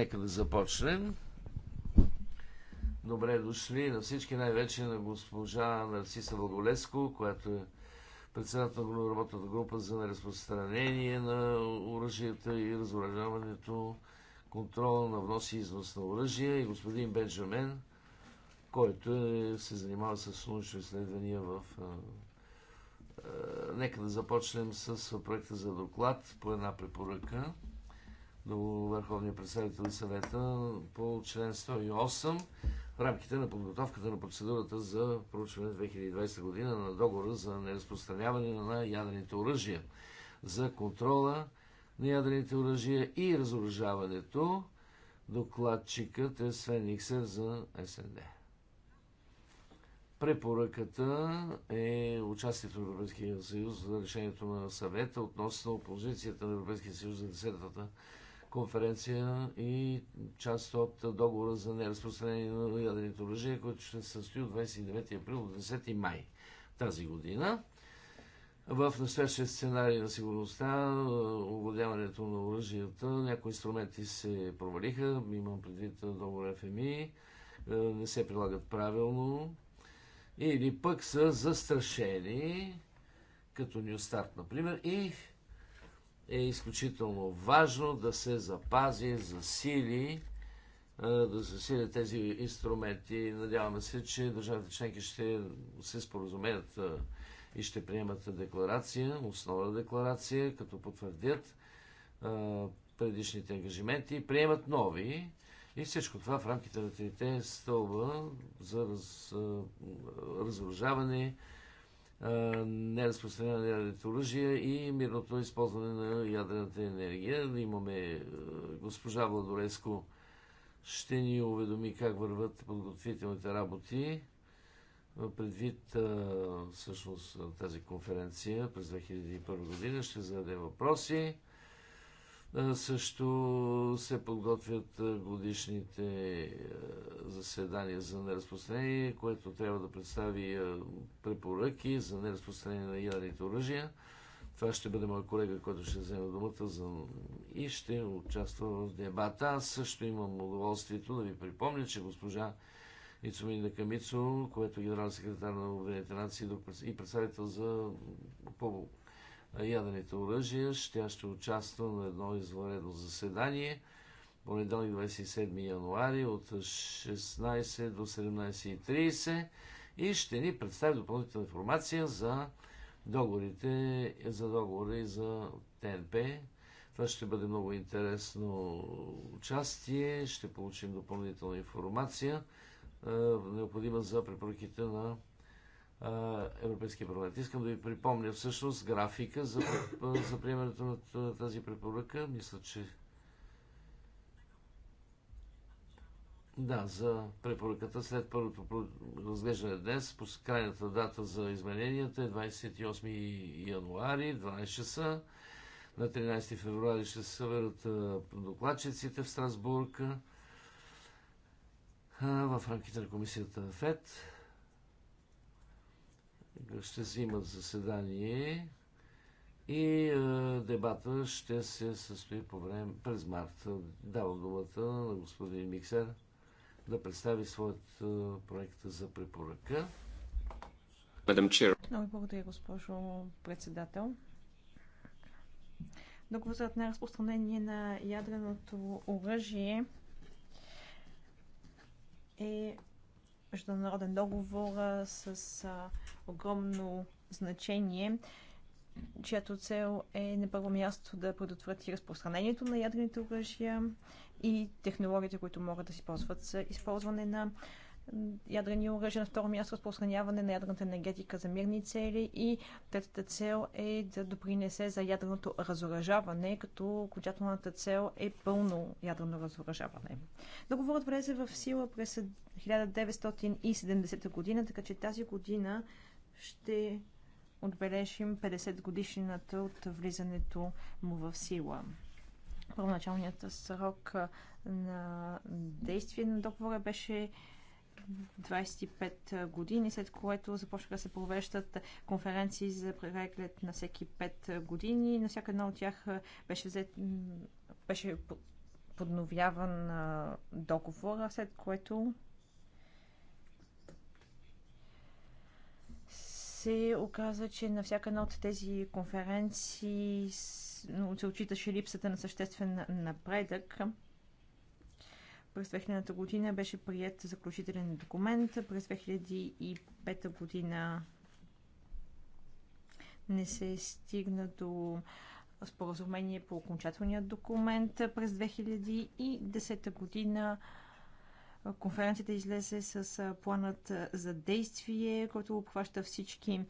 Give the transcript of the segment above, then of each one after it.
Нека да започнем. Добре дошли на всички, най-вече на госпожа Нарциса Благолеско, която е председател на работната група за неразпространение на оръжията и разоръжаването, контрола на внос и износ на оръжия и господин Бенджамен, който е, се занимава с научни изследвания в Нека да започнем с проекта за доклад по една препоръка на Върховния представител и съвета по член 108 в рамките на подготовката на процедурата за проучване 2020 година на договора за неразпространяване на ядрените оръжия, за контрола на ядрените оръжия и разоръжаването. Докладчикът е Свен Иксер за СНД. Препоръката е участието на Европейския съюз за решението на съвета относно позицията на Европейския съюз за 10-та конференция и част от договора за неразпространение на ядрените оръжия, който ще се състои от 29 април до 10 май тази година. В настоящия сценарий на сигурността, овладяването на оръжията, някои инструменти се провалиха, имам предвид договор ФМИ, е, не се прилагат правилно или пък са застрашени, като New Start, например, и е изключително важно да се запази, засили, да засили тези инструменти. Надяваме се, че държавите членки ще се споразумеят и ще приемат декларация, основна декларация, като потвърдят предишните ангажименти и приемат нови. И всичко това в рамките на трите стълба за раз, разоръжаване, неразпространение на ядрените оръжия и мирното използване на ядрената енергия. Имаме госпожа Владореско ще ни уведоми как върват подготвителните работи предвид всъщност тази конференция през 2001 година. Ще зададе въпроси. Също се подготвят годишните заседания за неразпространение, което трябва да представи препоръки за неразпространение на ядрените оръжия. Това ще бъде моя колега, който ще вземе думата за... и ще участва в дебата. Аз също имам удоволствието да ви припомня, че госпожа Ицумин Камицо, което е генерал секретар на Обединените нации и представител за по ядрените оръжия. Тя ще участва на едно извънредно заседание понеделник 27 януари от 16 до 17.30 и ще ни представи допълнителна информация за договорите, за договори за ТНП. Това ще бъде много интересно участие. Ще получим допълнителна информация, е, необходима за препоръките на Европейския парламент. Искам да ви припомня всъщност графика за, за приемането на тази препоръка. Мисля, че Да, за препоръката след първото разглеждане днес, по крайната дата за измененията е 28 януари, 12 часа. На 13 февруари ще се съберат докладчиците в Страсбург в рамките на комисията ФЕД ще взимат заседание и е, дебата ще се състои по време през март. Давам думата на господин Миксер да представи своят е, проект за препоръка. Много благодаря, госпожо председател. Договорът на разпространение на ядреното оръжие е международен договор с огромно значение, чиято цел е на първо място да предотврати разпространението на ядрените оръжия и технологиите, които могат да се ползват за използване на ядрени оръжия, на второ място разпространяване на ядрената енергетика за мирни цели и третата цел е да допринесе за ядреното разоръжаване, като окончателната цел е пълно ядрено разоръжаване. Договорът влезе в сила през 1970 година, така че тази година ще отбележим 50 годишнината от влизането му в сила. Първоначалният срок на действие на договора беше 25 години, след което започнаха да се провеждат конференции за преглед на всеки 5 години. На всяка една от тях беше, взет, беше подновяван договора, след което се оказа, че на всяка една от тези конференции се отчиташе липсата на съществен напредък. През 2000 година беше прият заключителен документ. През 2005 година не се стигна до споразумение по окончателния документ. През 2010 година Конференцията излезе с планът за действие, който обхваща всички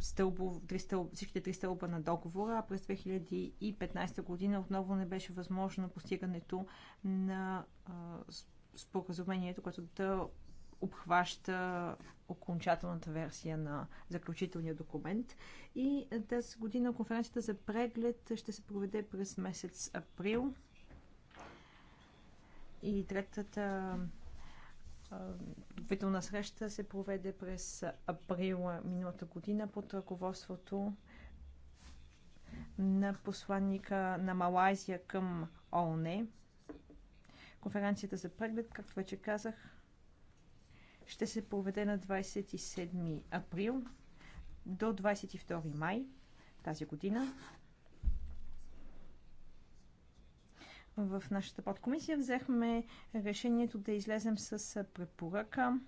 стълбо, три стълб, всичките три стълба на договора. През 2015 година отново не беше възможно постигането на споразумението, което да обхваща окончателната версия на заключителния документ. И тази година конференцията за преглед ще се проведе през месец април. И третата Вителна среща се проведе през април миналата година под ръководството на посланника на Малайзия към ООН. Конференцията за преглед, както вече казах, ще се проведе на 27 април до 22 май тази година. в нашата подкомисия взехме решението да излезем с препоръка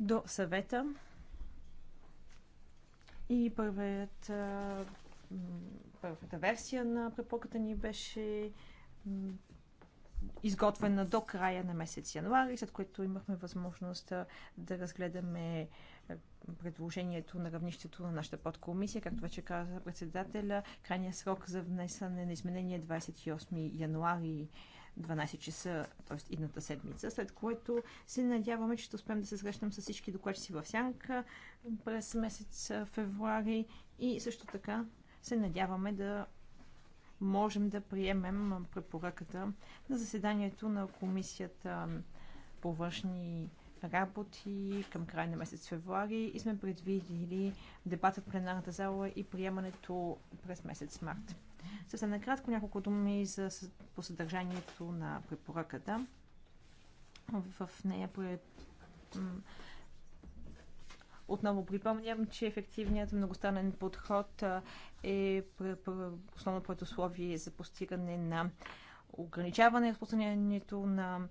до съвета и първият, първата версия на препоръката ни беше изготвена до края на месец януари, след което имахме възможност да разгледаме предложението на равнището на нашата подкомисия. Както вече каза председателя, крайния срок за внесане на изменение е 28 януари 12 часа, т.е. идната седмица, след което се надяваме, че ще успеем да се срещнем с всички докладчици в Сянка през месец февруари и също така се надяваме да можем да приемем препоръката на заседанието на комисията по външни работи към края на месец февруари и сме предвидили дебата в пленарната зала и приемането през месец март. Съвсем накратко няколко думи за по съдържанието на препоръката. В нея отново припомням, че ефективният многостранен подход е основно предусловие за постигане на ограничаване разпространението на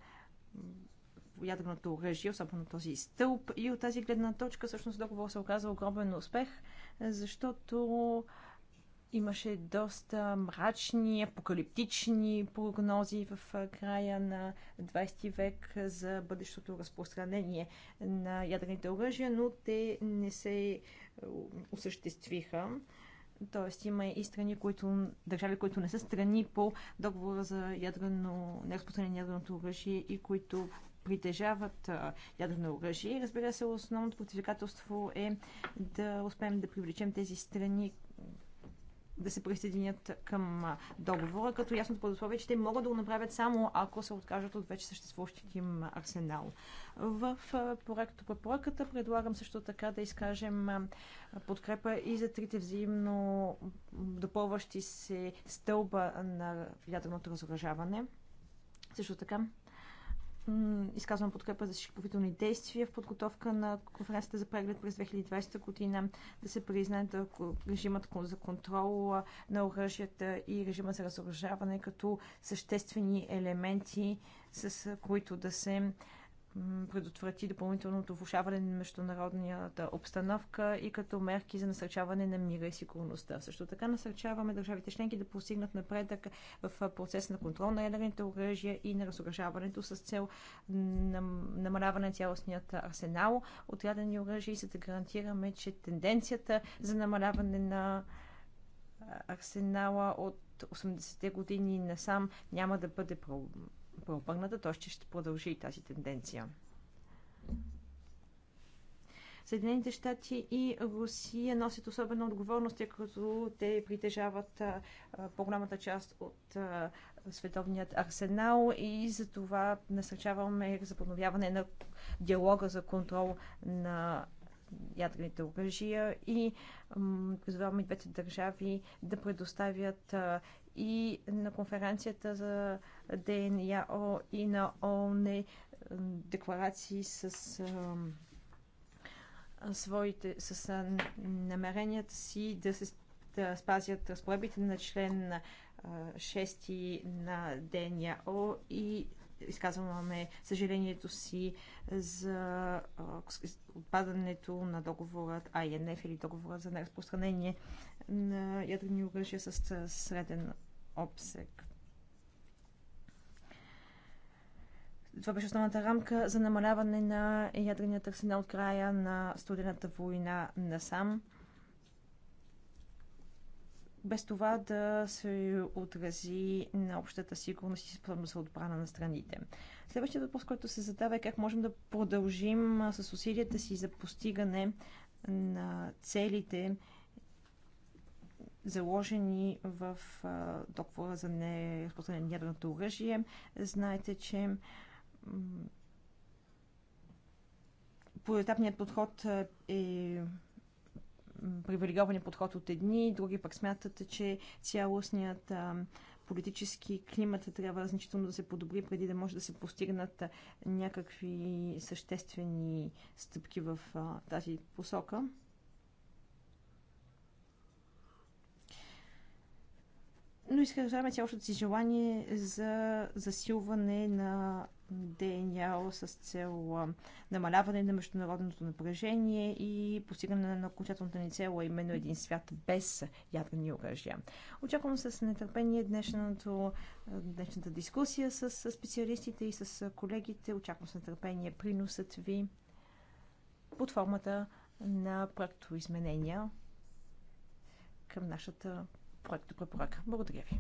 ядреното оръжие, особено този стълб. И от тази гледна точка, всъщност, договор се оказа огромен успех, защото имаше доста мрачни, апокалиптични прогнози в края на 20 век за бъдещото разпространение на ядрените оръжия, но те не се е, осъществиха. Тоест има и страни, които, държави, които не са страни по договора за ядрено, неразпространение на ядреното оръжие и които притежават ядрено оръжие. Разбира се, основното предизвикателство е да успеем да привлечем тези страни да се присъединят към договора, като ясното предусловие, е, че те могат да го направят само ако се откажат от вече съществуващите им арсенал. В проекто препоръката предлагам също така да изкажем подкрепа и за трите взаимно допълващи се стълба на ядреното разоръжаване. Също така изказвам подкрепа за шиповителни действия в подготовка на конференцията за преглед през 2020 година, да се признае режимът за контрол на оръжията и режима за разоръжаване като съществени елементи, с които да се предотврати допълнителното влушаване на международната обстановка и като мерки за насърчаване на мира и сигурността. Също така насърчаваме държавите членки да постигнат напредък в процес на контрол на ядрените оръжия и на разоръжаването с цел намаляване на цялостният арсенал от ядрени оръжия и се да гарантираме, че тенденцията за намаляване на арсенала от 80-те години насам няма да бъде преобърната, то ще, ще продължи тази тенденция. Съединените щати и Русия носят особена отговорност, тъй като те притежават по-голямата част от а, световният арсенал и за това насърчаваме за подновяване на диалога за контрол на ядрените оръжия и призоваваме двете държави да предоставят а, и на конференцията за ДНЯО и на ООН е, декларации с своите, с намеренията си да се да спазят разпоредбите на член 6 на ДНЯО и изказваме съжалението си за отпадането на договорът АИНФ или договорът за неразпространение на ядрени оръжия с среден обсек. Това беше основната рамка за намаляване на ядрения арсенал от края на студената война насам без това да се отрази на общата сигурност и способност за отбрана на страните. Следващият въпрос, който се задава е как можем да продължим с усилията си за постигане на целите, заложени в договора за неразпространение на ядреното оръжие. Знаете, че поетапният подход е привилегирован подход от едни, други пък смятат, че цялостният политически климат трябва значително да се подобри, преди да може да се постигнат някакви съществени стъпки в тази посока. но изказваме цялото си желание за засилване на деяния с цел намаляване на международното напрежение и постигане на окончателната ни цел, именно един свят без ядрени оръжия. Очаквам с нетърпение днешното, днешната дискусия с специалистите и с колегите. Очаквам с нетърпение приносът ви под формата на проектоизменения към нашата проектопрепоръка. Благодаря ви.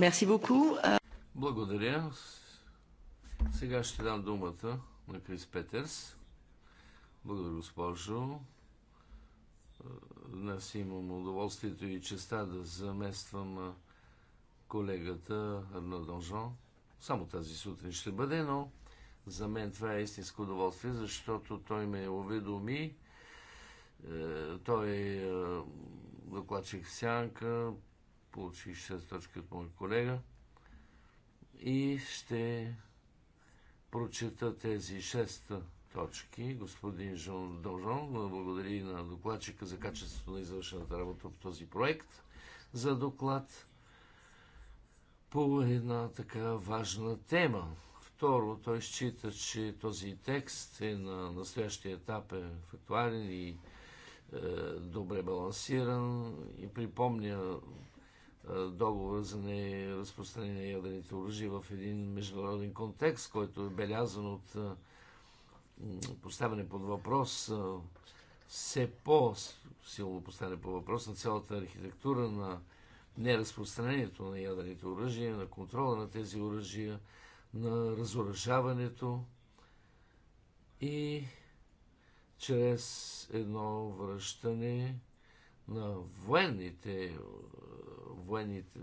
Merci beaucoup. Благодаря. Сега ще дам думата на Крис Петерс, Благодаря, госпожо. Днес имам удоволствието и честа да замествам колегата Арно Донжон. Само тази сутрин ще бъде, но за мен това е истинско удоволствие, защото той ме уведоми. Е, той е докладчик в сянка, получих 6 точки от моя колега и ще прочета тези шест точки. Господин Жон Доржон благодари на докладчика за качеството на извършената работа по този проект за доклад по една така важна тема. Второ, той счита, че този текст е на настоящия етап е фактуален и е, добре балансиран и припомня договор за неразпространение на ядрените оръжия в един международен контекст, който е белязан от поставяне под въпрос, все по-силно поставяне под въпрос на цялата архитектура на неразпространението на ядрените оръжия, на контрола на тези оръжия, на разоръжаването и чрез едно връщане на военните, е, военните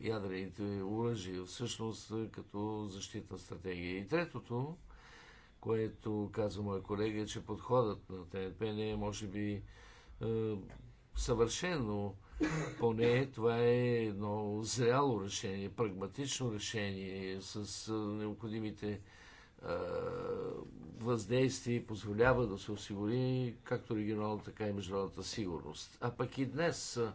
ядрените оръжия, всъщност е, като защитна стратегия. И третото, което казва моя колега, е, че подходът на ТНП не е, може би, е, съвършено. Поне това е едно зряло решение, прагматично решение с необходимите е, въздействие и позволява да се осигури както регионалната, така и международната сигурност. А пък и днес е,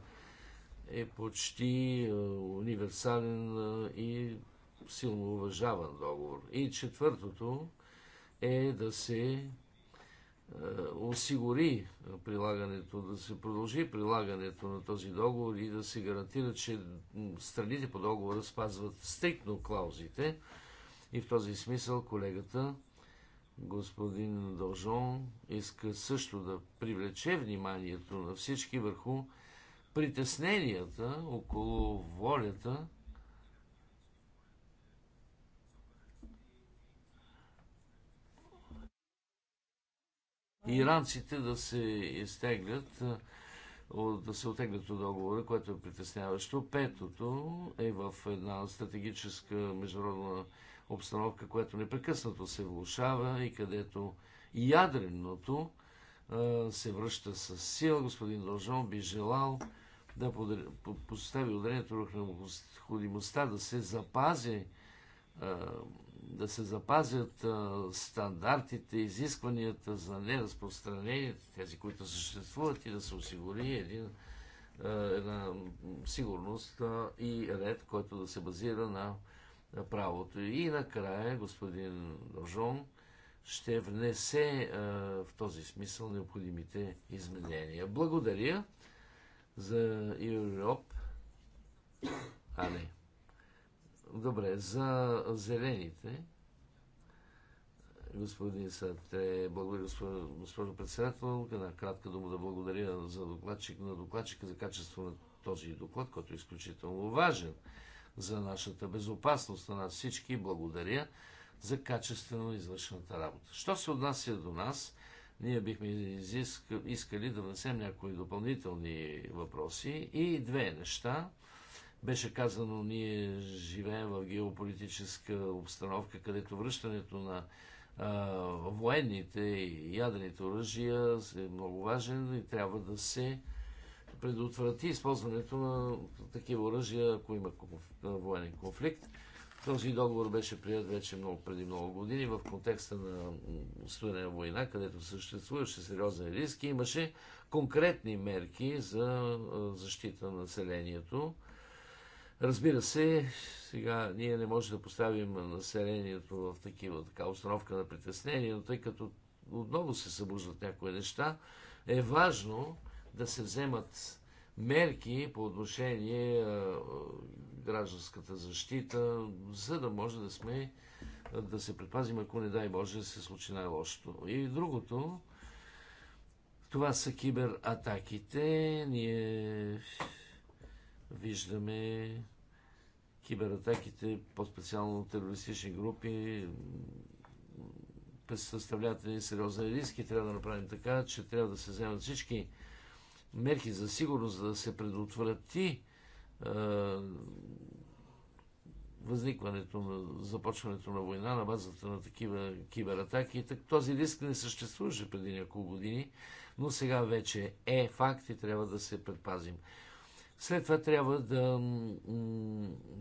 е почти е, универсален и силно уважаван договор. И четвъртото е да се осигури прилагането, да се продължи прилагането на този договор и да се гарантира, че страните по договора спазват стрикно клаузите, и в този смисъл колегата, господин Дължон, иска също да привлече вниманието на всички върху притесненията около волята иранците да се изтеглят, да се отеглят от договора, което е притесняващо. Петото е в една стратегическа международна обстановка, която непрекъснато се влушава и където ядреното се връща с сила. Господин Дължон би желал да постави ударението на необходимостта да се запази да се запазят стандартите, изискванията за неразпространение, тези, които съществуват и да се осигури един, една сигурност и ред, който да се базира на на правото. И накрая господин Дължон ще внесе а, е, в този смисъл необходимите изменения. Благодаря за Европ. А, не. Добре, за зелените. Господин Сатре, благодаря, госпожо, госпожо председател. Една кратка дума да благодаря за докладчик, на докладчика за качество на този доклад, който е изключително важен за нашата безопасност на нас всички и благодаря за качествено извършената работа. Що се отнася до нас, ние бихме искали да внесем някои допълнителни въпроси и две неща. Беше казано, ние живеем в геополитическа обстановка, където връщането на а, военните и ядрените оръжия е много важен и трябва да се предотврати използването на такива оръжия, ако има военен конфликт. Този договор беше прият вече много, преди много години в контекста на студена война, където съществуваше сериозен риск и имаше конкретни мерки за защита на населението. Разбира се, сега ние не можем да поставим населението в такива така установка на притеснение, но тъй като отново се събуждат някои неща, е важно да се вземат мерки по отношение гражданската защита, за да може да сме да се предпазим, ако не дай Боже, се случи най-лошото. И другото, това са кибератаките. Ние виждаме кибератаките, по-специално терористични групи, представляват един сериозен риск и трябва да направим така, че трябва да се вземат всички мерки за сигурност, за да се предотврати е, възникването на започването на война на базата на такива кибератаки. Този риск не съществуваше преди няколко години, но сега вече е факт и трябва да се предпазим. След това трябва да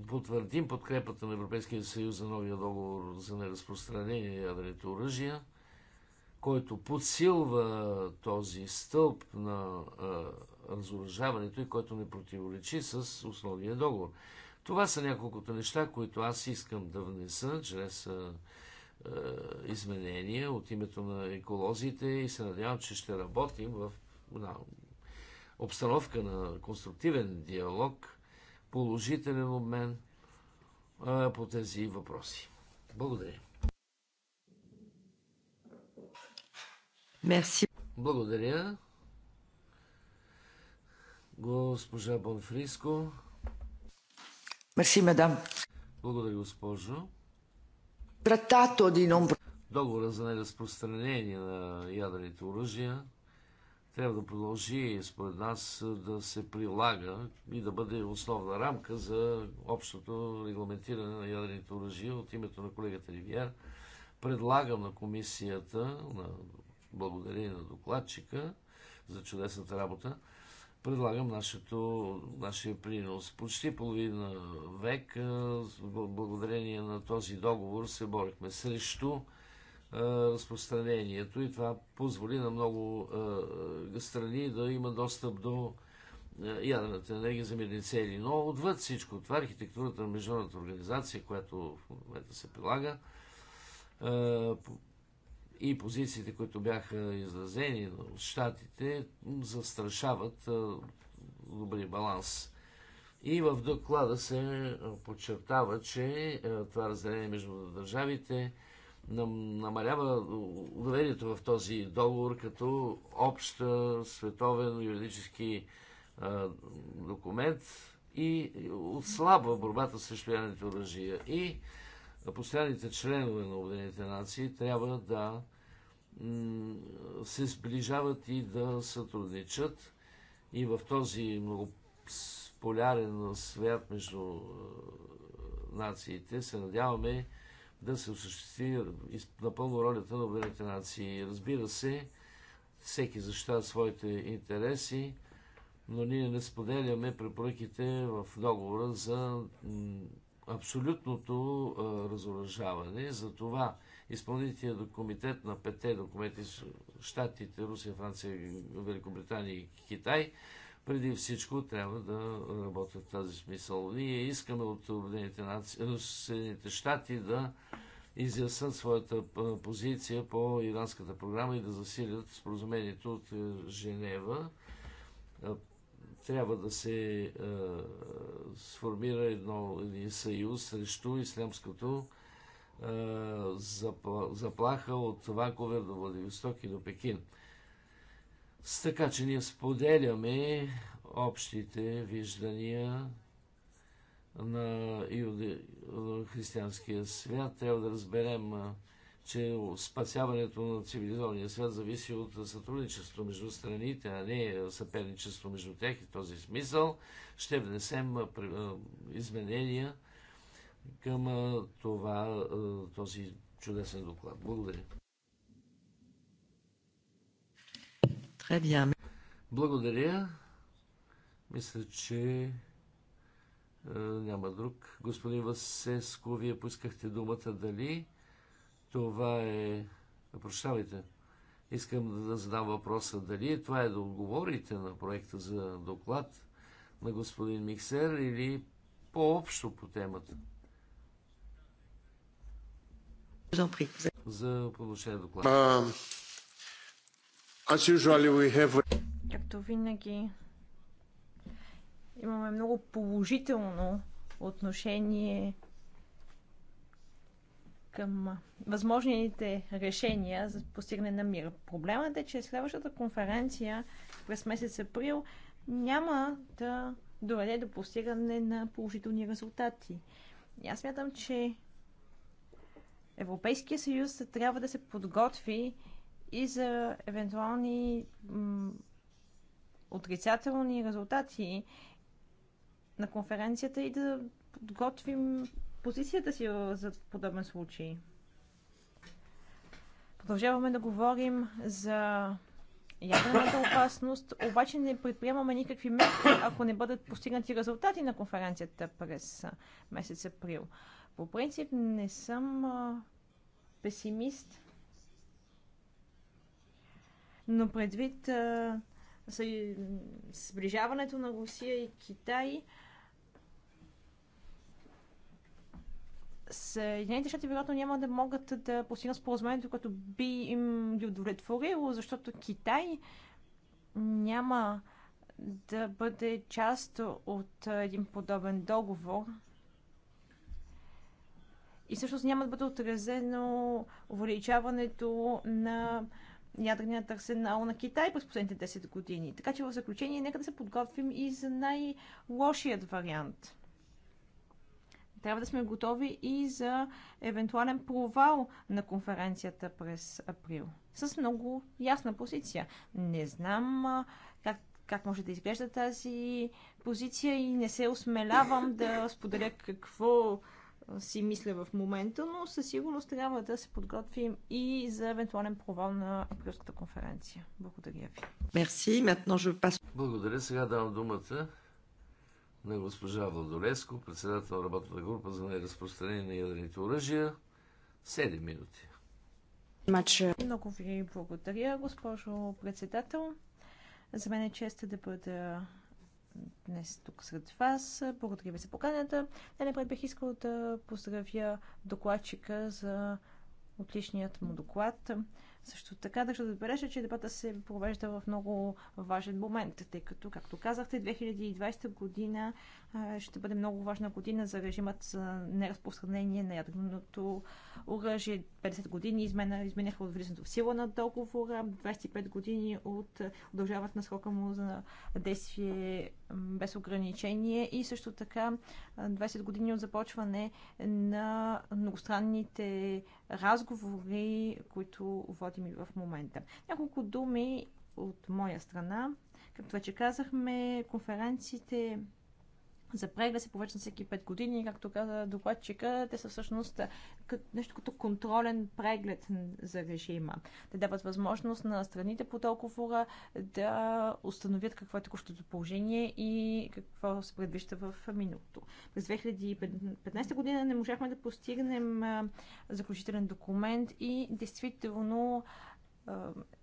потвърдим подкрепата на Европейския съюз за новия договор за неразпространение на ядрените оръжия – който подсилва този стълб на разоръжаването и който не противоречи с основния договор. Това са няколкото неща, които аз искам да внеса чрез изменения от името на еколозите и се надявам, че ще работим в на, обстановка на конструктивен диалог, положителен обмен по тези въпроси. Благодаря. Мерси. Благодаря. Госпожа Бонфриско. Мерси, мадам. Благодаря, госпожо. Тратато ди нон... Договора за неразпространение на ядрените оръжия трябва да продължи, според нас, да се прилага и да бъде основна рамка за общото регламентиране на ядрените оръжия. От името на колегата Ривиер предлагам на комисията, на благодаря и на докладчика за чудесната работа. Предлагам нашето, нашия принос. Почти половина век, благодарение на този договор, се борихме срещу разпространението и това позволи на много страни да има достъп до ядрената енергия за мирни цели. Но отвъд всичко това, архитектурата на Международната организация, която в момента се прилага, и позициите, които бяха изразени от щатите, застрашават добри баланс. И в доклада се подчертава, че това разделение между държавите намалява доверието в този договор като общ световен юридически документ и отслабва борбата срещу ядрените оръжия. И постоянните членове на Обединените нации трябва да се сближават и да сътрудничат. И в този многополярен свят между е, нациите се надяваме да се осъществи напълно ролята на Обединените нации. Разбира се, всеки защитава своите интереси, но ние не споделяме препоръките в договора за абсолютното разоръжаване. Затова изпълнителният комитет на петте документи Штатите, Русия, Франция, Великобритания и Китай преди всичко трябва да работят в тази смисъл. Ние искаме от Съединените щати да изяснат своята позиция по иранската програма и да засилят споразумението от Женева трябва да се а, е, сформира едно един съюз срещу ислямското е, запла, заплаха от Ванковер до Владивосток и до Пекин. С така, че ние споделяме общите виждания на, юди, на християнския свят. Трябва да разберем а, е, че спасяването на цивилизования свят зависи от сътрудничество между страните, а не съперничество между тях и този смисъл ще внесем изменения към това, този чудесен доклад. Благодаря. Благодаря. Мисля, че няма друг. Господин Васеско, вие поискахте думата дали това е... Прощавайте. Искам да задам въпроса дали това е да отговорите на проекта за доклад на господин Миксер или по-общо по темата. За повишение доклад. Както винаги, имаме много положително отношение към възможните решения за постигане на мир. Проблемът е, че следващата конференция през месец април няма да доведе до постигане на положителни резултати. И аз мятам, че Европейския съюз трябва да се подготви и за евентуални отрицателни резултати на конференцията и да подготвим позицията си за подобен случай. Продължаваме да говорим за ядрената опасност, обаче не предприемаме никакви мерки, ако не бъдат постигнати резултати на конференцията през месец април. По принцип не съм а, песимист, но предвид а, сближаването на Русия и Китай, а, Съединените щати вероятно няма да могат да постигнат споразумението, което би им ги удовлетворило, защото Китай няма да бъде част от един подобен договор. И всъщност няма да бъде отразено увеличаването на ядреният арсенал на Китай през последните 10 години. Така че в заключение, нека да се подготвим и за най-лошият вариант – трябва да сме готови и за евентуален провал на конференцията през април. С много ясна позиция. Не знам как, как може да изглежда тази позиция и не се осмелявам да споделя какво си мисля в момента, но със сигурност трябва да се подготвим и за евентуален провал на априлската конференция. Благодаря ви. Благодаря. Сега давам думата на госпожа Владолеско, председател на работната група за неразпространение на ядрените оръжия. 7 минути. Много ви благодаря, госпожо председател. За мен е чест да бъда днес тук сред вас. Благодаря ви за поканата. Най-напред бих искал да поздравя докладчика за отличният му доклад. Също така държа ще отбележа, че дебата се провежда в много важен момент, тъй като, както казахте, 2020 година ще бъде много важна година за режимът за неразпространение на ядреното оръжие. 50 години измена, изменяха от влизането в сила на договора, 25 години от удължават на срока му за действие без ограничение и също така 20 години от започване на многостранните разговори, които водим и в момента. Няколко думи от моя страна. Както вече казахме, конференциите запрегля се повече на всеки 5 години. Както каза докладчика, те са всъщност нещо като контролен преглед за режима. Те дават възможност на страните по толкова да установят какво е текущото положение и какво се предвижда в миналото. През 2015 година не можахме да постигнем заключителен документ и действително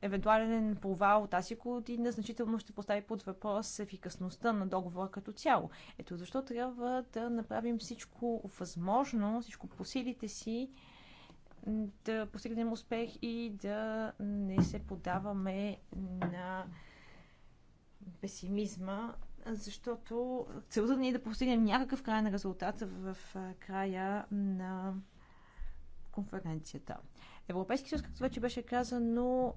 евентуален провал тази година значително ще постави под въпрос ефикасността на договора като цяло. Ето защо трябва да направим всичко възможно, всичко по силите си, да постигнем успех и да не се подаваме на песимизма, защото целта ни е да постигнем някакъв край на резултат в края на конференцията. Европейски съюз, както вече беше казано,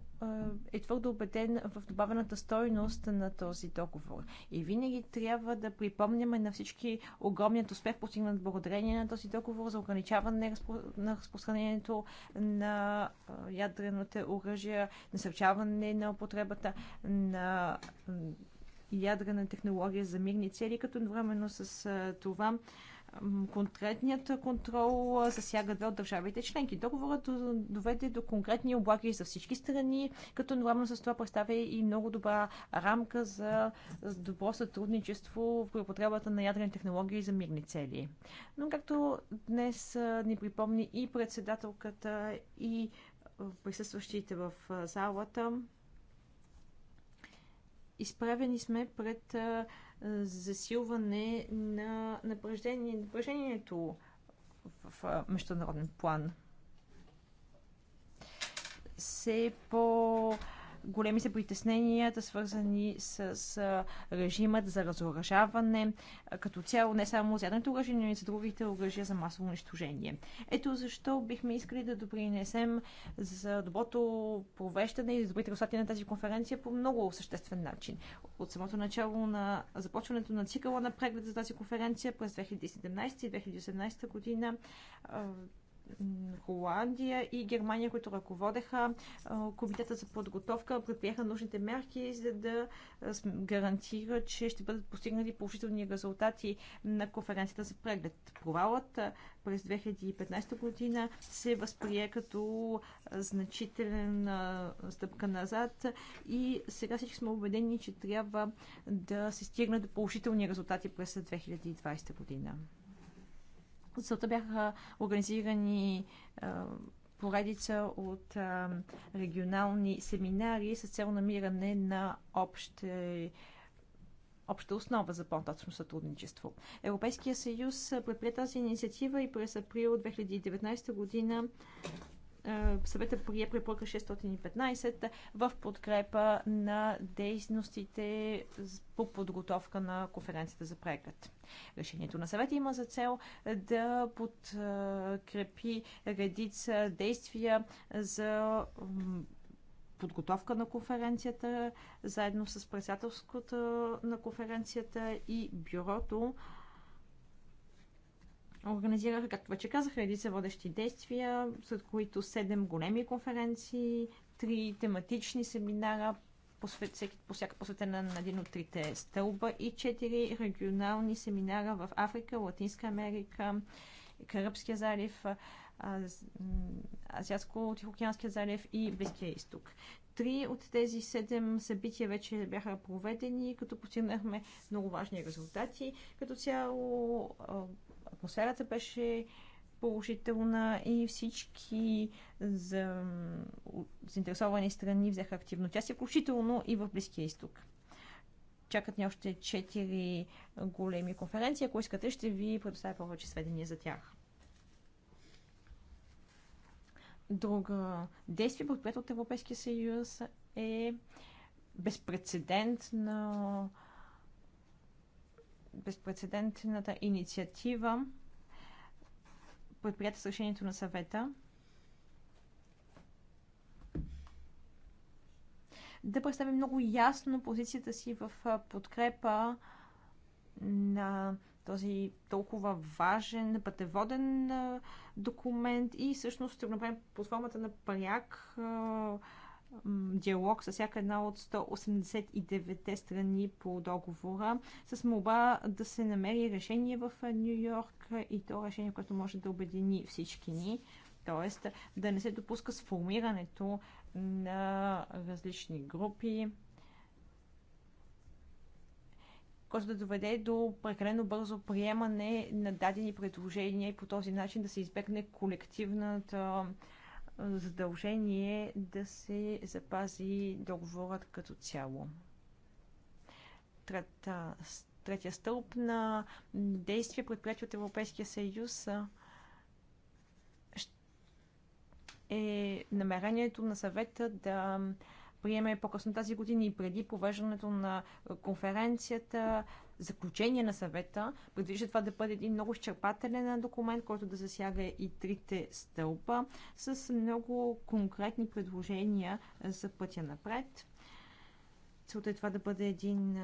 е, е твърдо убеден в добавената стойност на този договор. И винаги трябва да припомняме на всички огромният успех, постигнат благодарение на този договор за ограничаване на разпространението на ядрените оръжия, насърчаване на употребата на ядрена технология за мирни цели, като едновременно с това конкретният контрол засяга две от държавите членки. Договорът доведе до конкретни облаги за всички страни, като нормално с това представя и много добра рамка за добро сътрудничество при употребата на ядрени технологии за мирни цели. Но както днес ни припомни и председателката, и присъстващите в залата, изправени сме пред засилване на напрежение, напрежението в международен план. Все по- големи са притесненията, свързани с режимът за разоръжаване, като цяло не само за ядрените оръжия, но и за другите оръжия за масово унищожение. Ето защо бихме искали да допринесем за доброто провеждане и за добрите резултати на тази конференция по много съществен начин. От самото начало на започването на цикъла на преглед за тази конференция през 2017 и 2018 година Холандия и Германия, които ръководеха комитета за подготовка, предприеха нужните мерки, за да гарантира, че ще бъдат постигнати положителни резултати на конференцията за преглед. Провалът през 2015 година се възприе като значителен стъпка назад и сега всички сме убедени, че трябва да се стигне до положителни резултати през 2020 година. Зато бяха организирани поредица от регионални семинари с цел намиране на общи обща основа за по-нататъчно сътрудничество. Европейския съюз предприе тази инициатива и през април 2019 година е, съвета прие препоръка 615 в подкрепа на дейностите по подготовка на конференцията за преглед. Решението на съвета има за цел да подкрепи редица действия за подготовка на конференцията, заедно с председателството на конференцията и бюрото Организираха, както вече казах, редица водещи действия, след които 7 големи конференции, 3 тематични семинара, по всяка посветена на един от трите стълба и 4 регионални семинара в Африка, Латинска Америка, Карабския залив, Азиатско-Тихоокеанския залив и Близкия изток. Три от тези седем събития вече бяха проведени, като постигнахме много важни резултати. Като цяло Атмосферата беше положителна и всички за... заинтересовани страни взеха активно участие, включително и в Близкия изток. Чакат ни още четири големи конференции. Ако искате, ще ви предоставя повече сведения за тях. Друга действие, предприятие от Европейския съюз, е безпредседентно на безпредседентната инициатива, предприятие с решението на съвета, да представи много ясно позицията си в подкрепа на този толкова важен, пътеводен документ и всъщност ще го направим под формата на пряк диалог с всяка една от 189-те страни по договора, с молба да се намери решение в Нью Йорк и то решение, което може да обедини всички ни. т.е. да не се допуска сформирането на различни групи, което да доведе до прекалено бързо приемане на дадени предложения и по този начин да се избегне колективната задължение да се запази договорът като цяло. Трета, третия стълб на действия, предприяти от Европейския съюз, е намерението на съвета да приеме по-късно тази година и преди провеждането на конференцията заключение на съвета. Предвижда това да бъде един много изчерпателен документ, който да засяга и трите стълба с много конкретни предложения за пътя напред. Целта е това да бъде един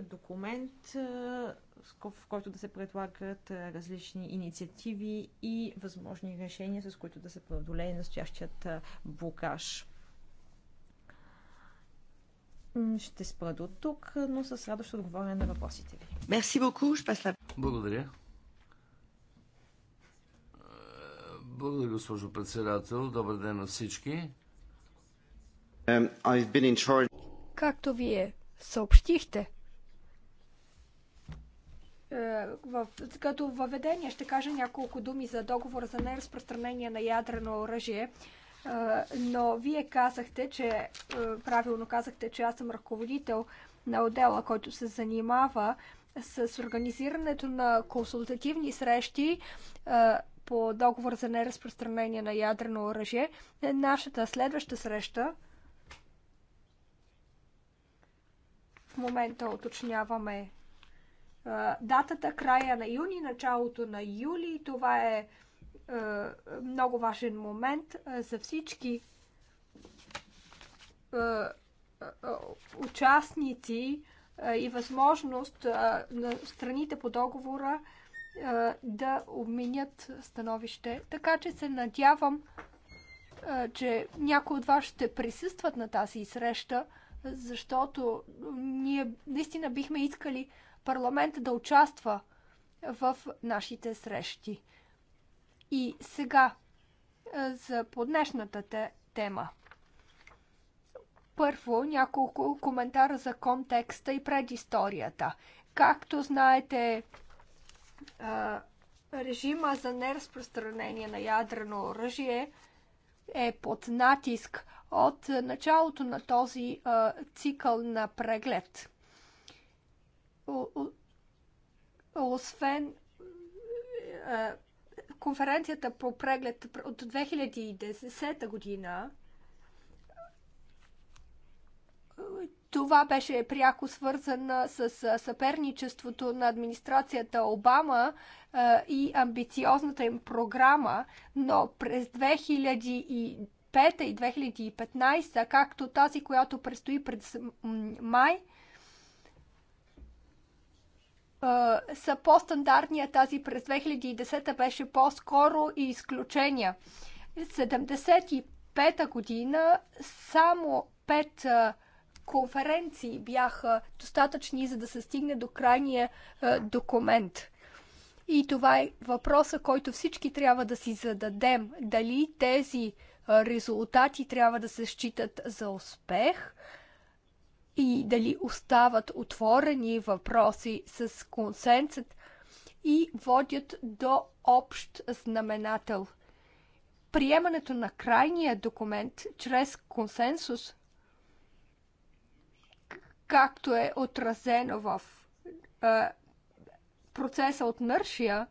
документ, в който да се предлагат различни инициативи и възможни решения, с които да се преодолее настоящият блокаж. Ще спра до тук, но с радост ще отговоря на въпросите ви. Мерси боку, Благодаря. Благодаря, госпожо председател. Добър ден на всички. Um, Както вие съобщихте, е, в, като въведение ще кажа няколко думи за договор за неразпространение на ядрено оръжие но вие казахте, че е, правилно казахте, че аз съм ръководител на отдела, който се занимава с организирането на консултативни срещи е, по договор за неразпространение на ядрено оръжие. Е, нашата следваща среща в момента уточняваме датата края на юни, началото на юли. Това е е, много важен момент е, за всички е, участници и възможност на страните по договора да обменят становище. Така че се надявам, че някои от вас ще присъстват на тази среща, защото ние наистина бихме искали парламента да участва в нашите срещи. И сега за поднешната тема. Първо, няколко коментара за контекста и предисторията. Както знаете, режима за неразпространение на ядрено оръжие е под натиск от началото на този цикъл на преглед. Освен конференцията по преглед от 2010 година, това беше пряко свързано с съперничеството на администрацията Обама и амбициозната им програма, но през 2005 и 2015, както тази, която предстои през май, са по-стандартни, тази през 2010 беше по-скоро и изключения. 75-та година само 5 конференции бяха достатъчни, за да се стигне до крайния документ. И това е въпроса, който всички трябва да си зададем. Дали тези резултати трябва да се считат за успех – и дали остават отворени въпроси с консенсът и водят до общ знаменател. Приемането на крайния документ чрез консенсус, както е отразено в е, процеса от Нършия,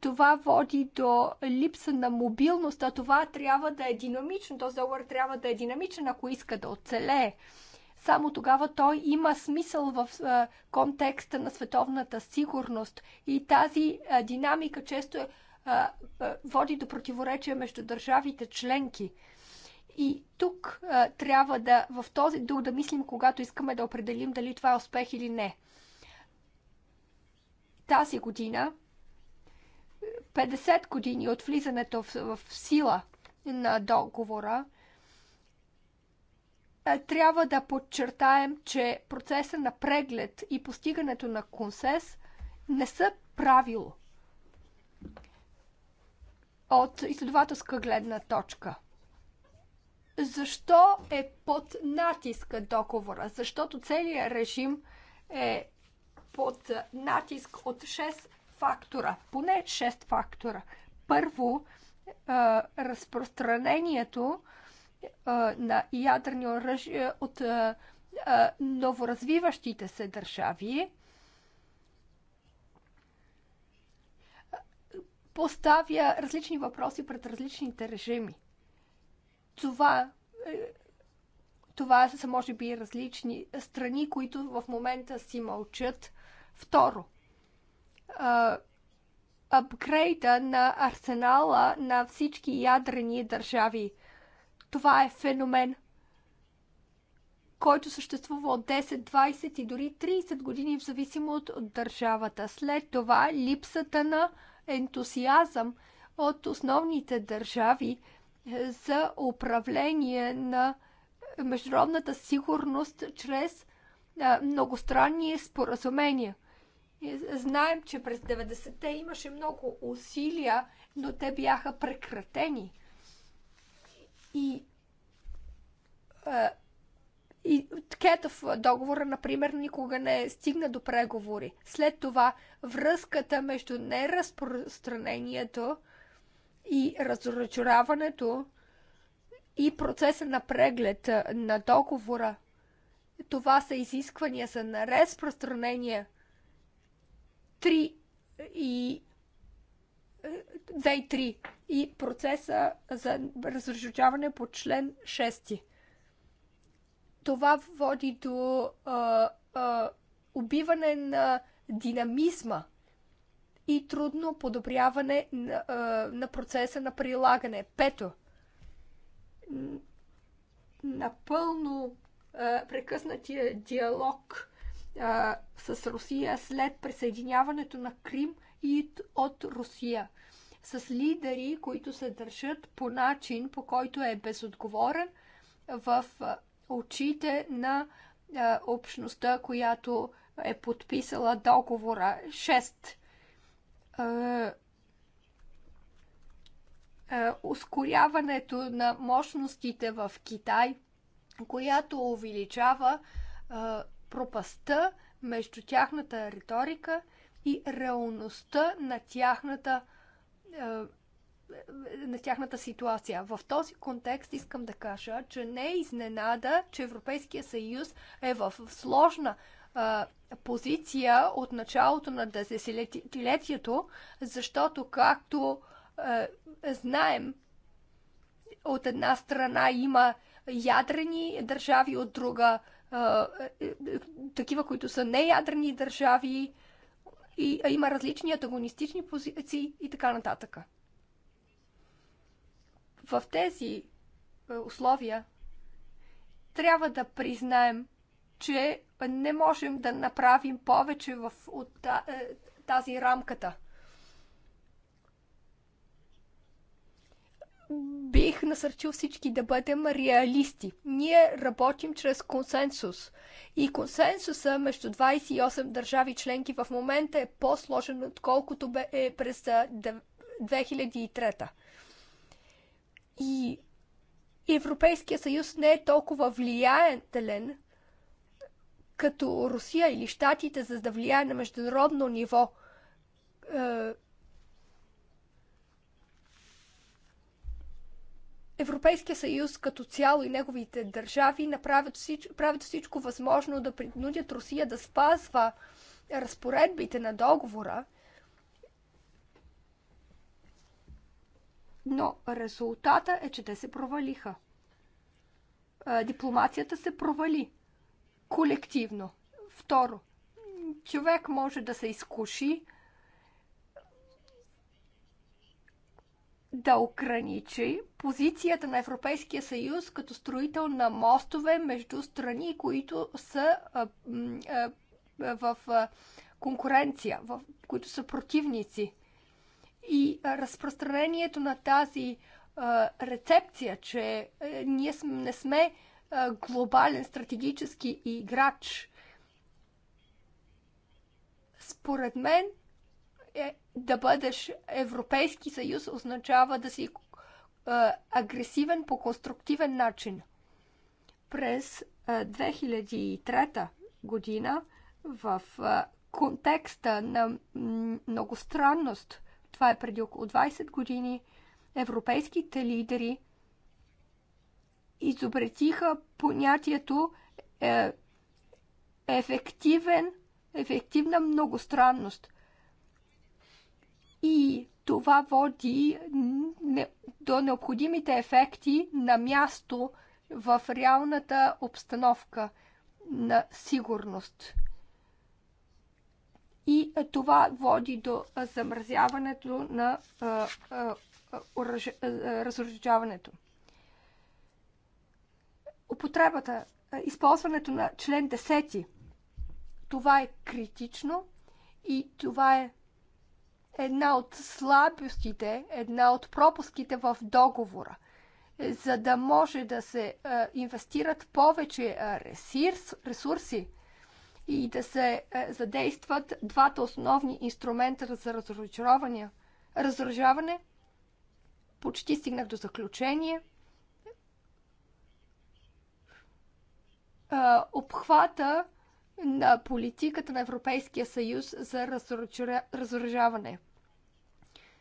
това води до липса на мобилност, а това трябва да е динамично. Този договор трябва да е динамичен, ако иска да оцелее. Само тогава той има смисъл в контекста на световната сигурност. И тази динамика често води до противоречия между държавите членки. И тук а, трябва да, в този дух да мислим, когато искаме да определим дали това е успех или не. Тази година, 50 години от влизането в, в сила на договора, е, трябва да подчертаем, че процеса на преглед и постигането на консенс не са правило от изследователска гледна точка. Защо е под натиска договора? Защото целият режим е под натиск от 6 фактора, поне 6 фактора. Първо, е, разпространението на ядрени оръжия от новоразвиващите се държави. Поставя различни въпроси пред различните режими. Това, е, това са може би различни страни, които в момента си мълчат. Второ, апгрейда на арсенала на всички ядрени държави – това е феномен, който съществува от 10, 20 и дори 30 години в зависимост от държавата. След това липсата на ентусиазъм от основните държави е, за управление на международната сигурност чрез е, многостранни споразумения. Знаем, че през 90-те имаше много усилия, но те бяха прекратени – и, а, и Кетов договора, например, никога не стигна до преговори. След това връзката между неразпространението и разочароването и процеса на преглед на договора. Това са изисквания за неразпространение. три и 2 и 3 и процеса за разрешаване по член 6. Това води до а, а, убиване на динамизма и трудно подобряване на, а, на процеса на прилагане. Пето, напълно а, прекъснатия диалог а, с Русия след присъединяването на Крим и от Русия. С лидери, които се държат по начин, по който е безотговорен в очите на общността, която е подписала договора. 6 ускоряването на мощностите в Китай, която увеличава пропаста между тяхната риторика и реалността на тяхната, е, на тяхната ситуация. В този контекст искам да кажа, че не е изненада, че Европейския съюз е в сложна е, позиция от началото на десетилетието, защото както е, знаем, от една страна има ядрени държави, от друга такива, които са неядрени държави, и а има различни антагонистични позиции и така нататък. В тези е, условия трябва да признаем, че не можем да направим повече в, от е, тази рамката – бих насърчил всички да бъдем реалисти. Ние работим чрез консенсус. И консенсуса между 28 държави членки в момента е по-сложен, отколкото бе е през 2003. И Европейския съюз не е толкова влиятелен като Русия или Штатите, за да влияе на международно ниво е, Европейския съюз като цяло и неговите държави направят всичко, правят всичко възможно да принудят Русия да спазва разпоредбите на договора, но резултата е, че те се провалиха. Дипломацията се провали колективно. Второ, човек може да се изкуши да ограничи позицията на Европейския съюз като строител на мостове между страни, които са в конкуренция, в, които са противници. И разпространението на тази рецепция, че е, ние не сме глобален стратегически играч, според мен е, да бъдеш Европейски съюз означава да си агресивен по конструктивен начин. През 2003 година в контекста на многостранност, това е преди около 20 години, европейските лидери изобретиха понятието е, ефективен, ефективна многостранност. И това води до необходимите ефекти на място в реалната обстановка на сигурност. И това води до замразяването на разоръжаването. Употребата, използването на член 10. Това е критично и това е една от слабостите, една от пропуските в договора. За да може да се инвестират повече ресурс, ресурси и да се задействат двата основни инструмента за разоръжаване. почти стигнах до заключение. Обхвата на политиката на Европейския съюз за разоръжаване.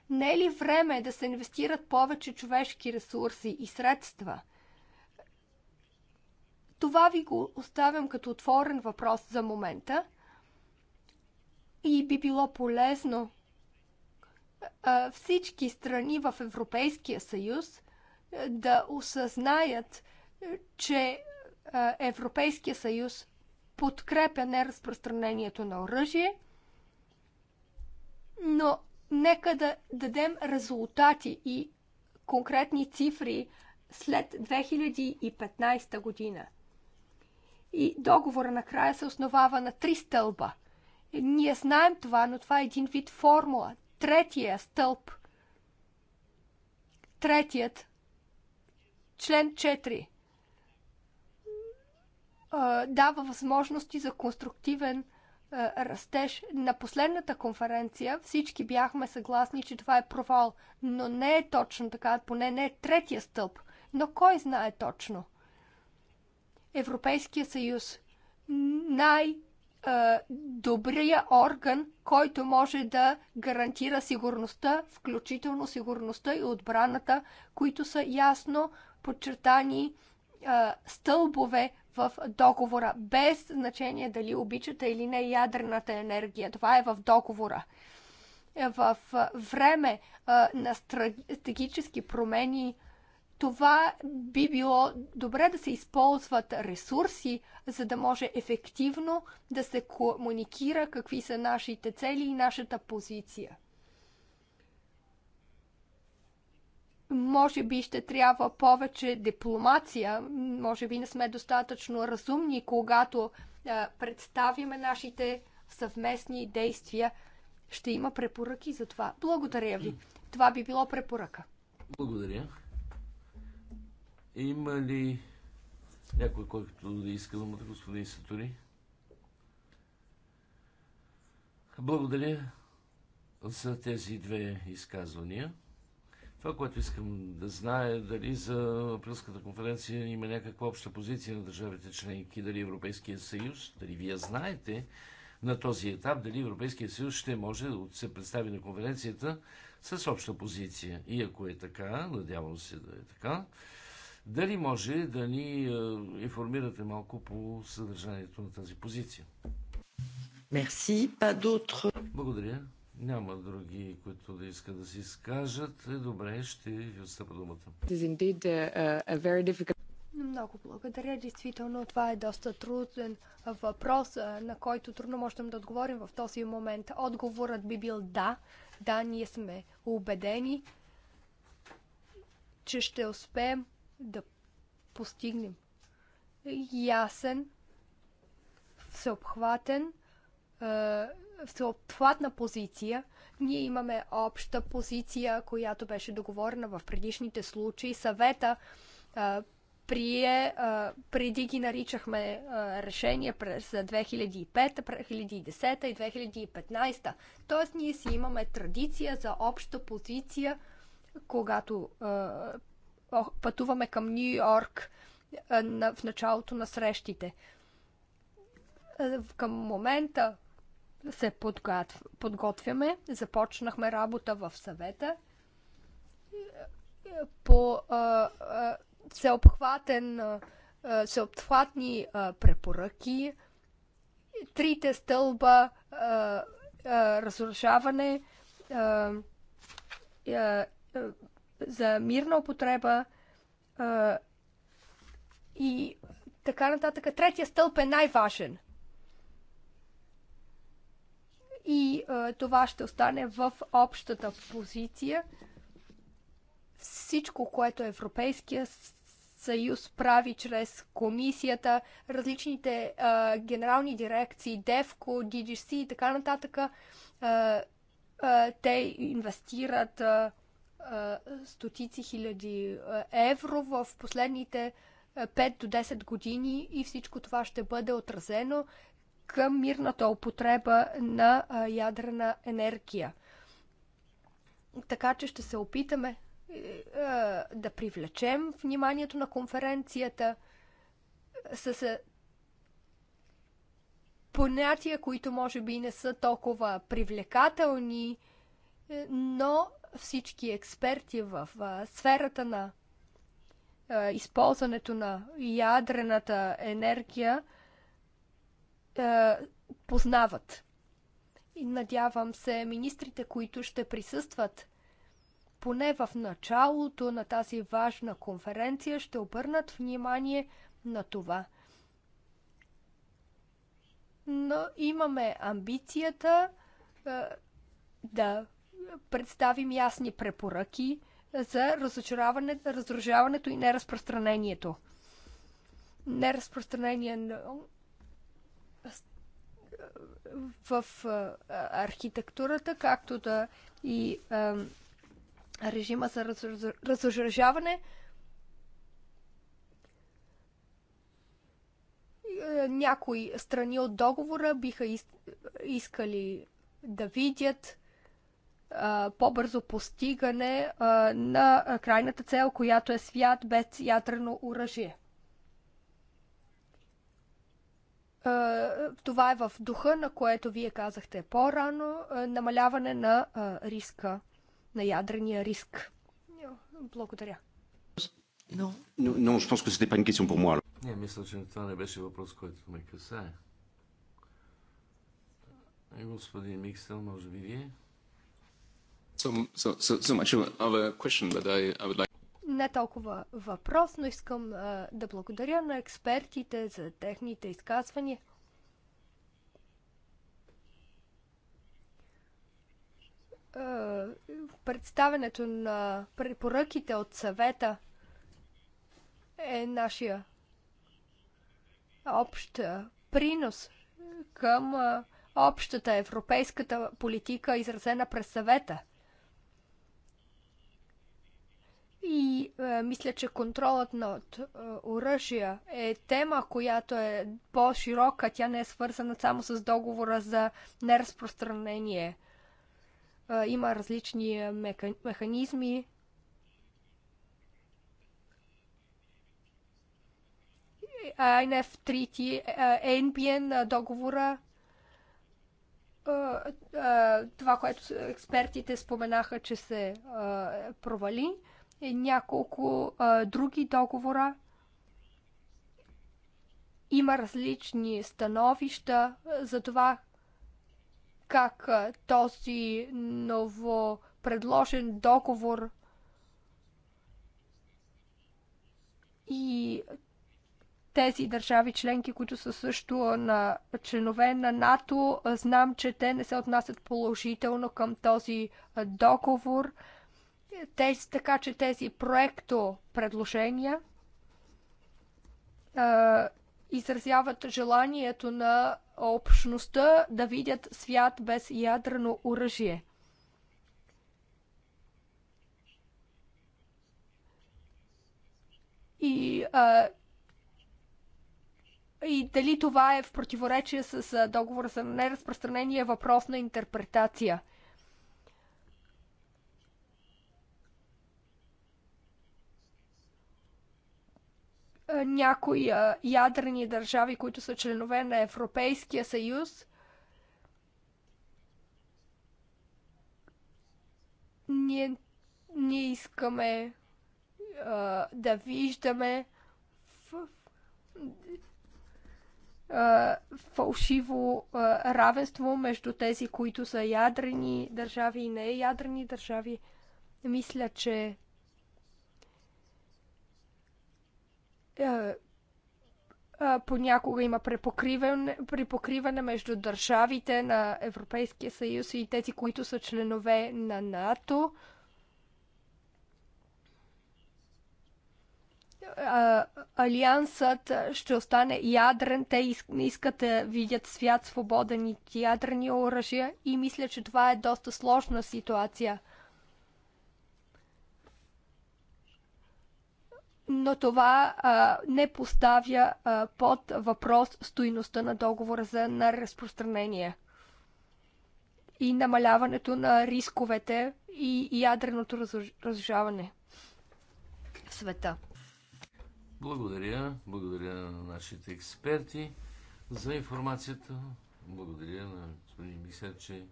Не е ли време да се инвестират повече човешки ресурси и средства? Това ви го оставям като отворен въпрос за момента и би било полезно всички страни в Европейския съюз да осъзнаят, че Европейския съюз подкрепя неразпространението на оръжие, но нека да дадем резултати и конкретни цифри след 2015 година. И договора накрая се основава на три стълба. Ние знаем това, но това е един вид формула. Третия стълб. Третият. Член 4 дава възможности за конструктивен растеж. На последната конференция всички бяхме съгласни, че това е провал, но не е точно така, поне не е третия стълб. Но кой знае точно? Европейския съюз. Най- добрия орган, който може да гарантира сигурността, включително сигурността и отбраната, които са ясно подчертани стълбове в договора, без значение дали обичате или не ядрената енергия. Това е в договора. Е, в време на стратегически промени това би било добре да се използват ресурси, за да може ефективно да се комуникира какви са нашите цели и нашата позиция. Може би ще трябва повече дипломация, може би не сме достатъчно разумни, когато е, представиме нашите съвместни действия. Ще има препоръки за това. Благодаря ви. Това би било препоръка. Благодаря. Има ли някой, който да иска да мъде, господин Сатори? Благодаря за тези две изказвания. Това, което искам да знае, е дали за априлската конференция има някаква обща позиция на държавите членки, дали Европейския съюз, дали вие знаете на този етап, дали Европейския съюз ще може да се представи на конференцията с обща позиция. И ако е така, надявам се да е така, дали може да ни е, информирате малко по съдържанието на тази позиция? Мерси, па Благодаря. Няма други, които да искат да се изкажат. Е, добре, ще ви отстъпа думата. Uh, Много благодаря. Действително, това е доста труден въпрос, на който трудно можем да отговорим в този момент. Отговорът би бил да. Да, ние сме убедени, че ще успеем да постигнем ясен, всеобхватен е, съответна позиция. Ние имаме обща позиция, която беше договорена в предишните случаи. Съвета а, е, прие, а, е, преди ги наричахме а, решение през 2005, 2010 и 2015. Тоест ние си имаме традиция за обща позиция, когато а, пътуваме към Нью Йорк в началото на срещите. Към момента се подготвяме. Започнахме работа в съвета по всеобхватен, всеобхватни препоръки, трите стълба, разрушаване за мирна употреба и така нататък. Третия стълб е най-важен и а, това ще остане в общата позиция. Всичко, което Европейския съюз прави чрез комисията, различните а, генерални дирекции, ДЕВКО, DGC и така нататък, а, а, те инвестират а, а, стотици хиляди евро в последните 5 до 10 години и всичко това ще бъде отразено към мирната употреба на ядрена енергия. Така че ще се опитаме е, да привлечем вниманието на конференцията е, с е, понятия, които може би не са толкова привлекателни, но всички експерти в сферата на използването на ядрената енергия е, познават. И надявам се министрите, които ще присъстват поне в началото на тази важна конференция, ще обърнат внимание на това. Но имаме амбицията е, да представим ясни препоръки за разочароване, разоръжаването и неразпространението. Неразпространение в архитектурата, както да и режима за разоръжаване. Някои страни от договора биха искали да видят по-бързо постигане на крайната цел, която е свят без ядрено оръжие. Това е в духа, на което вие казахте по-рано, намаляване на риска, на ядрения риск. Благодаря. Но, но, Не, мисля, че това не беше въпрос, който ме касае. Е, господин Миксел, може би вие? So, so, so, so much of a question, but I, I would like не толкова въпрос, но искам а, да благодаря на експертите за техните изказвания. А, представенето на препоръките от съвета е нашия общ принос към общата европейската политика, изразена през съвета – И е, мисля, че контролът над е, оръжия е тема, която е по-широка. Тя не е свързана само с договора за неразпространение. Е, има различни е, мека... механизми. INF Treaty, t NBN договора, е, е, това, което експертите споменаха, че се провали. Е няколко а, други договора. Има различни становища за това как а, този ново предложен договор и тези държави членки, които са също на членове на НАТО, знам, че те не се отнасят положително към този договор. Тези, така че тези проекто предложения е, изразяват желанието на общността да видят свят без ядрено оръжие. И, е, и дали това е в противоречие с договора за неразпространение е въпрос на интерпретация – Е, някои е, ядрени държави, които са членове на Европейския съюз, ние не искаме а, е, да виждаме в, а, фалшиво а, равенство между тези, които са ядрени държави и не ядрени държави. Мисля, че Е, понякога има препокриване, препокриване между държавите на Европейския съюз и тези, които са членове на НАТО. Алиансът ще остане ядрен. Те не искат да видят свят свободен от ядрени оръжия и мисля, че това е доста сложна ситуация – но това а, не поставя а, под въпрос стоиността на договора за на разпространение и намаляването на рисковете и ядреното разрушаване в света. Благодаря, благодаря на нашите експерти за информацията. Благодаря на господин Мисер, че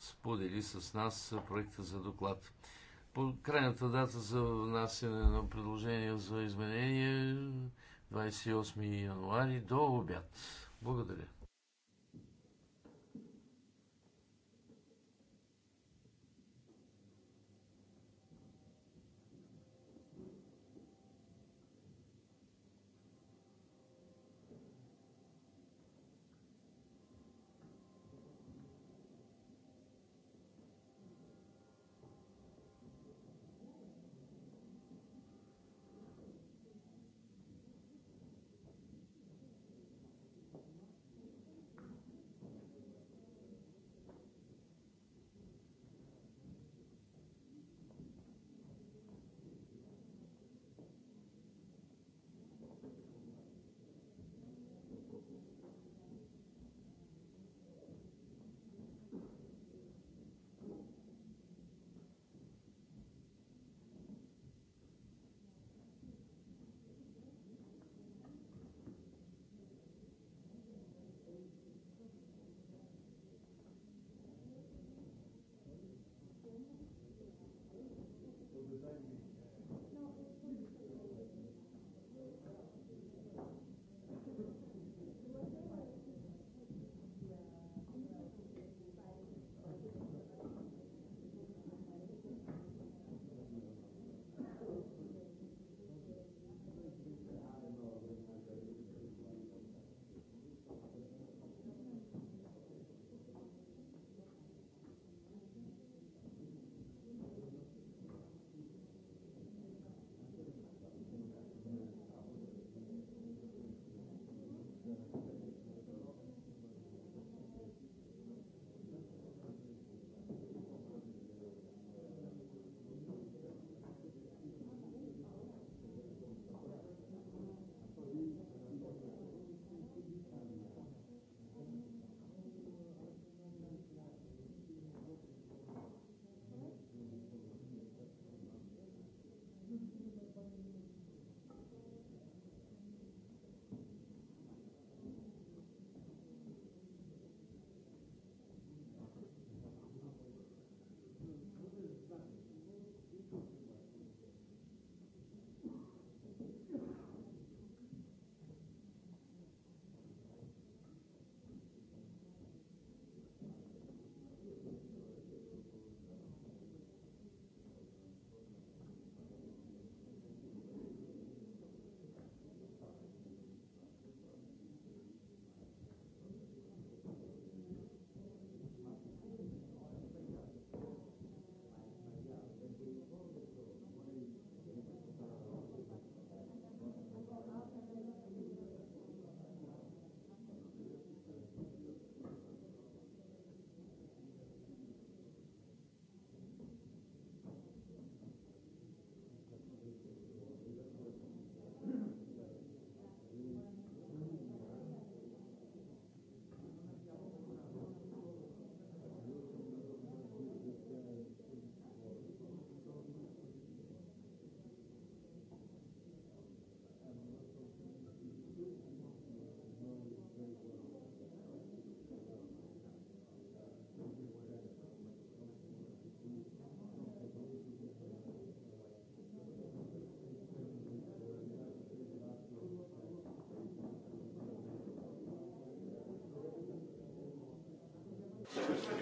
сподели с нас проекта за доклад. По крайната дата за внасяне на предложения за изменение 28 януари до обяд. Благодаря.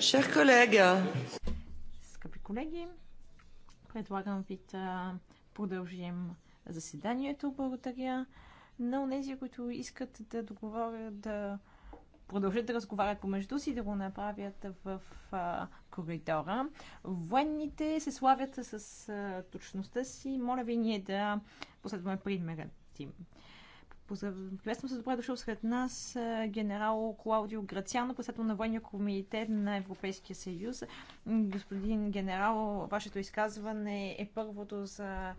Шер колега. Скъпи колеги, предлагам ви да продължим заседанието. Благодаря на тези, които искат да договорят да продължат да разговарят помежду си, да го направят в а, коридора. Военните се славят с а, точността си. Моля ви ние да последваме примерът им. Приветствам се, добре дошъл сред нас генерал Клаудио Грациано, председател на военния комитет на Европейския съюз. Господин генерал, вашето изказване е първото за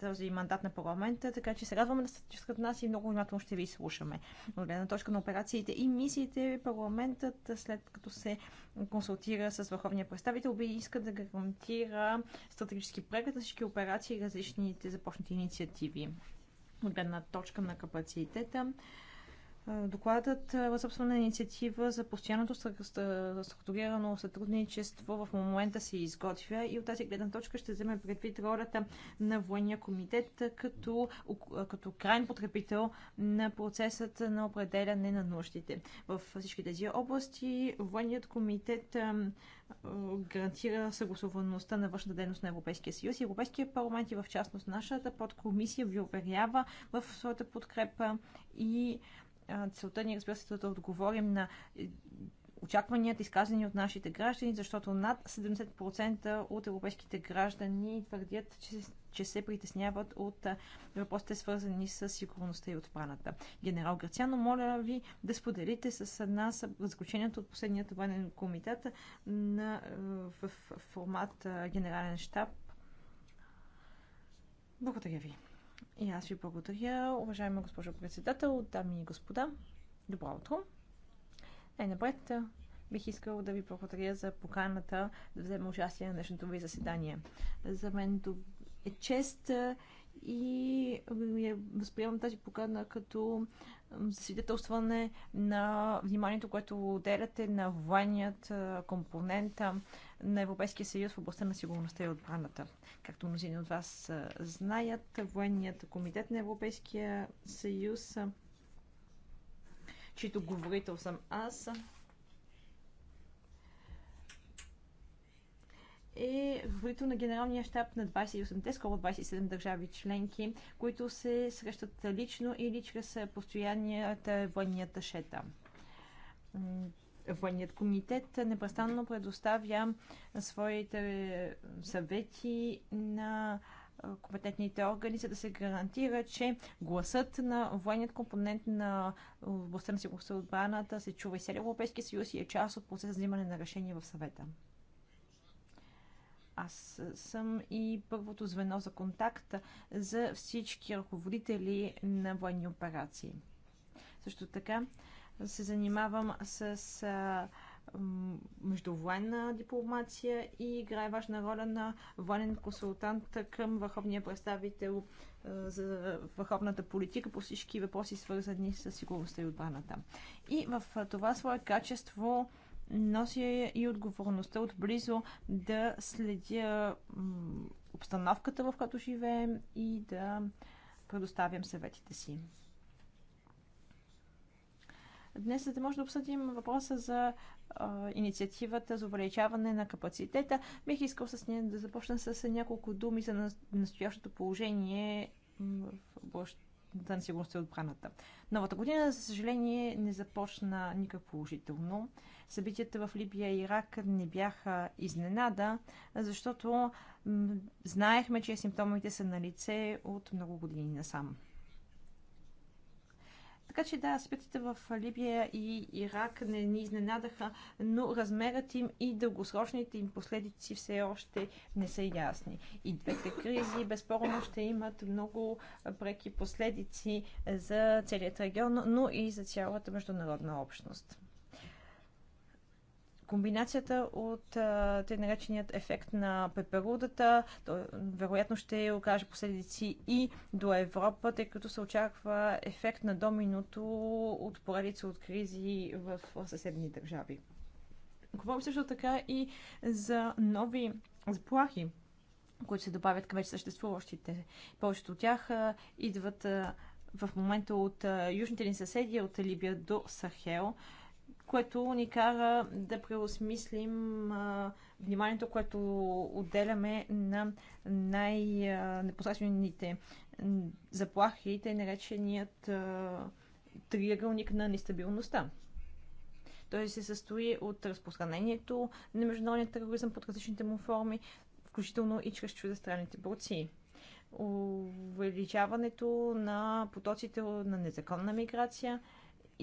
този мандат на парламента, така че се радваме да сте сред нас и много внимателно ще ви слушаме. От гледна точка на операциите и мисиите, парламентът, след като се консултира с върховния представител, би иска да гарантира стратегически преглед на всички операции и различните започнати инициативи от гледна точка на капацитета. Е, докладът е, е собствена инициатива за постоянното структурирано сътрудничество в момента се изготвя и от тази гледна точка ще вземе предвид ролята на военния комитет като, като крайен потребител на процесът на определяне на нуждите. В всички тези области военният комитет е, гарантира съгласуваността на външната дейност на Европейския съюз и Европейския парламент и в частност нашата подкомисия ви уверява в своята подкрепа и Целта ни, е, разбира се, да отговорим на е, очакванията, изказани от нашите граждани, защото над 70% от европейските граждани твърдят, че, че се притесняват от въпросите, свързани с сигурността и отбраната. Генерал Грациано, моля ви да споделите с нас заключението от последният военен комитет на, е, в формат Генерален штаб. Благодаря ви. И аз ви благодаря, уважаема госпожо председател, дами и господа. Добро утро. Най-напред бих искал да ви благодаря за поканата да взема участие на днешното ви заседание. За мен е чест и е, възприемам тази покана като свидетелстване на вниманието, което отделяте на военният компонент на Европейския съюз в областта на сигурността и отбраната. Както мнозина от вас знаят, военният комитет на Европейския съюз, чийто говорител съм аз, е ръководител на генералния щаб на 28-те, скоро 27 държави членки, които се срещат лично или чрез постояннията е, военният шета. Военният комитет непрестанно предоставя своите е, съвети на е, компетентните органи, за да се гарантира, че гласът на военният компонент на областта на сигурността и отбраната се чува и целия Европейски съюз и е част от процеса за взимане на решения в съвета. Аз съм и първото звено за контакт за всички ръководители на военни операции. Също така се занимавам с а, междувоенна дипломация и играе важна роля на военен консултант към върховния представител за върховната политика по всички въпроси, свързани с сигурността и отбраната. И в това свое качество нося и отговорността отблизо да следя обстановката, в която живеем и да предоставям съветите си. Днес, за да може да обсъдим въпроса за а, инициативата за увеличаване на капацитета, бих искал с нея да започна с няколко думи за настоящото положение в областта на сигурността и отбраната. Новата година, за съжаление, не започна никак положително събитията в Либия и Ирак не бяха изненада, защото знаехме, че симптомите са на лице от много години насам. Така че да, аспектите в Либия и Ирак не ни изненадаха, но размерът им и дългосрочните им последици все още не са ясни. И двете кризи безспорно ще имат много преки последици за целият регион, но и за цялата международна общност. Комбинацията от тъй нареченият ефект на пеперудата то, вероятно ще окаже последици и до Европа, тъй като се очаква ефект на доминото от поредица от кризи в съседни държави. Говорим също така и за нови заплахи, които се добавят към вече съществуващите. Повечето от тях идват в момента от южните ни съседи, от Либия до Сахел което ни кара да преосмислим вниманието, което отделяме на най-непосредствените заплахи, тъй нареченият триъгълник на нестабилността. Той се състои от разпространението на международния тероризъм под различните му форми, включително и чрез чуждестранните борци. Увеличаването на потоците на незаконна миграция –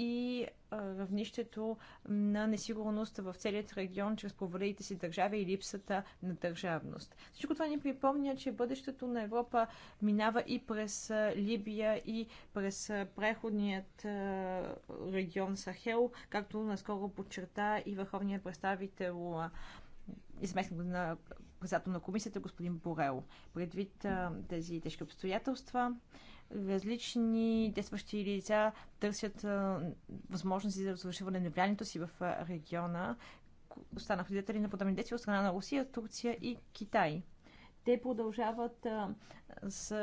и равнището на несигурност в целият регион чрез провалите си държави и липсата на държавност. Всичко това ни припомня, че бъдещето на Европа минава и през Либия, и през преходният регион Сахел, както наскоро подчерта и върховният представител изместник на председател на комисията господин Борел. Предвид тези тежки обстоятелства, различни действащи лица търсят възможности за завършване на влиянието си в региона. Останах свидетели на подобни действия от страна на Русия, Турция и Китай те продължават а, с,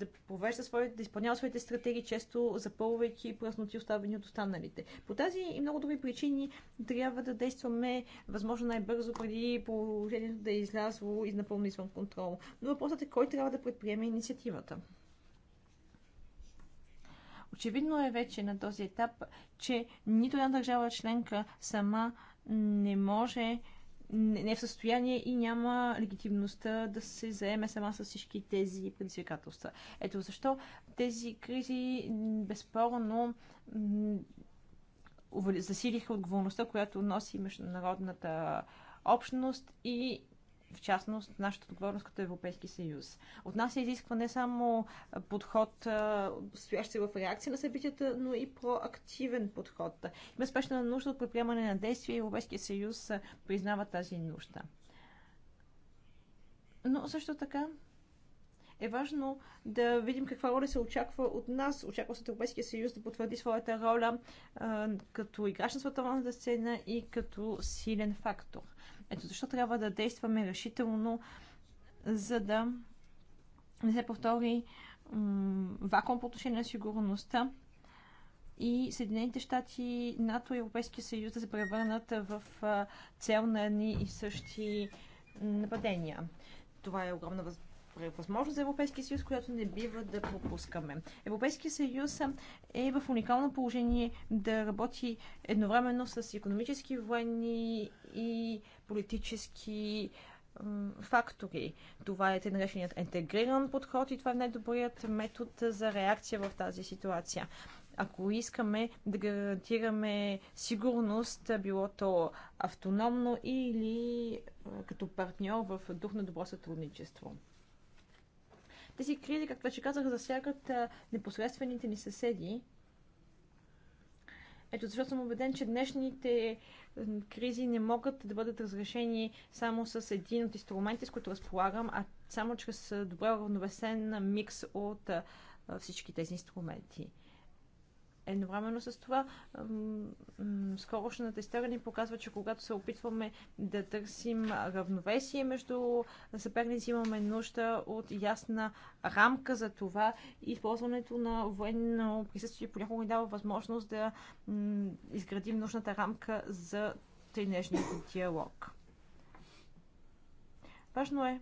да провеждат своите, да изпълняват своите стратегии, често запълвайки празноти, оставени от останалите. По тази и много други причини трябва да действаме възможно най-бързо, преди положението да е излязло и е напълно извън контрол. Но въпросът е кой трябва да предприеме инициативата. Очевидно е вече на този етап, че нито една държава членка сама не може, не е в състояние и няма легитимността да се заеме сама с всички тези предизвикателства. Ето защо тези кризи безспорно засилиха отговорността, която носи международната общност и в частност нашата отговорност като Европейски съюз. От нас се изисква не само подход, стоящ се в реакция на събитията, но и проактивен подход. Има спешна нужда от предприемане на действия и Европейския съюз признава тази нужда. Но също така е важно да видим каква роля се очаква от нас. Очаква се от Европейския съюз да потвърди своята роля а, като играч на световната сцена и като силен фактор. Ето защо трябва да действаме решително, за да не се повтори вакуум по отношение на сигурността и Съединените щати, НАТО и Европейския съюз да се превърнат в цел на едни и същи нападения. Това е огромна възможност е възможност за Европейския съюз, която не бива да пропускаме. Европейския съюз е в уникално положение да работи едновременно с економически, военни и политически фактори. Това е тъй нареченият интегриран подход и това е най-добрият метод за реакция в тази ситуация. Ако искаме да гарантираме сигурност, било то автономно или като партньор в дух на добро сътрудничество. Тези кризи, както вече казах, засягат непосредствените ни съседи. Ето защото съм убеден, че днешните кризи не могат да бъдат разрешени само с един от инструментите, с които разполагам, а само чрез добре равновесен микс от всички тези инструменти. Едновременно с това, скорошната ни показва, че когато се опитваме да търсим равновесие между съперници, имаме нужда от ясна рамка за това. Използването на военно присъствие понякога ни дава възможност да изградим нужната рамка за тренежния диалог. Важно е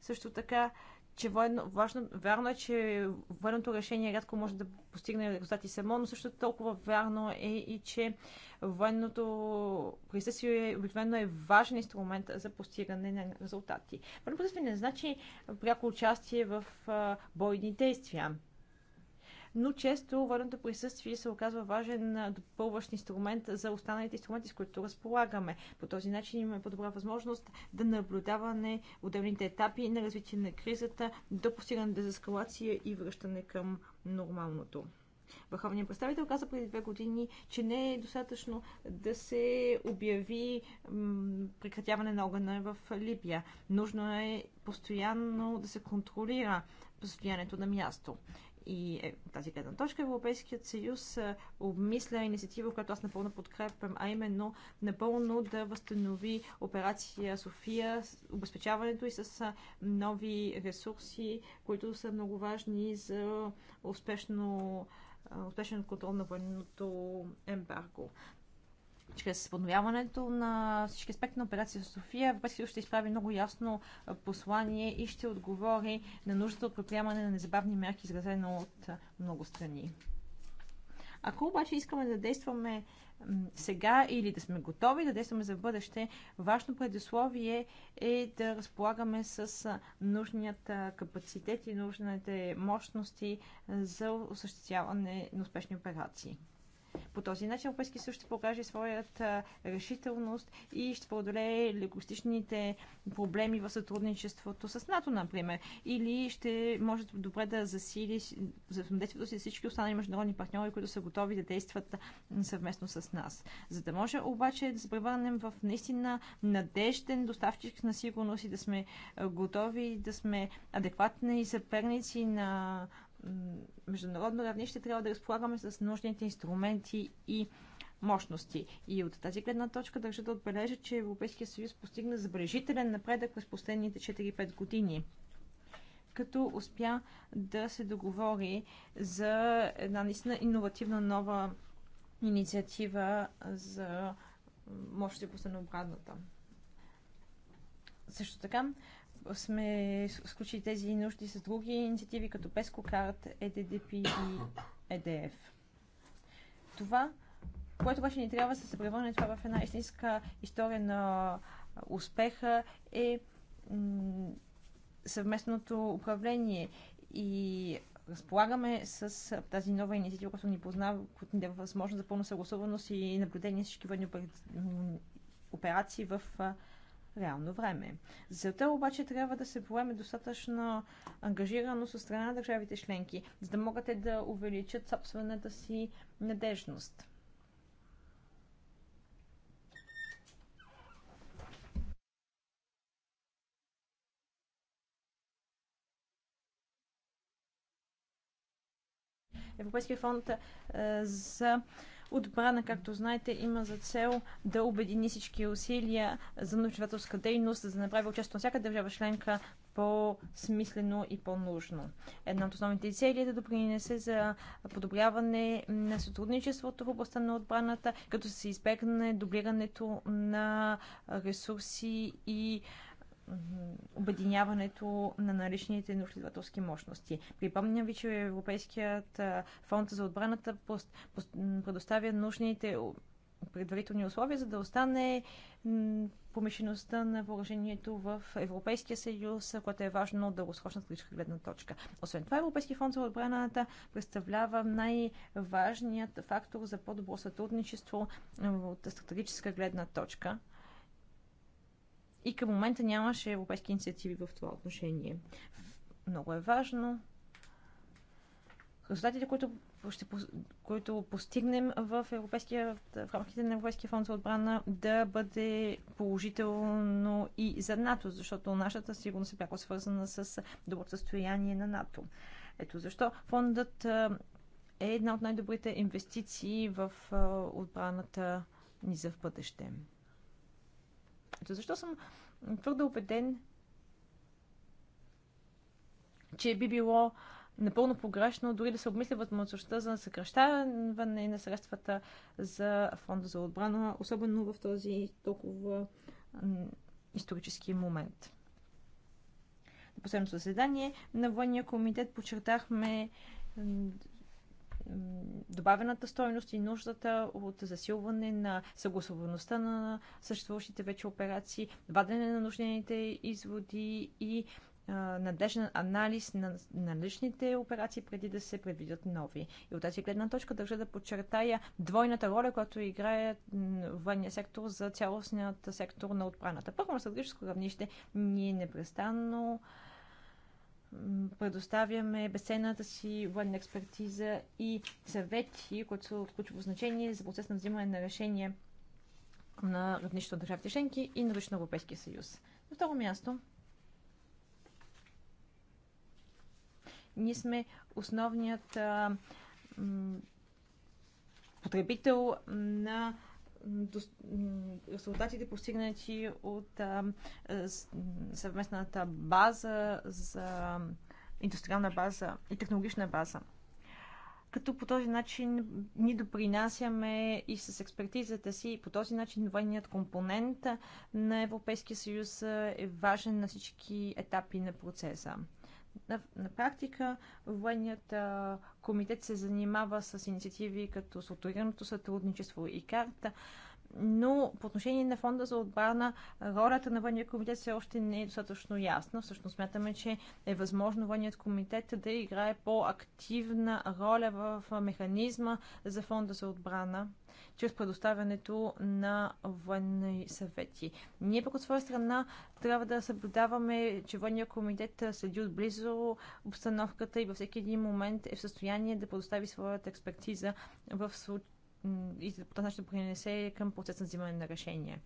също така, че военно, важно, вярно е, че военното решение рядко може да постигне резултати само, но също толкова вярно е и, че военното присъствие обикновено е важен инструмент за постигане на резултати. Военно присъствие не значи пряко участие в бойни действия но често военното присъствие се оказва важен допълващ инструмент за останалите инструменти, с които разполагаме. По този начин имаме по-добра възможност да наблюдаваме отделните етапи на развитие на кризата до постигане дезескалация и връщане към нормалното. Върховният представител каза преди две години, че не е достатъчно да се обяви прекратяване на огъня в Либия. Нужно е постоянно да се контролира състоянието на място. И е, от тази гледна точка Европейският съюз е, обмисля инициатива, която аз напълно подкрепям, а именно напълно да възстанови операция София, обезпечаването и с е, нови ресурси, които са много важни за успешно е, успешен контрол на военното ембарго чрез подновяването на всички аспекти на операция София, Европейския съюз ще изправи много ясно послание и ще отговори на нуждата от предприемане на незабавни мерки, изразено от много страни. Ако обаче искаме да действаме сега или да сме готови да действаме за бъдеще, важно предисловие е да разполагаме с нужният капацитет и нужните мощности за осъществяване на успешни операции. По този начин Европейски също ще покаже своята решителност и ще преодолее лекостичните проблеми в сътрудничеството с НАТО, например. Или ще може добре да засили взаимодействието си всички останали международни партньори, които са готови да действат съвместно с нас. За да може обаче да се превърнем в наистина надежден доставчик на сигурност и да сме готови, да сме адекватни съперници на международно равнище трябва да разполагаме с нужните инструменти и мощности. И от тази гледна точка държа да отбележа, че Европейския съюз постигна забележителен напредък през последните 4-5 години като успя да се договори за една наистина иновативна нова инициатива за мощите по Също така, сме сключили тези нужди с други инициативи, като Пескокарт, ЕДДП и ЕДФ. Това, което обаче ни трябва да се превърне това в една истинска история на успеха е съвместното управление и разполагаме с тази нова инициатива, която ни познава, която ни дава възможност за пълна съгласуваност и наблюдение на всички военни операции в реално време. За това обаче трябва да се поеме достатъчно ангажирано от страна на държавите членки, за да могат те да увеличат собствената си надежност. Европейския фонд е, за Отбрана, както знаете, има за цел да обедини всички усилия за научвателска дейност, за да направи участието на всяка държава членка по-смислено и по-нужно. Една от основните цели е да допринесе за подобряване на сътрудничеството в областта на отбраната, като се избегне дублирането на ресурси и а, обединяването на наличните научно мощности. Припомням ви, че Европейският фонд за отбраната предоставя нужните предварителни условия, за да остане помешеността на въоръжението в Европейския съюз, което е важно от дългосрочна стратегическа гледна точка. Освен това, Европейския фонд за отбраната представлява най-важният фактор за по-добро сътрудничество от стратегическа гледна точка и към момента нямаше европейски инициативи в това отношение. Много е важно резултатите, които, ще, които постигнем в, европейския, в рамките на Европейския фонд за отбрана, да бъде положително и за НАТО, защото нашата сигурност е пряко свързана с доброто състояние на НАТО. Ето защо фондът е една от най-добрите инвестиции в отбраната ни за в бъдеще. Ето защо съм твърдо убеден, че би било напълно погрешно дори да се обмисля възможността за съкръщаване на средствата за фонда за отбрана, особено в този толкова исторически момент. На последното заседание на Военния комитет подчертахме добавената стойност и нуждата от засилване на съгласоваността на съществуващите вече операции, вадене на нужните изводи и надлежен анализ на наличните операции преди да се предвидят нови. И от тази гледна точка държа да подчертая двойната роля, която играе военния сектор за цялостният сектор на отбраната. Първо на стратегическо равнище ние непрестанно предоставяме безценната си военна експертиза и съвети, които са от ключово значение за процес на взимане на решения на равнището на държавите членки и на равнището на Европейския съюз. На второ място, ние сме основният а, потребител на резултатите постигнати от съвместната база за индустриална база и технологична база. Като по този начин ни допринасяме и с експертизата си, и по този начин военният компонент на Европейския съюз е важен на всички етапи на процеса. На, на практика военният а, комитет се занимава с инициативи като структурираното сътрудничество и карта, но по отношение на фонда за отбрана, ролята на военния комитет все още не е достатъчно ясна. Всъщност смятаме, че е възможно военният комитет да играе по-активна роля в механизма за фонда за отбрана, чрез предоставянето на военни съвети. Ние пък от своя страна трябва да съблюдаваме, че Военния комитет следи отблизо обстановката и във всеки един момент е в състояние да предостави своята експертиза в случая и по този начин принесе към процес на взимане на решения.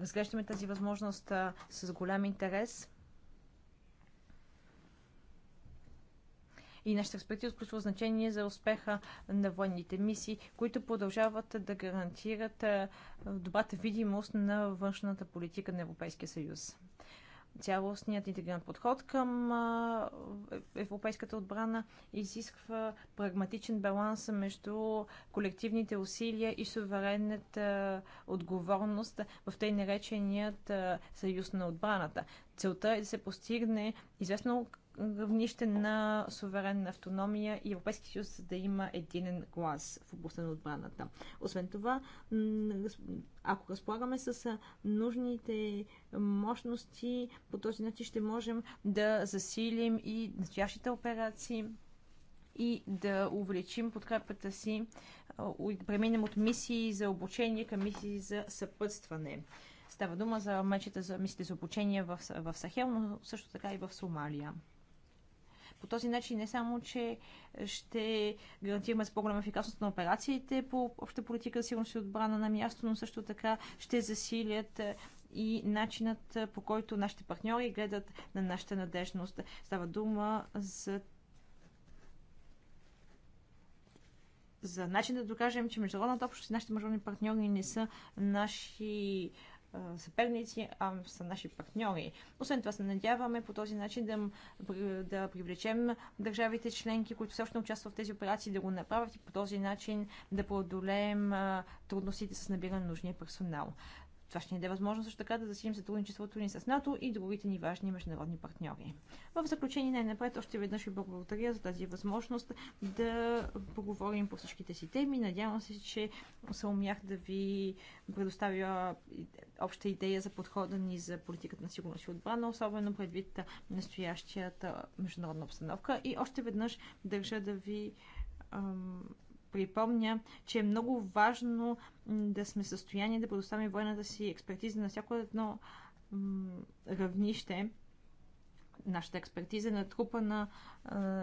Разглеждаме тази възможност с голям интерес. и нашите експерти от ключово значение за успеха на военните мисии, които продължават да гарантират добрата видимост на външната политика на Европейския съюз цялостният интегриран подход към европейската отбрана изисква прагматичен баланс между колективните усилия и суверенната отговорност в тъй нареченият съюз на отбраната. Целта е да се постигне известно равнище на суверенна автономия и Европейски съюз да има единен глас в областта на отбраната. Освен това, ако разполагаме с нужните мощности, по този начин ще можем да засилим и настоящите операции и да увеличим подкрепата си да преминем от мисии за обучение към мисии за съпътстване. Става дума за мечета за мислите за обучение в, в Сахел, но също така и в Сомалия. По този начин не само, че ще гарантираме с по-голяма ефикасност на операциите по обща политика сигурност и отбрана на място, но също така ще засилят е, и начинът е, по който нашите партньори гледат на нашата надежност. Става дума за за начин да докажем, че международната общност и нашите международни партньори не са наши съперници, а са наши партньори. Освен това се надяваме по този начин да, да привлечем държавите членки, които също участват в тези операции, да го направят и по този начин да преодолеем трудностите с набиране на нужния персонал. Това ще ни даде възможност също така да засилим сътрудничеството ни с НАТО и другите ни важни международни партньори. В заключение, най-напред, още веднъж ви благодаря за тази възможност да поговорим по всичките си теми. Надявам се, че се умях да ви предоставя обща идея за подхода ни за политиката на сигурност и отбрана, особено предвид настоящията международна обстановка. И още веднъж държа да ви припомня, че е много важно да сме в състояние да предоставим военната си експертиза на всяко едно равнище. Нашата експертиза е натрупана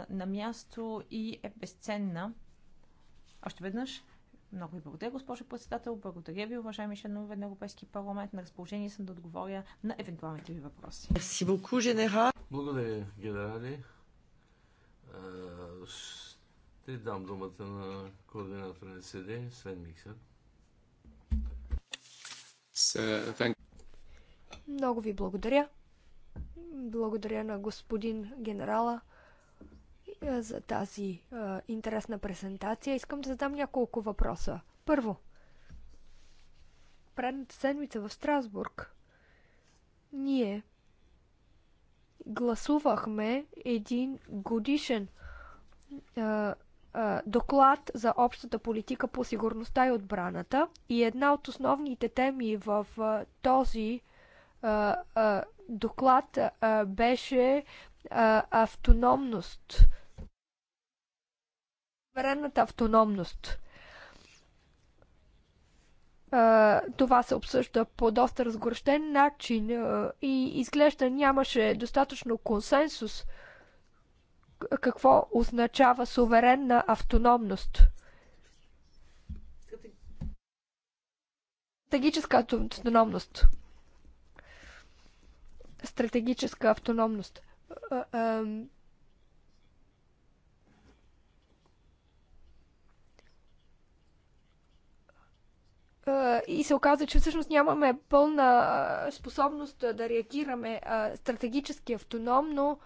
на място и е безценна. Още веднъж много ви благодаря, госпожо председател. Благодаря ви, уважаеми членове на Европейски парламент. На разположение съм да отговоря на евентуалните ви въпроси. Благодаря, генерали. Ще дам думата на координатора на СД, Свен Миксър. Много ви благодаря. Благодаря на господин генерала е, за тази а, е, интересна презентация. Искам да задам няколко въпроса. Първо, предната седмица в Страсбург ние гласувахме един годишен а, е, доклад за общата политика по сигурността и отбраната. И една от основните теми в този доклад беше автономност. Суверенната автономност. Това се обсъжда по доста разгорещен начин и изглежда нямаше достатъчно консенсус какво означава суверенна автономност. Стратегическа автономност. Стратегическа автономност. и се оказа, че всъщност нямаме пълна способност да реагираме стратегически автономно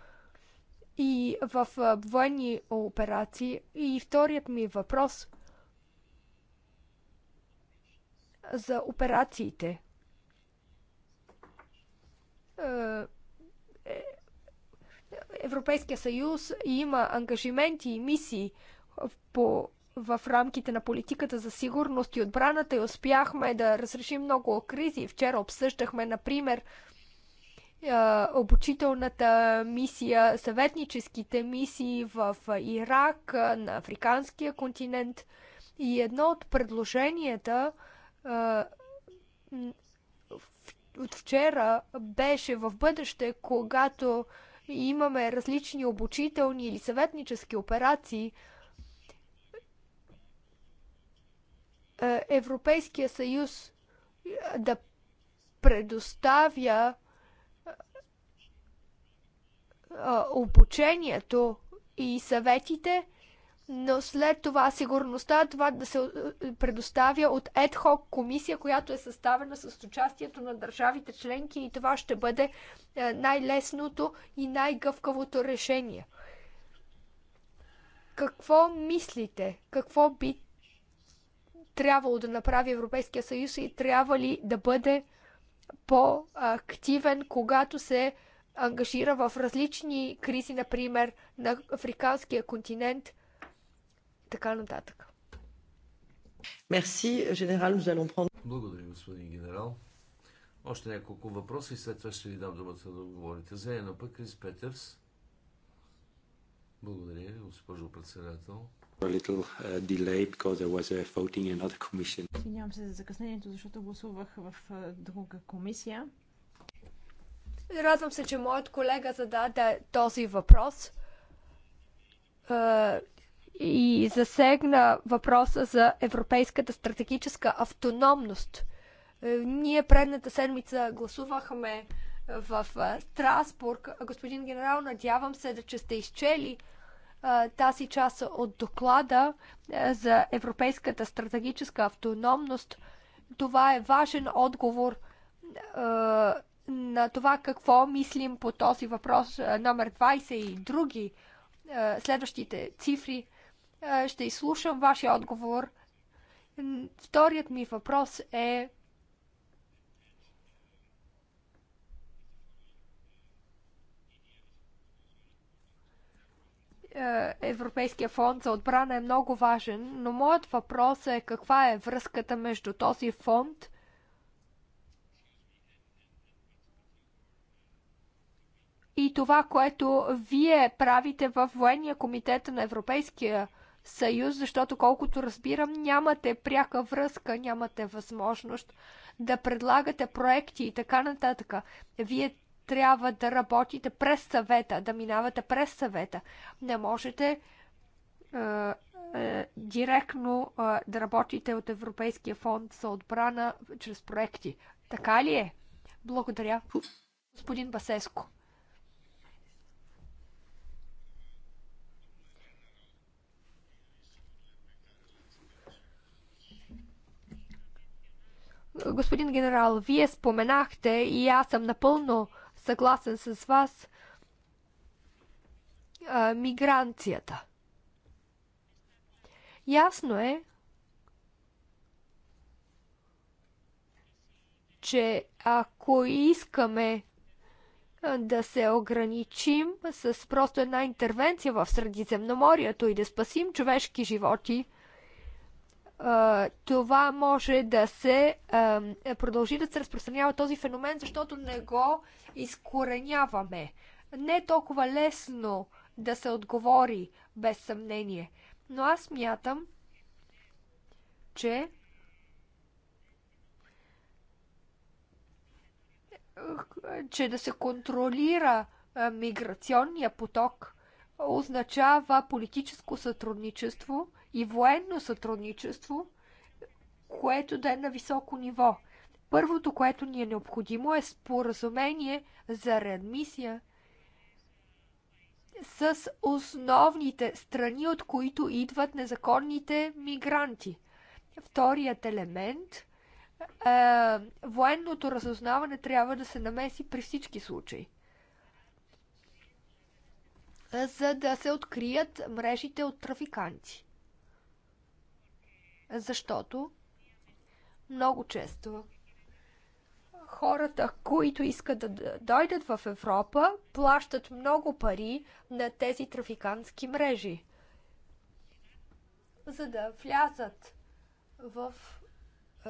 и в военни операции. И вторият ми въпрос за операциите. Е, Европейския съюз има ангажименти и мисии по, в рамките на политиката за сигурност и отбраната и успяхме да разрешим много кризи. Вчера обсъждахме, например, е, обучителната мисия, съветническите мисии в Ирак, е, на Африканския континент. И едно от предложенията е, от вчера беше в бъдеще, когато имаме различни обучителни или съветнически операции, Европейския съюз да предоставя обучението и съветите, но след това сигурността това да се предоставя от ЕДХОК комисия, която е съставена с участието на държавите членки и това ще бъде най-лесното и най-гъвкавото решение. Какво мислите? Какво би трябвало да направи Европейския съюз и трябва ли да бъде по-активен, когато се ангажира в различни кризи, например на африканския континент, така нататък. Мерси, генерал, Благодаря, господин генерал. Още няколко въпроса и след това ще ви дам думата да отговорите. За едно пък Крис Петърс. Благодаря, госпожо председател. Uh, Извинявам се за закъснението, защото гласувах в друга комисия. Радвам се, че моят колега зададе този въпрос и засегна въпроса за европейската стратегическа автономност. Е, ние предната седмица гласувахме в Страсбург. Господин генерал, надявам се, да че сте изчели тази част от доклада е, за европейската стратегическа автономност. Това е важен отговор е, на това какво мислим по този въпрос номер 20 и други следващите цифри, ще изслушам вашия отговор. Вторият ми въпрос е Европейския фонд за отбрана е много важен, но моят въпрос е каква е връзката между този фонд и това, което вие правите в Военния комитет на Европейския съюз, защото колкото разбирам, нямате пряка връзка, нямате възможност да предлагате проекти и така нататък. Вие трябва да работите през съвета, да минавате през съвета. Не можете е, е, директно е, да работите от Европейския фонд за отбрана чрез проекти. Така ли е? Благодаря. Господин Басеско. Господин генерал, вие споменахте и аз съм напълно съгласен с вас а, мигранцията. Ясно е, че ако искаме да се ограничим с просто една интервенция в Средиземноморието и да спасим човешки животи, това може да се продължи да се разпространява този феномен, защото не го изкореняваме. Не е толкова лесно да се отговори, без съмнение. Но аз мятам, че че да се контролира миграционния поток означава политическо сътрудничество – и военно сътрудничество, което да е на високо ниво. Първото, което ни е необходимо е споразумение за реадмисия с основните страни, от които идват незаконните мигранти. Вторият елемент е, военното разузнаване трябва да се намеси при всички случаи. За да се открият мрежите от трафиканти. Защото много често хората, които искат да дойдат в Европа, плащат много пари на тези трафикантски мрежи, за да влязат в, е,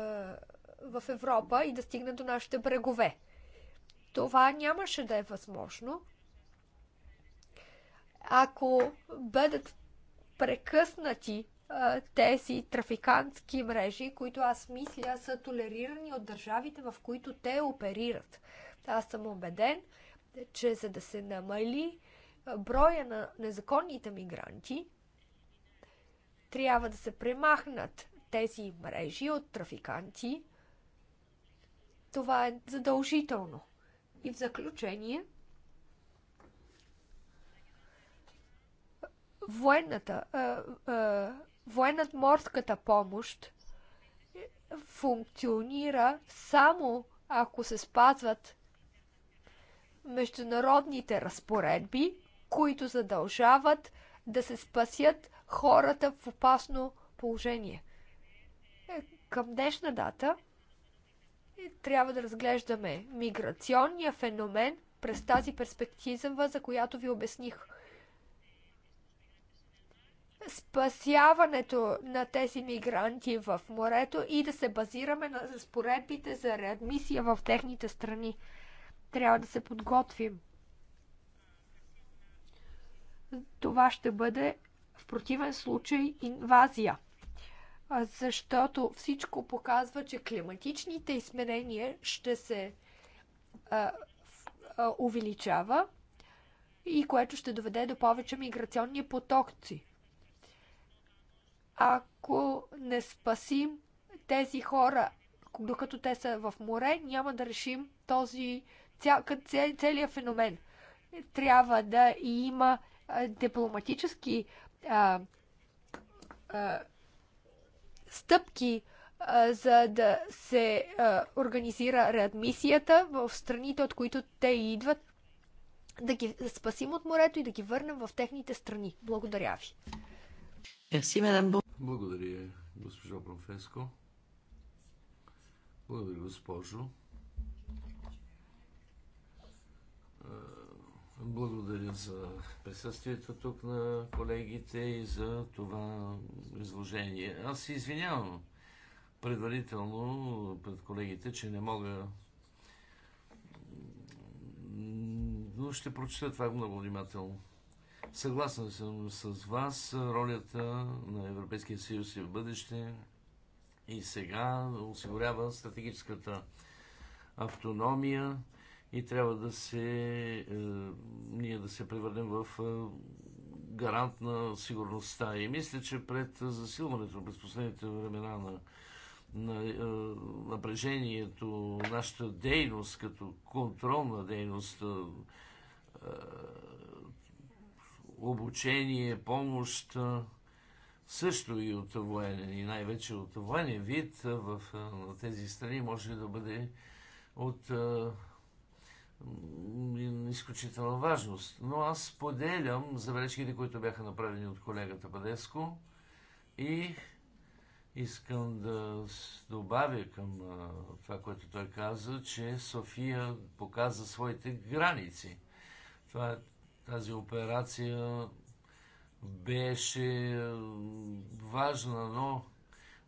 в Европа и да стигнат до нашите брегове. Това нямаше да е възможно, ако бъдат прекъснати тези трафикантски мрежи, които аз мисля са толерирани от държавите, в които те оперират. Аз съм убеден, че за да се намали броя на незаконните мигранти, трябва да се премахнат тези мрежи от трафиканти. Това е задължително. И в заключение, военната, а, а, морската помощ функционира само ако се спазват международните разпоредби, които задължават да се спасят хората в опасно положение. Е, към днешна дата е, трябва да разглеждаме миграционния феномен през тази перспектива, за която ви обясних – спасяването на тези мигранти в морето и да се базираме на разпоредбите за реадмисия в техните страни. Трябва да се подготвим. Това ще бъде в противен случай инвазия. Защото всичко показва, че климатичните изменения ще се а, а, увеличава и което ще доведе до повече миграционни потокци. Ако не спасим тези хора, докато те са в море, няма да решим този ця, целият феномен. Трябва да има дипломатически а, а, стъпки, а, за да се а, организира реадмисията в страните, от които те идват, да ги спасим от морето и да ги върнем в техните страни. Благодаря ви. Merci, Madame благодаря, госпожо Професко. Благодаря, госпожо. Благодаря за присъствието тук на колегите и за това изложение. Аз се извинявам предварително пред колегите, че не мога но ще прочета това много внимателно. Съгласен съм с вас. Ролята на Европейския съюз и в бъдеще и сега осигурява стратегическата автономия и трябва да се, е, ние да се превърнем в е, гарант на сигурността. И мисля, че пред засилването през последните времена на, на е, напрежението, нашата дейност като контролна дейност, е, обучение, помощ, също и от военен, и най-вече от военен вид в, тези страни може да бъде от изключителна важност. Но аз поделям забележките, които бяха направени от колегата Падеско и искам да добавя към това, което той каза, че София показа своите граници. Това е тази операция беше е, важна, но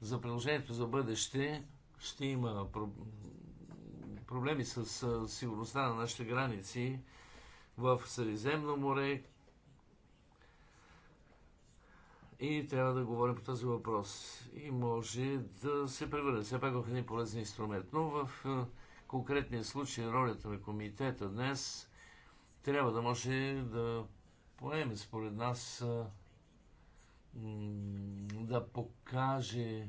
за приложението за бъдеще ще има проблеми с е, сигурността на нашите граници в Средиземно море. И трябва да говорим по този въпрос. И може да се превърне все пак в един полезен инструмент. Но в е, конкретния случай ролята на комитета днес трябва да може да поеме, според нас, да покаже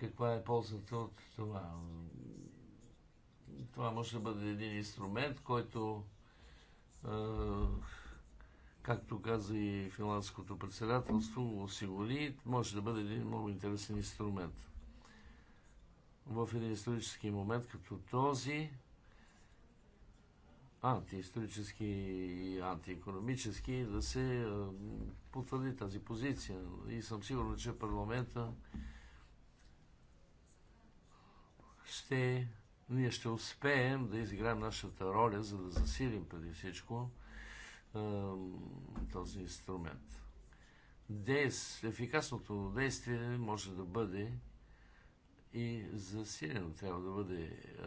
каква е ползата от това. Това може да бъде един инструмент, който, както каза и финландското председателство, осигури, може да бъде един много интересен инструмент. В един исторически момент като този, антиисторически и антиекономически, да се е, потвърди тази позиция. И съм сигурен, че парламента ще, ние ще успеем да изиграем нашата роля, за да засилим преди всичко е, този инструмент. Дейс, ефикасното действие може да бъде и засилено трябва да бъде е,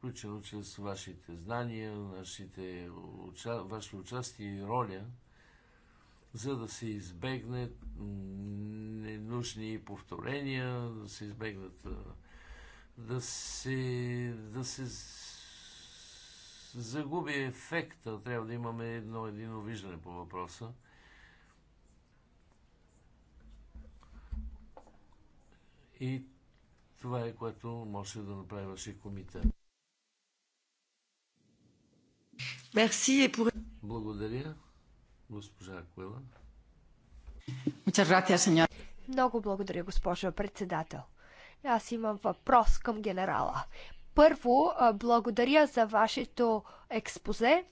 включено чрез вашите знания, нашите, уча... ваше участие и роля, за да се избегне ненужни повторения, да се избегнат да се, да се загуби ефекта. Трябва да имаме едно едино виждане по въпроса. И това е което може да направи вашия комитет. Благодаря, госпожа Акуела. Много благодаря, госпожо председател. Аз имам въпрос към генерала. Първо, благодаря за вашето експозе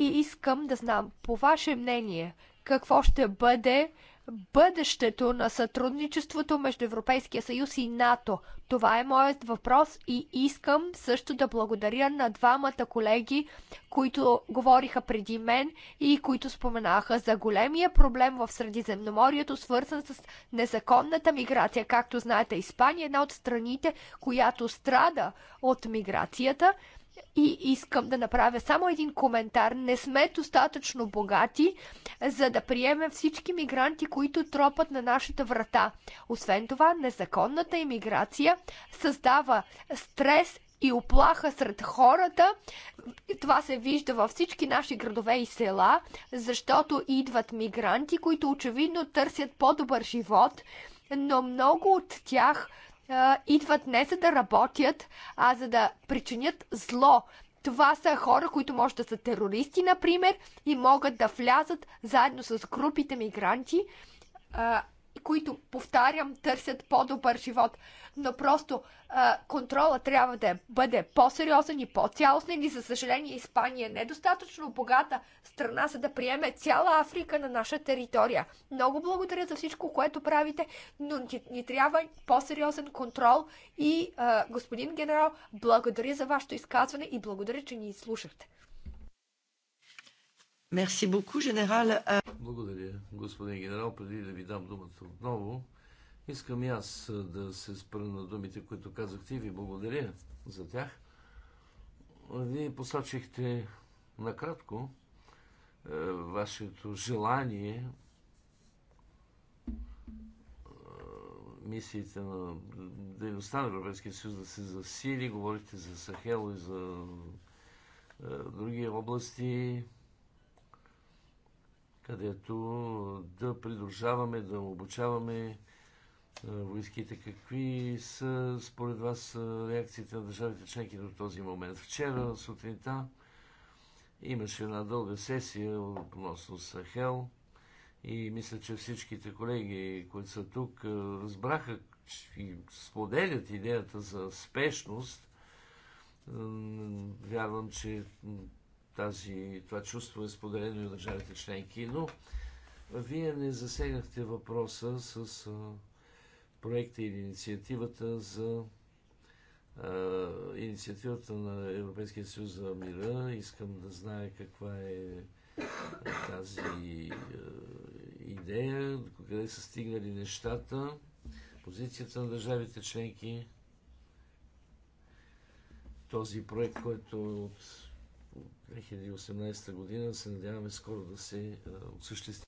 и искам да знам, по ваше мнение, какво ще бъде бъдещето на сътрудничеството между Европейския съюз и НАТО? Това е моят въпрос и искам също да благодаря на двамата колеги, които говориха преди мен и които споменаха за големия проблем в Средиземноморието, свързан с незаконната миграция. Както знаете, Испания е една от страните, която страда от миграцията – и искам да направя само един коментар. Не сме достатъчно богати, за да приемем всички мигранти, които тропат на нашата врата. Освен това, незаконната иммиграция създава стрес и оплаха сред хората. Това се вижда във всички наши градове и села, защото идват мигранти, които очевидно търсят по-добър живот, но много от тях идват не за да работят, а за да причинят зло. Това са хора, които може да са терористи, например, и могат да влязат заедно с групите мигранти които, повтарям, търсят по-добър живот. Но просто а, контрола трябва да бъде по-сериозен и по-цялостен и, за съжаление, Испания е недостатъчно богата страна, за да приеме цяла Африка на наша територия. Много благодаря за всичко, което правите, но ни, ни трябва по-сериозен контрол и, а, господин генерал, благодаря за вашето изказване и благодаря, че ни слушахте. Мерси Боку, генерал. Благодаря, господин генерал. Преди да ви дам думата отново, искам и аз е, да се спра на думите, които казахте и ви благодаря за тях. Вие посочихте накратко е, вашето желание е, мисиите на дейността на Европейския съюз да се засили. Говорите за Сахело и за други области където да придружаваме, да обучаваме е, войските. Какви са, според вас, е, реакциите на държавите членки до този момент? Вчера сутринта имаше една дълга сесия относно Сахел и мисля, че всичките колеги, които са тук, е, разбраха и споделят идеята за спешност. Вярвам, че тази, това чувство е споделено и от държавите членки, но вие не засегнахте въпроса с проекта и инициативата за а, инициативата на Европейския съюз за мира. Искам да знае каква е, е тази а, идея, до къде са стигнали нещата, позицията на държавите членки, този проект, който е от 2018 година се надяваме скоро да се осъществи.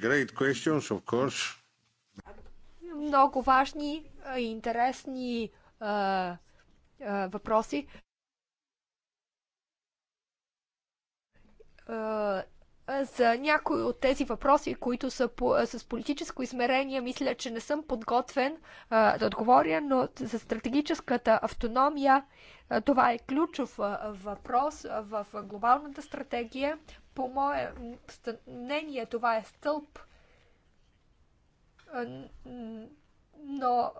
Great questions, of course. Много важни и интересни а, а, въпроси. А, за някои от тези въпроси, които са по, с политическо измерение, мисля, че не съм подготвен а, да отговоря, но за стратегическата автономия а, това е ключов а, въпрос в глобалната стратегия. По мое мнение, това е стълб, но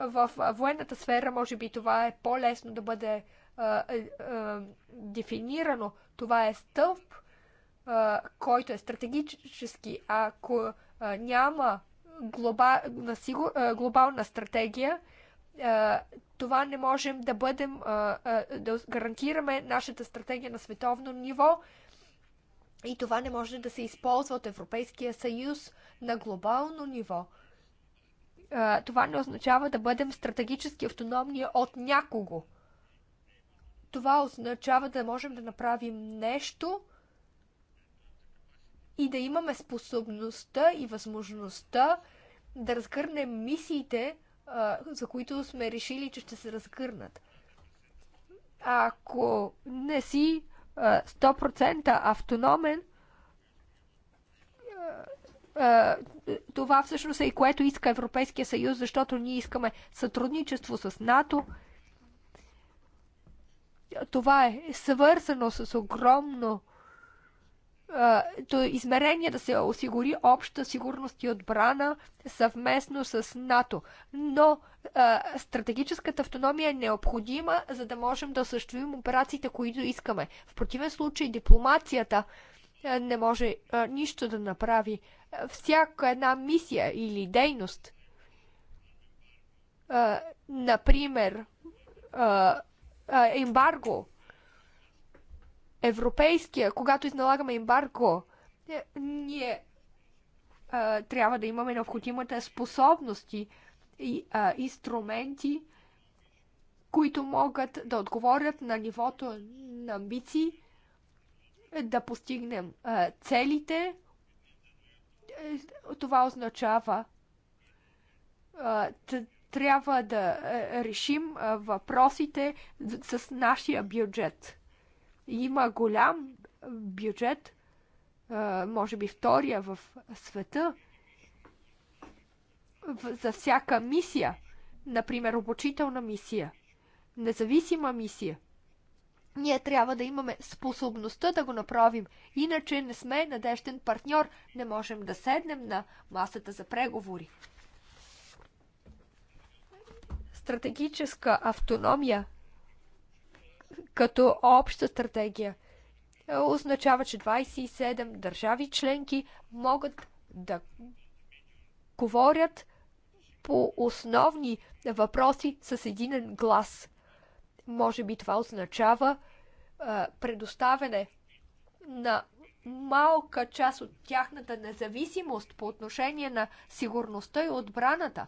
в военната сфера, може би, това е по-лесно да бъде а, а, дефинирано. Това е стълб, който е стратегически, ако няма глобална стратегия, това не можем да бъдем, да гарантираме нашата стратегия на световно ниво и това не може да се използва от Европейския съюз на глобално ниво. Това не означава да бъдем стратегически автономни от някого. Това означава да можем да направим нещо, и да имаме способността и възможността да разгърнем мисиите, за които сме решили, че ще се разгърнат. Ако не си 100% автономен, това всъщност е и което иска Европейския съюз, защото ние искаме сътрудничество с НАТО. Това е свързано с огромно измерение да се осигури обща сигурност и отбрана съвместно с НАТО. Но а, стратегическата автономия е необходима, за да можем да осъществим операциите, които искаме. В противен случай дипломацията а, не може а, нищо да направи. Всяка една мисия или дейност, а, например, а, а, ембарго, европейския, когато изналагаме ембарго, е, ние а, трябва да имаме необходимата способности и а, инструменти, които могат да отговорят на нивото на амбиции, да постигнем а, целите. Е, това означава а, трябва да решим въпросите с нашия бюджет. Има голям бюджет, може би втория в света, за всяка мисия. Например, обучителна мисия, независима мисия. Ние трябва да имаме способността да го направим, иначе не сме надежден партньор, не можем да седнем на масата за преговори. Стратегическа автономия като обща стратегия. Е, означава, че 27 държави членки могат да говорят по основни въпроси с един глас. Може би това означава а, е, предоставяне на малка част от тяхната независимост по отношение на сигурността и отбраната.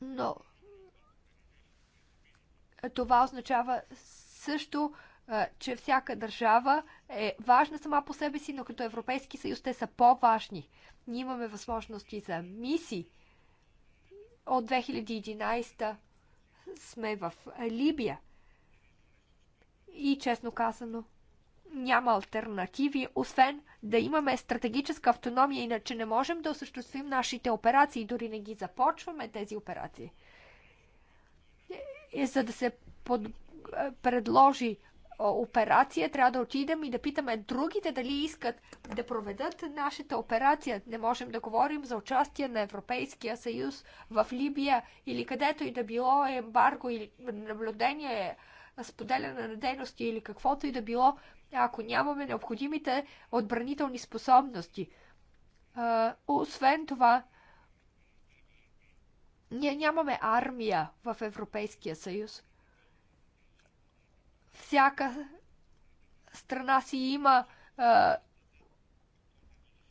Но това означава също, че всяка държава е важна сама по себе си, но като Европейски съюз те са по-важни. Ние имаме възможности за мисии. От 2011 сме в Либия. И честно казано, няма альтернативи, освен да имаме стратегическа автономия, иначе не можем да осъществим нашите операции, дори не ги започваме тези операции за да се под, предложи операция, трябва да отидем и да питаме другите дали искат да проведат нашата операция. Не можем да говорим за участие на Европейския съюз в Либия или където и да било ембарго или наблюдение, споделяне на дейности или каквото и да било, ако нямаме необходимите отбранителни способности. Освен това, ние нямаме армия в Европейския съюз. Всяка страна си има а,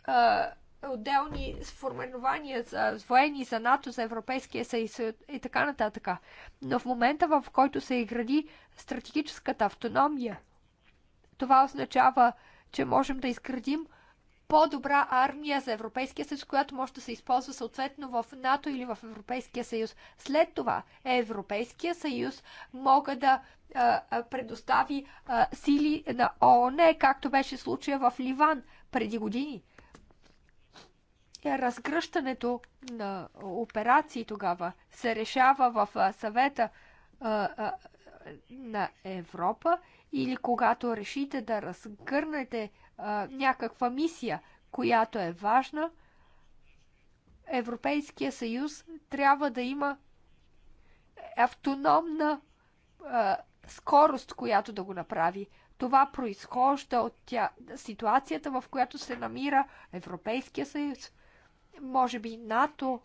а, отделни сформирования за военни, за НАТО, за Европейския съюз и така нататък. Но в момента, в който се изгради стратегическата автономия, това означава, че можем да изградим по-добра армия за Европейския съюз, която може да се използва съответно в НАТО или в Европейския съюз. След това Европейския съюз мога да а, предостави а, сили на ООН, както беше случая в Ливан преди години. Е, разгръщането на операции тогава се решава в съвета а, на Европа или когато решите да разгърнете а, някаква мисия, която е важна, Европейския съюз трябва да има автономна а, скорост, която да го направи. Това произхожда от тя, ситуацията, в която се намира Европейския съюз. Може би НАТО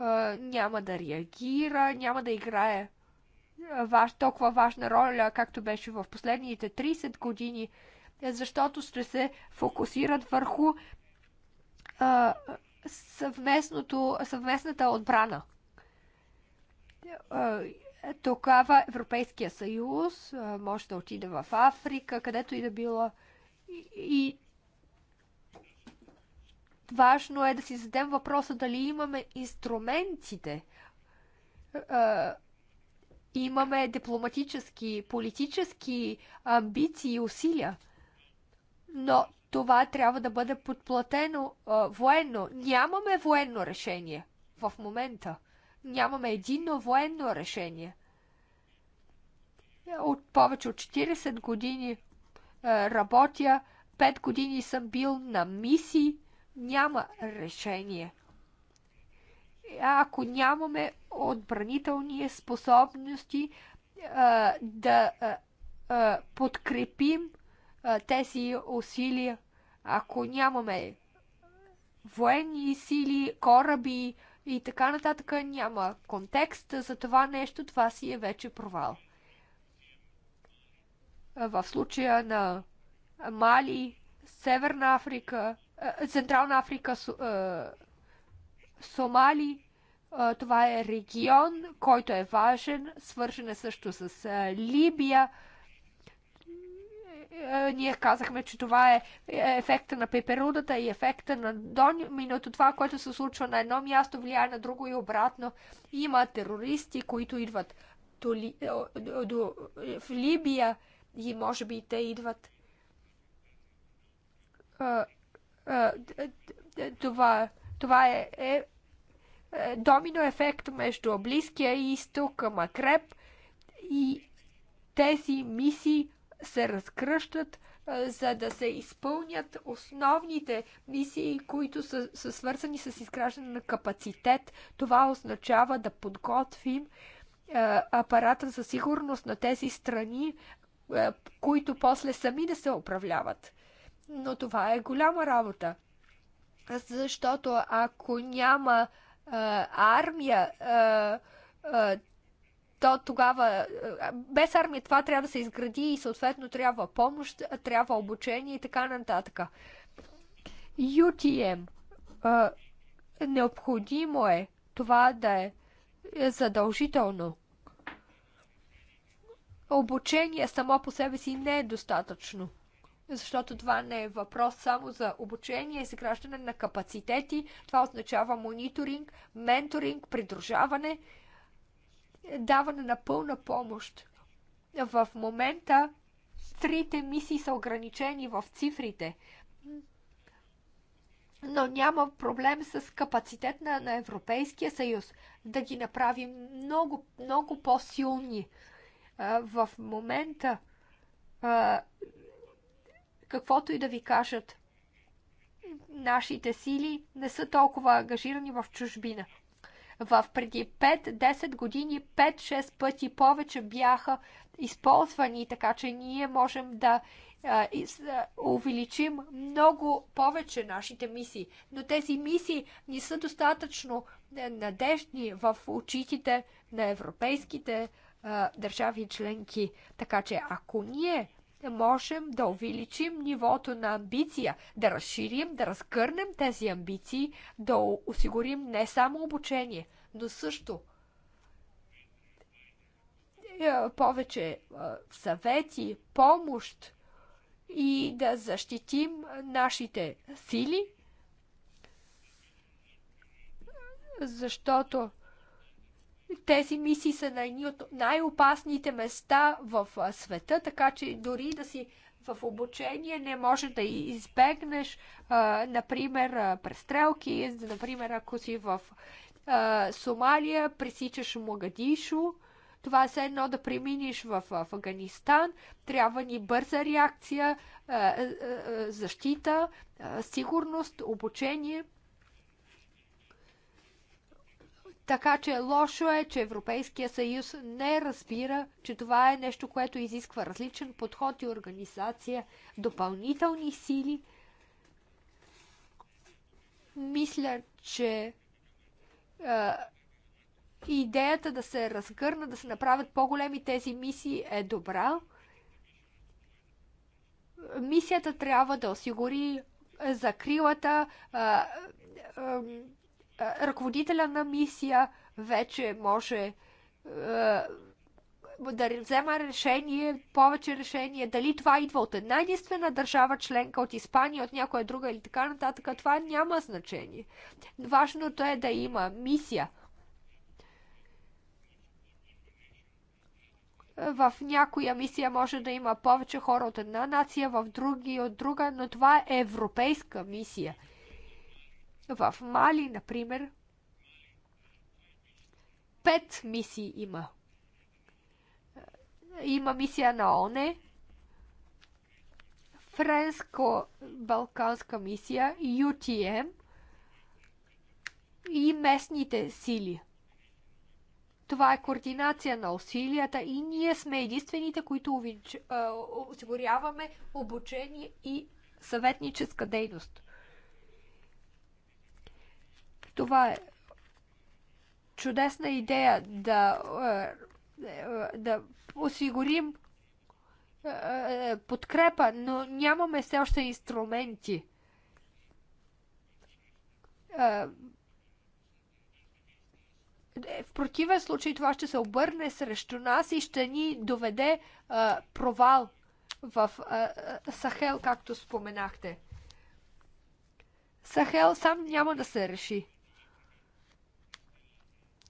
а, няма да реагира, няма да играе важ, толкова важна роля, както беше в последните 30 години, защото ще се фокусират върху а, съвместното, съвместната отбрана. Тогава Европейския съюз може да отиде в Африка, където и да било. И, важно е да си зададем въпроса дали имаме инструментите имаме дипломатически, политически амбиции и усилия. Но това трябва да бъде подплатено а, военно. Нямаме военно решение в момента. Нямаме единно военно решение. Е, от повече от 40 години а, е, работя, 5 години съм бил на мисии. Няма решение ако нямаме отбранителни способности а, да а, подкрепим а, тези усилия, ако нямаме военни сили, кораби и така нататък, няма контекст за това нещо, това си е вече провал. В случая на Мали, Северна Африка, Централна Африка, Сомали това е регион, който е важен, свършен е също с Либия. Е, е, ние казахме, че това е, е ефекта на пеперудата и ефекта на доминото. Това, което се случва на едно място, влияе на друго и обратно. Има терористи, които идват до, до, до, в Либия и може би те идват. Това, това е, е е, домино ефект между Близкия изток, Макреб и тези мисии се разкръщат, е, за да се изпълнят основните мисии, които са, са свързани с изграждане на капацитет. Това означава да подготвим е, апарата за сигурност на тези страни, които после сами да се управляват. Но това е голяма работа. Защото ако няма армия, то тогава без армия това трябва да се изгради и съответно трябва помощ, трябва обучение и така нататък. UTM. Необходимо е това да е задължително. Обучение само по себе си не е достатъчно защото това не е въпрос само за обучение, изграждане на капацитети. Това означава мониторинг, менторинг, придружаване, даване на пълна помощ. В момента трите мисии са ограничени в цифрите, но няма проблем с капацитет на, на Европейския съюз да ги направим много, много по-силни. В момента каквото и да ви кажат. Нашите сили не са толкова ангажирани в чужбина. В преди 5-10 години 5-6 пъти повече бяха използвани, така че ние можем да увеличим много повече нашите мисии. Но тези мисии не са достатъчно е, надежни в очите на европейските държави членки. Така че ако ние можем да увеличим нивото на амбиция, да разширим, да разкърнем тези амбиции, да осигурим не само обучение, но също е, повече е, съвети, помощ и да защитим нашите сили, защото тези мисии са на едни от най-опасните места в света, така че дори да си в обучение не може да избегнеш, например, престрелки, например, ако си в Сомалия, пресичаш Могадишо, това е все едно да преминеш в, Афганистан. Трябва ни бърза реакция, защита, сигурност, обучение – така че лошо е, че Европейския съюз не разбира, че това е нещо, което изисква различен подход и организация, допълнителни сили. Мисля, че е, идеята да се разгърна, да се направят по-големи тези мисии е добра. Мисията трябва да осигури закрилата, е, ръководителя на мисия вече може е, да взема решение, повече решение, дали това идва от една единствена държава членка, от Испания, от някоя друга или така нататък, това няма значение. Важното е да има мисия. В някоя мисия може да има повече хора от една нация, в други от друга, но това е европейска мисия – в Мали, например, пет мисии има. Има мисия на ОНЕ, Френско-Балканска мисия, UTM и местните сили. Това е координация на усилията и ние сме единствените, които осигуряваме обучение и съветническа дейност. Това е чудесна идея да, е, е, да осигурим е, подкрепа, но нямаме все още инструменти. В противен случай това ще се обърне срещу нас и ще ни доведе провал в Сахел, както споменахте. Сахел сам няма да се реши.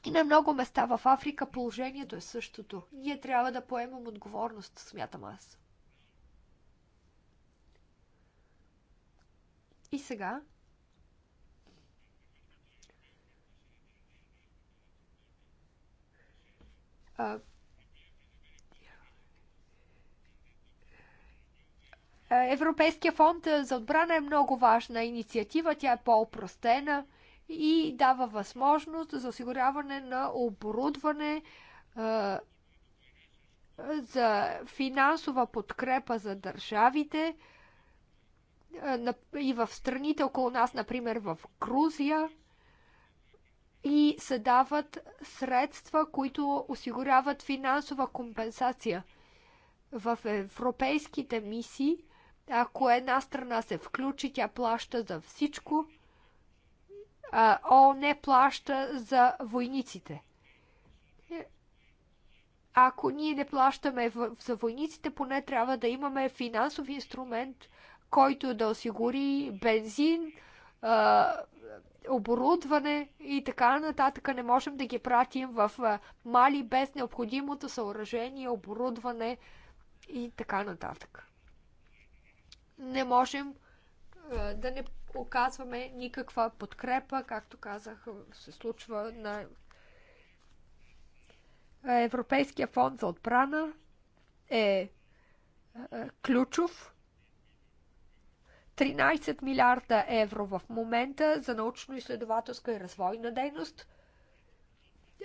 И на много места в Африка положението е същото. Ние трябва да поемем отговорност, смятам аз. И сега а, Европейския фонд за отбрана е много важна инициатива, тя е по-опростена и дава възможност за осигуряване на оборудване за финансова подкрепа за държавите и в страните около нас, например в Грузия, и се дават средства, които осигуряват финансова компенсация. В европейските мисии, ако една страна се включи, тя плаща за всичко ООН плаща за войниците. Е, ако ние не плащаме за войниците, поне трябва да имаме финансов инструмент, който да осигури бензин, оборудване и така нататък. Не можем да ги пратим в Мали без необходимото съоръжение, оборудване и така нататък. Не можем да не оказваме никаква подкрепа, както казах, се случва на Европейския фонд за отбрана е, е ключов. 13 милиарда евро в момента за научно-изследователска и развойна дейност,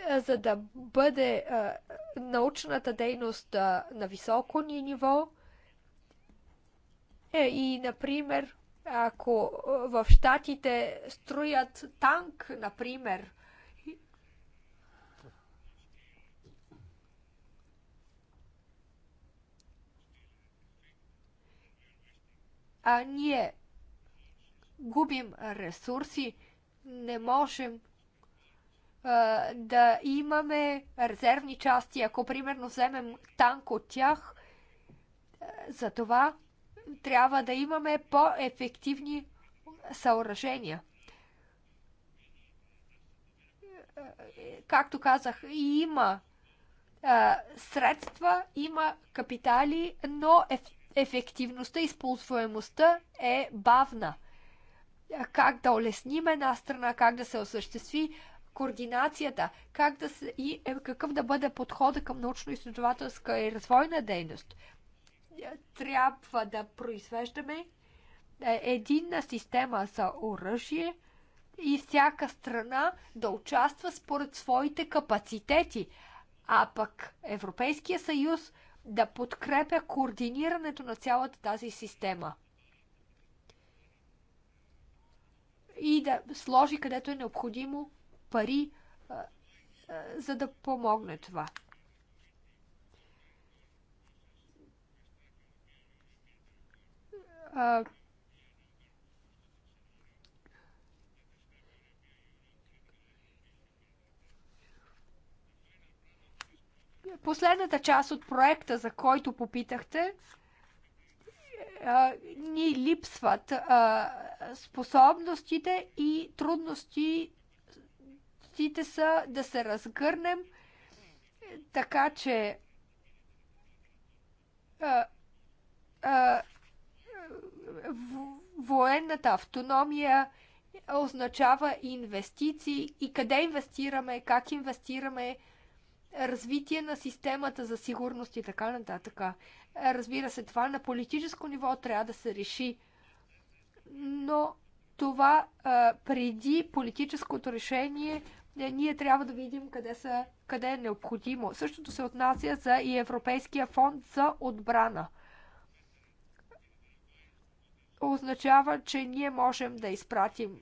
е, за да бъде е, научната дейност на високо ни ниво. И, например, ако е, в Штатите строят танк, например, а ние губим ресурси, не можем е, да имаме резервни части. Ако примерно вземем танк от тях, е, за това трябва да имаме по-ефективни съоръжения. Както казах, има средства, има капитали, но ефективността, и използваемостта е бавна. Как да улесним една страна, как да се осъществи координацията, как да се, и е, какъв да бъде подхода към научно-изследователска и развойна дейност трябва да произвеждаме е, единна система за оръжие и всяка страна да участва според своите капацитети, а пък Европейския съюз да подкрепя координирането на цялата тази система. И да сложи където е необходимо пари, за да помогне това. а, последната част от проекта, за който попитахте, ни липсват способностите и трудностите са да се разгърнем, така че военната автономия означава инвестиции и къде инвестираме, как инвестираме, развитие на системата за сигурност и така нататък. Разбира се, това на политическо ниво трябва да се реши, но това преди политическото решение е, ние трябва да видим къде, са, къде е необходимо. Същото се отнася за и Европейския фонд за отбрана – означава, че ние можем да изпратим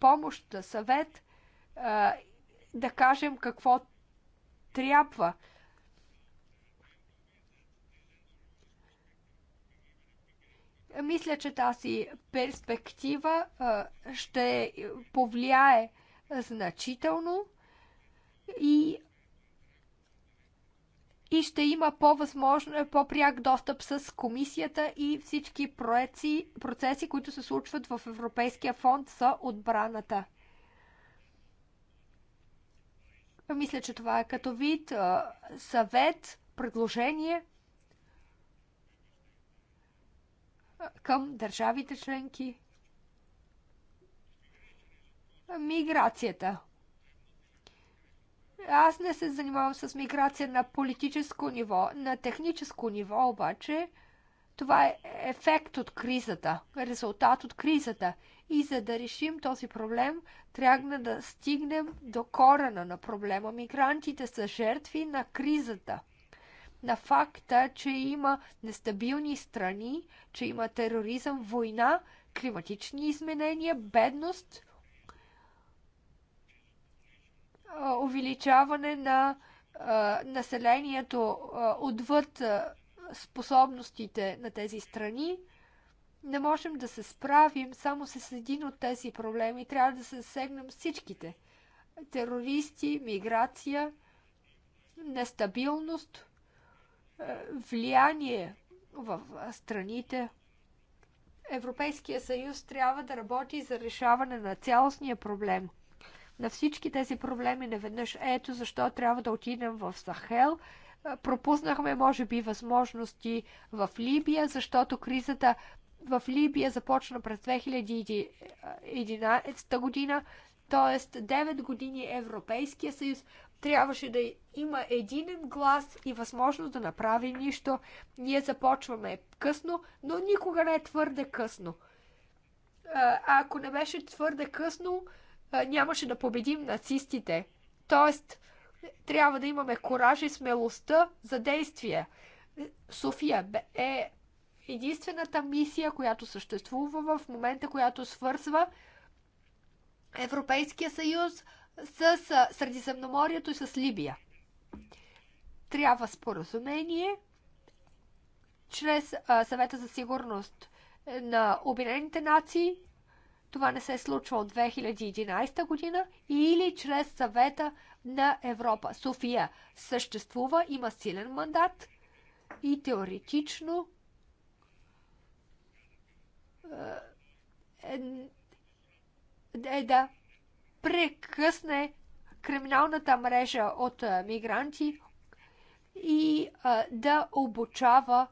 помощ, съвет, да кажем какво трябва. Мисля, че тази перспектива ще повлияе значително и и ще има по-възможно, по-пряк достъп с комисията и всички проеци, процеси, които се случват в Европейския фонд за отбраната. Мисля, че това е като вид съвет, предложение към държавите членки. Миграцията. Аз не се занимавам с миграция на политическо ниво, на техническо ниво обаче. Това е ефект от кризата, резултат от кризата. И за да решим този проблем, трябва да стигнем до корена на проблема. Мигрантите са жертви на кризата. На факта, че има нестабилни страни, че има тероризъм, война, климатични изменения, бедност, увеличаване на населението отвъд способностите на тези страни, не можем да се справим само с един от тези проблеми. Трябва да се засегнем всичките. Терористи, миграция, нестабилност, влияние в страните. Европейския съюз трябва да работи за решаване на цялостния проблем – на всички тези проблеми наведнъж. Ето защо трябва да отидем в Сахел. Пропуснахме, може би, възможности в Либия, защото кризата в Либия започна през 2011 година, т.е. 9 години Европейския съюз трябваше да има единен глас и възможност да направи нищо. Ние започваме късно, но никога не е твърде късно. ако не беше твърде късно, нямаше да победим нацистите. Тоест, трябва да имаме кораж и смелостта за действие. София е единствената мисия, която съществува в момента, която свързва Европейския съюз с Средиземноморието и с Либия. Трябва споразумение чрез Съвета за сигурност на Обединените нации това не се случва от 2011 година или чрез съвета на Европа. София съществува, има силен мандат и теоретично е, е, е да прекъсне криминалната мрежа от е, мигранти и е, да обучава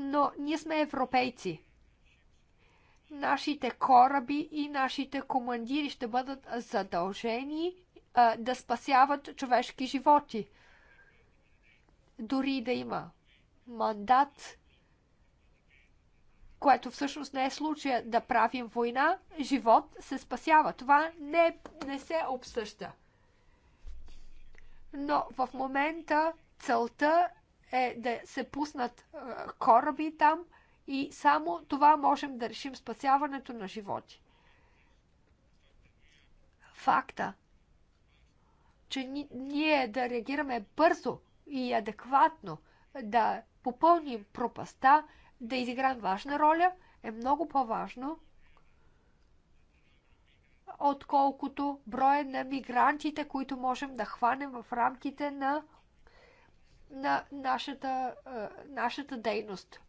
но ние сме европейци. Нашите кораби и нашите командири ще бъдат задължени а, да спасяват човешки животи. Дори да има мандат, което всъщност не е случая да правим война, живот се спасява. Това не, не се обсъжда. Но в момента целта е да се пуснат кораби там и само това можем да решим спасяването на животи. Факта, че ние да реагираме бързо и адекватно, да попълним пропаста, да изиграем важна роля, е много по-важно, отколкото броя на мигрантите, които можем да хванем в рамките на на нашата, нашата дейност.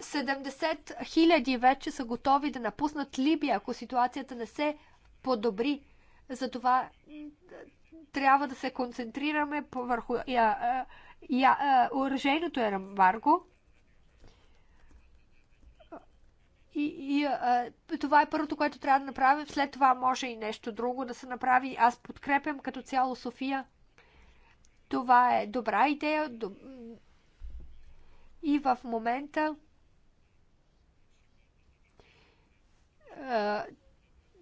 70 хиляди вече са готови да напуснат Либия, ако ситуацията не се подобри. Затова трябва да се концентрираме върху я, я, оръжейното И, и а, това е първото, което трябва да направим. След това може и нещо друго да се направи. Аз подкрепям като цяло София. Това е добра идея. Доб... И в момента а,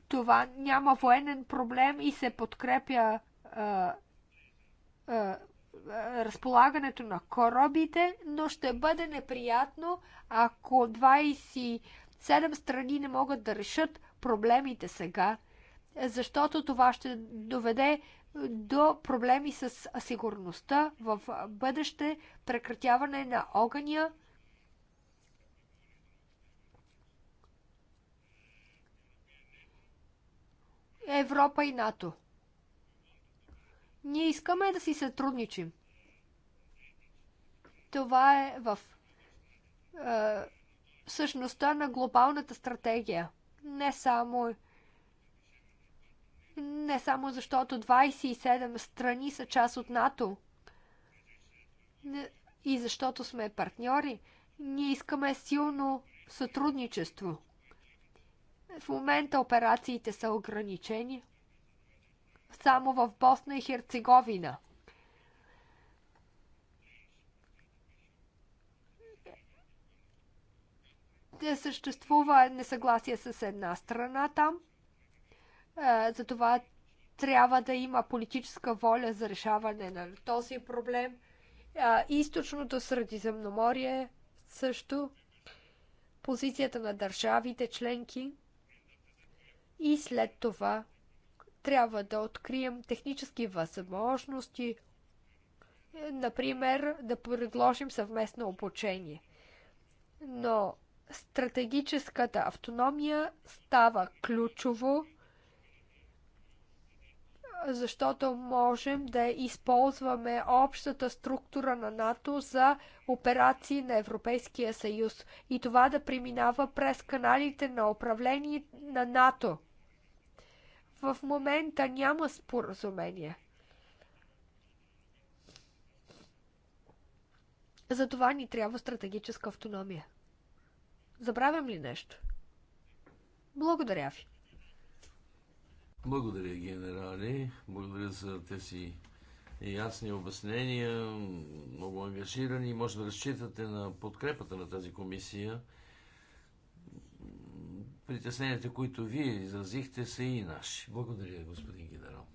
това няма военен проблем и се подкрепя а, а, разполагането на корабите, но ще бъде неприятно, ако 20 Седем страни не могат да решат проблемите сега, защото това ще доведе до проблеми с сигурността в бъдеще, прекратяване на огъня. Европа и НАТО. Ние искаме да си сътрудничим. Това е в е, същността на глобалната стратегия. Не само не само защото 27 страни са част от НАТО и защото сме партньори, ние искаме силно сътрудничество. В момента операциите са ограничени само в Босна и Херцеговина. да съществува несъгласие с една страна там. Е, затова трябва да има политическа воля за решаване на този проблем. Е, източното Средиземноморие също позицията на държавите членки и след това трябва да открием технически възможности, е, например да предложим съвместно обучение. Но стратегическата автономия става ключово, защото можем да използваме общата структура на НАТО за операции на Европейския съюз и това да преминава през каналите на управление на НАТО. В момента няма споразумение. Затова ни трябва стратегическа автономия. Забравям ли нещо? Благодаря ви. Благодаря, генерали. Благодаря за тези ясни обяснения, много ангажирани. Може да разчитате на подкрепата на тази комисия. Притесненията, които вие изразихте, са и наши. Благодаря, господин генерал.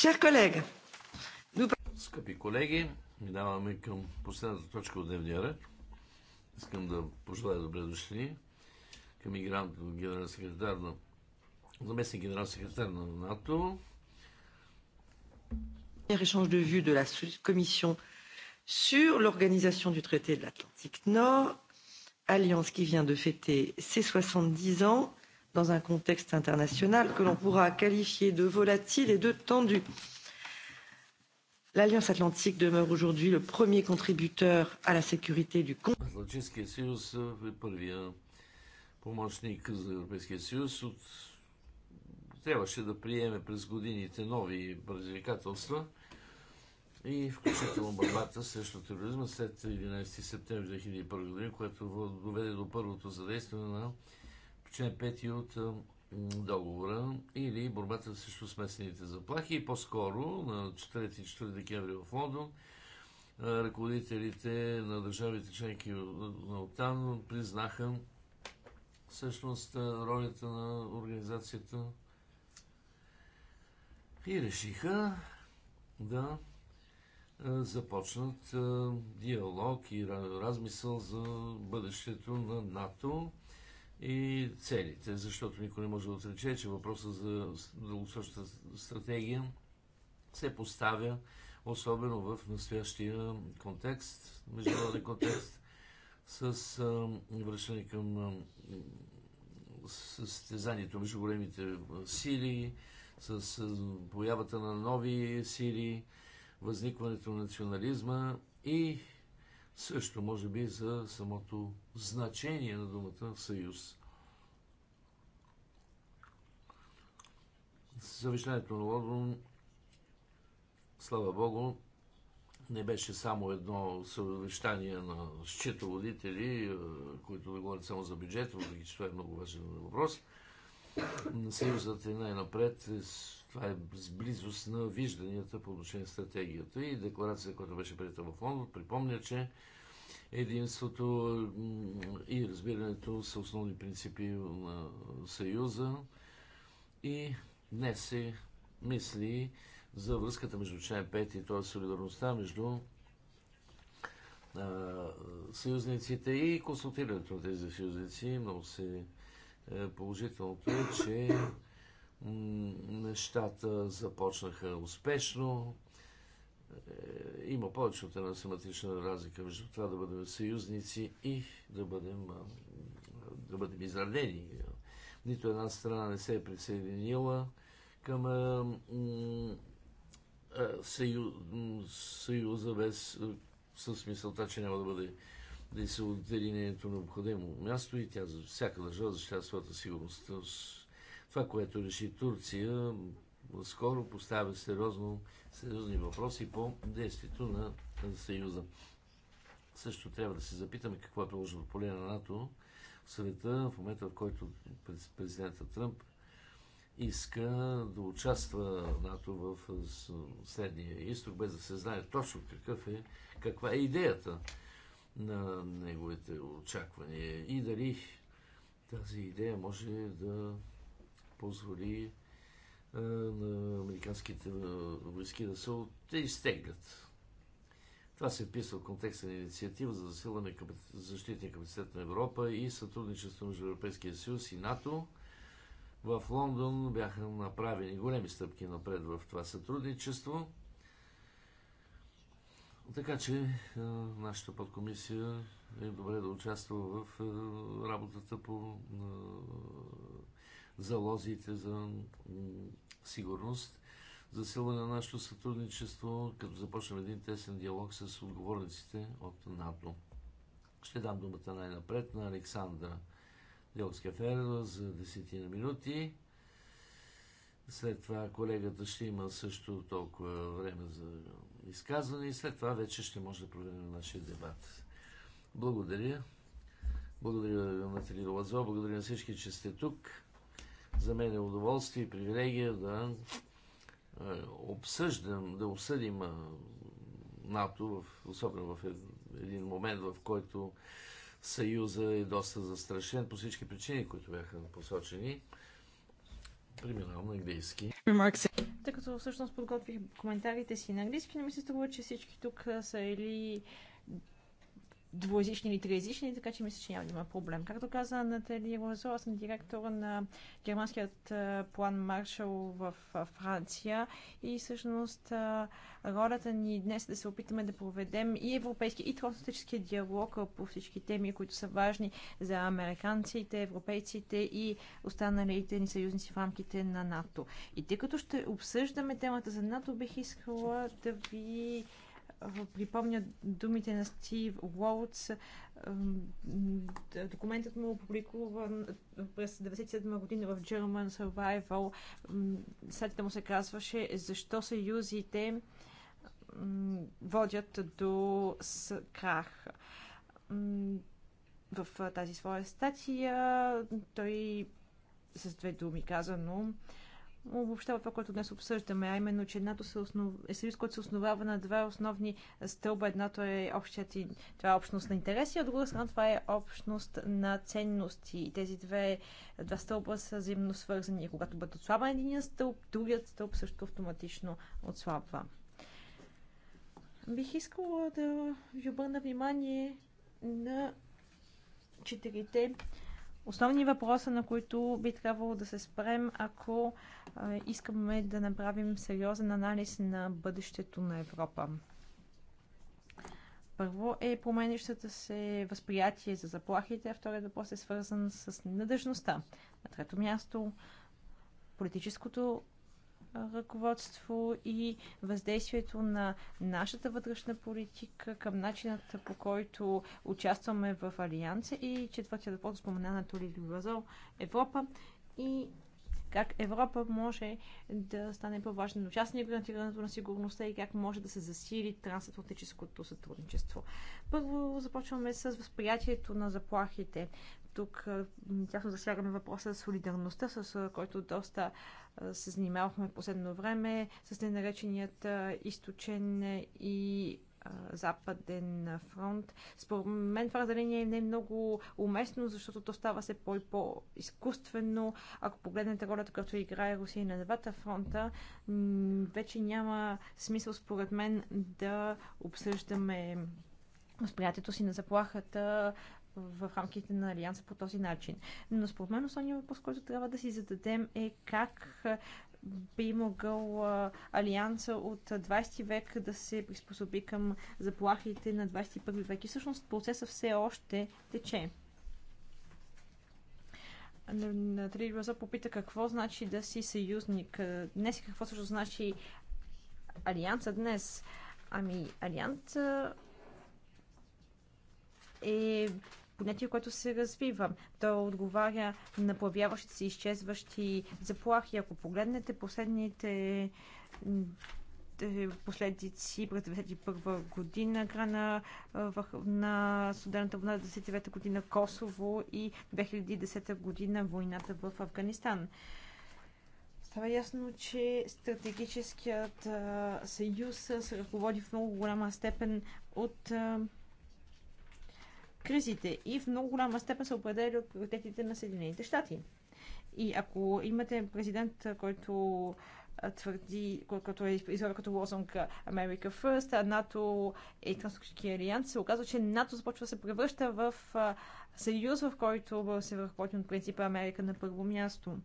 Чех колега. Скъпи колеги, минаваме към последната точка от дневния ред. Искам да пожелая добре дошли Мигрант, генерал секретар на заместник генерал секретар на НАТО. Échange de vues de la Commission sur l'organisation du traité de l'Atlantique Nord, alliance qui vient de fêter ses 70 ans dans un contexte international que l'on pourra qualifier de volatile et de tendu. L'Alliance atlantique demeure aujourd'hui le premier contributeur à la sécurité du continent помощник за Европейския съюз, от... трябваше да приеме през годините нови предизвикателства и включително борбата срещу тероризма след 11 септември 2001 година, което доведе до първото задействане на член 5 от договора или борбата срещу смесените заплахи и по-скоро на 4-4 декември в Лондон ръководителите на държавите членки на ОТАН признаха всъщност ролята на организацията и решиха да започнат диалог и размисъл за бъдещето на НАТО и целите, защото никой не може да отрече, че въпросът за дългосрочната стратегия се поставя особено в настоящия контекст, международен контекст, с връщане към състезанието между големите сили, с появата на нови сили, възникването на национализма и също, може би, за самото значение на думата съюз. Съвещанието на Лондон, слава Богу, не беше само едно съвещание на счетоводители, е, които да говорят само за бюджет, въпреки че това е много важен въпрос. Съюзът е най-напред. Това е с близост на вижданията по отношение на стратегията. И декларацията, която беше прията в Лондон, припомня, че единството и разбирането са основни принципи на Съюза. И днес се мисли за връзката между член 5 и т.е. солидарността между съюзниците и консултирането на тези съюзници. Много се е, положителното е, че нещата започнаха успешно. Е, има повече от една семантична разлика между това да бъдем съюзници и да бъдем, да бъдем изравнени. Нито една страна не се е присъединила към е, е, съю, съюза без, е, със смисълта, че няма да бъде да се отдели нейното необходимо място и тя за всяка държава защитава своята сигурност. Това, което реши Турция, скоро поставя сериозно, сериозни въпроси по действието на Съюза. Също трябва да се запитаме какво е приложено поле на НАТО в света в момента, в който президента Тръмп иска да участва НАТО в Средния изток, без да се знае точно какъв е, каква е идеята на неговите очаквания и дали тази идея може да позволи на американските войски да се изтеглят. Това се вписва в контекста на инициатива за засилване защитния капацитет на Европа и сътрудничество между Европейския съюз и НАТО – в Лондон бяха направени големи стъпки напред в това сътрудничество. Така че е, нашата подкомисия е добре да участва в е, работата по е, залозите за сигурност, засилване на нашето сътрудничество, като започнем един тесен диалог с отговорниците от НАТО. Ще дам думата най-напред на Александра Делос Каферо за десетина минути. След това колегата ще има също толкова време за изказване и след това вече ще може да проведем нашия дебат. Благодаря. Благодаря на Телида Лазо, благодаря на всички, че сте тук. За мен е удоволствие и привилегия да е, обсъждам, да обсъдим НАТО, особено в един момент, в който Съюза е доста застрашен по всички причини, които бяха посочени. Преминавам на английски. Тъй като всъщност подготвих коментарите си на английски, но ми се струва, че всички тук са или двоязични или триязични, така че мисля, че няма да има проблем. Както каза Натали Розо, аз съм директор на германският план Маршал в Франция и всъщност ролята ни днес е да се опитаме да проведем и европейски, и трансатлантическия диалог по всички теми, които са важни за американците, европейците и останалите ни съюзници в рамките на НАТО. И тъй като ще обсъждаме темата за НАТО, бих искала да ви припомня думите на Стив Уолтс. Документът му опубликуван е през 1997 година в German Survival. Сайтът му се казваше Защо съюзите водят до крах. В тази своя статия той с две думи казано, обобщава това, което днес обсъждаме, а именно, че НАТО се основ... е съюз, който се основава на два основни стълба. Едното е общият и това е общност на интереси, а от друга страна това е общност на ценности. И тези две, два стълба са взаимно свързани. И когато бъде отслабен един стълб, другият стълб също автоматично отслабва. Бих искала да ви обърна внимание на четирите основни въпроса, на които би трябвало да се спрем, ако искаме да направим сериозен анализ на бъдещето на Европа. Първо е променящата се възприятие за заплахите, а вторият въпрос е свързан с надъжността. На трето място политическото ръководство и въздействието на нашата вътрешна политика към начинът по който участваме в Алианса и четвъртия въпрос, спомена на Тули Лазо Европа и как Европа може да стане по-важен участник в гарантирането на сигурността и как може да се засили трансатлантическото сътрудничество. Първо започваме с възприятието на заплахите. Тук тясно засягаме въпроса за солидарността, с който доста се занимавахме в последно време, с ненареченият източен и Западен фронт. Според мен това разделение не е много уместно, защото то става се по- и по-изкуствено. Ако погледнете ролята, която играе Русия на двата фронта, вече няма смисъл, според мен, да обсъждаме възприятието си на заплахата в рамките на Алианса по този начин. Но според мен основният въпрос, който трябва да си зададем е как би могъл Алианса от 20 век да се приспособи към заплахите на 21 век. И всъщност процесът все още тече. Три глаза попита какво значи да си съюзник днес и какво също значи Алианса днес. Ами, Алианса е понятие, което се развива. То отговаря на появяващите се изчезващи заплахи. Ако погледнете последните е, последици през 1991 година, края на, на студената война, 1999 година Косово и 2010 година войната в Афганистан. Става ясно, че стратегическият съюз се ръководи в много голяма степен от кризите и в много голяма степен се определя от приоритетите на Съединените щати. И ако имате президент, който твърди, който е изгледа като лозунг America First, а НАТО и е Трансатлантически алианс, се оказва, че НАТО започва да се превръща в съюз, в който се ръководи от принципа Америка на първо място.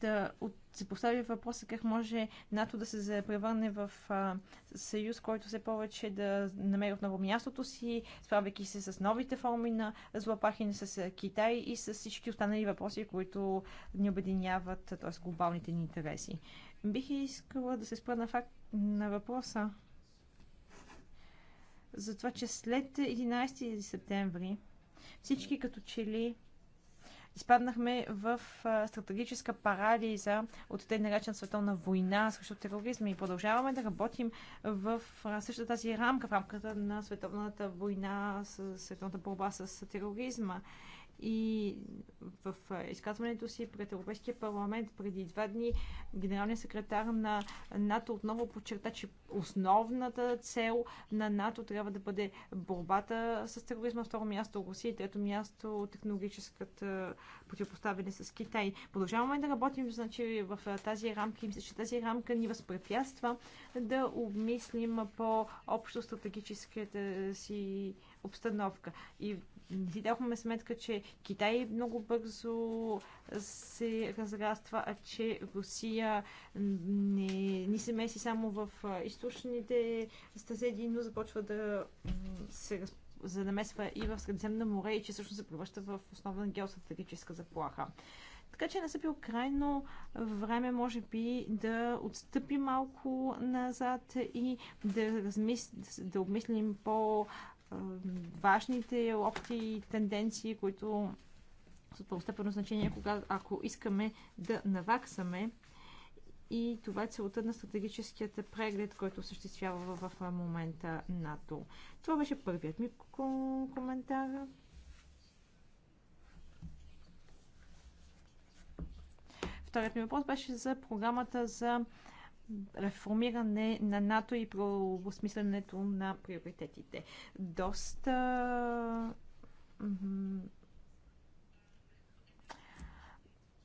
Да, от се постави въпроса как може НАТО да се превърне в а, съюз, който все повече да намери отново мястото си, справяйки се с новите форми на злопахин с Китай и с всички останали въпроси, които ни обединяват, т.е. глобалните ни интереси. Бих искала да се спра на, факт, на въпроса за това, че след 11 септември всички като че ли изпаднахме в стратегическа парализа от тъй наречена световна война срещу тероризма и продължаваме да работим в същата тази рамка, в рамката на световната война, с световната борба с тероризма. И в изказването си пред Европейския парламент преди два дни генералният секретар на НАТО отново подчерта, че основната цел на НАТО трябва да бъде борбата с тероризма, второ място Русия и трето място технологическата противопоставяне с Китай. Продължаваме да работим значи, в тази рамка и мисля, че тази рамка ни възпрепятства да обмислим по-общо стратегическата си обстановка. И не си дахме сметка, че Китай много бързо се разраства, а че Русия не не се меси само в източните съседи, но започва да се за намесва и в Средиземно море и че всъщност се превръща в основна геостратегическа заплаха. Така че е настъпил крайно време, може би, да отстъпи малко назад и да, размис... да обмислим по- важните опти и тенденции, които са от степено значение, кога, ако искаме да наваксаме. И това е целта на стратегическият преглед, който осъществява в момента НАТО. Това беше първият ми коментар. Вторият ми въпрос беше за програмата за реформиране на НАТО и преосмисленето на приоритетите. Доста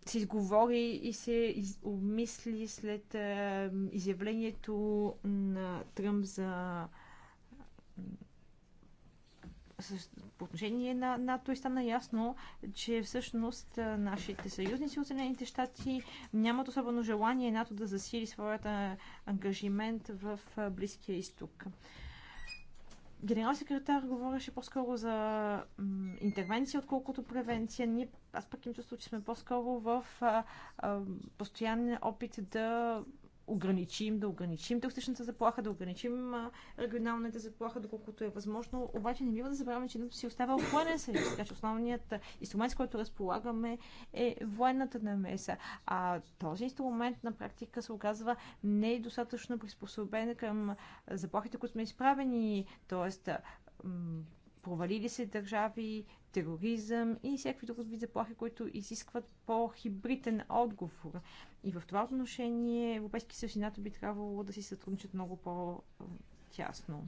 се изговори и се из... обмисли след е, изявлението на Тръмп за по отношение на НАТО и стана ясно, че всъщност нашите съюзници от Съединените щати нямат особено желание НАТО да засили своята ангажимент в Близкия изток. Генерал секретар говореше по-скоро за интервенция, отколкото превенция. Ние, аз пък им чувствам, че сме по-скоро в постоянен опит да ограничим, да ограничим токсичната заплаха, да ограничим регионалната заплаха, доколкото е възможно. Обаче не бива да забравяме, че си остава военен съюз. Така че основният инструмент, с който разполагаме, е военната намеса. А този инструмент на практика се оказва не е достатъчно приспособен към заплахите, които сме изправени. Тоест, провалили се държави, тероризъм и всякакви друг вид заплахи, които изискват по-хибритен отговор. И в това отношение Европейски съюз и НАТО би трябвало да си сътрудничат много по-тясно.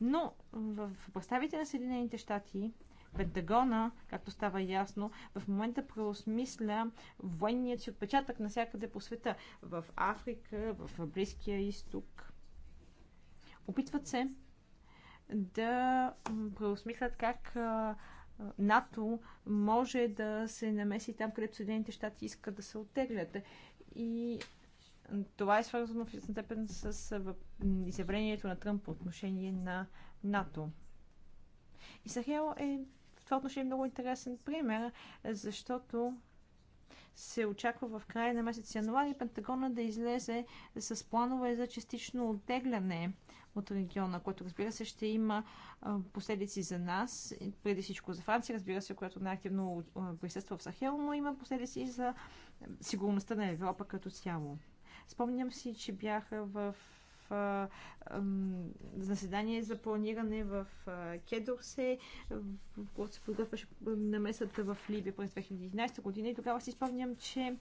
Но в представите на Съединените щати Пентагона, както става ясно, в момента преосмисля военният си отпечатък навсякъде по света. В Африка, в Близкия изток. Опитват се да преосмислят как НАТО може да се намеси там, където Съединените щати искат да се оттеглят. И това е свързано в степен с изявлението на Тръмп по отношение на НАТО. И Сахел е в това отношение е много интересен пример, защото се очаква в края на месец януари Пентагона да излезе с планове за частично оттегляне от региона, което разбира се ще има последици за нас, преди всичко за Франция, разбира се, която най-активно присъства в Сахел, но има последици за сигурността на Европа като цяло. Спомням си, че бяха в заседание за планиране в Кедорсе, в който се подготвяше намесата в Либия през 2011 година и тогава си спомням, че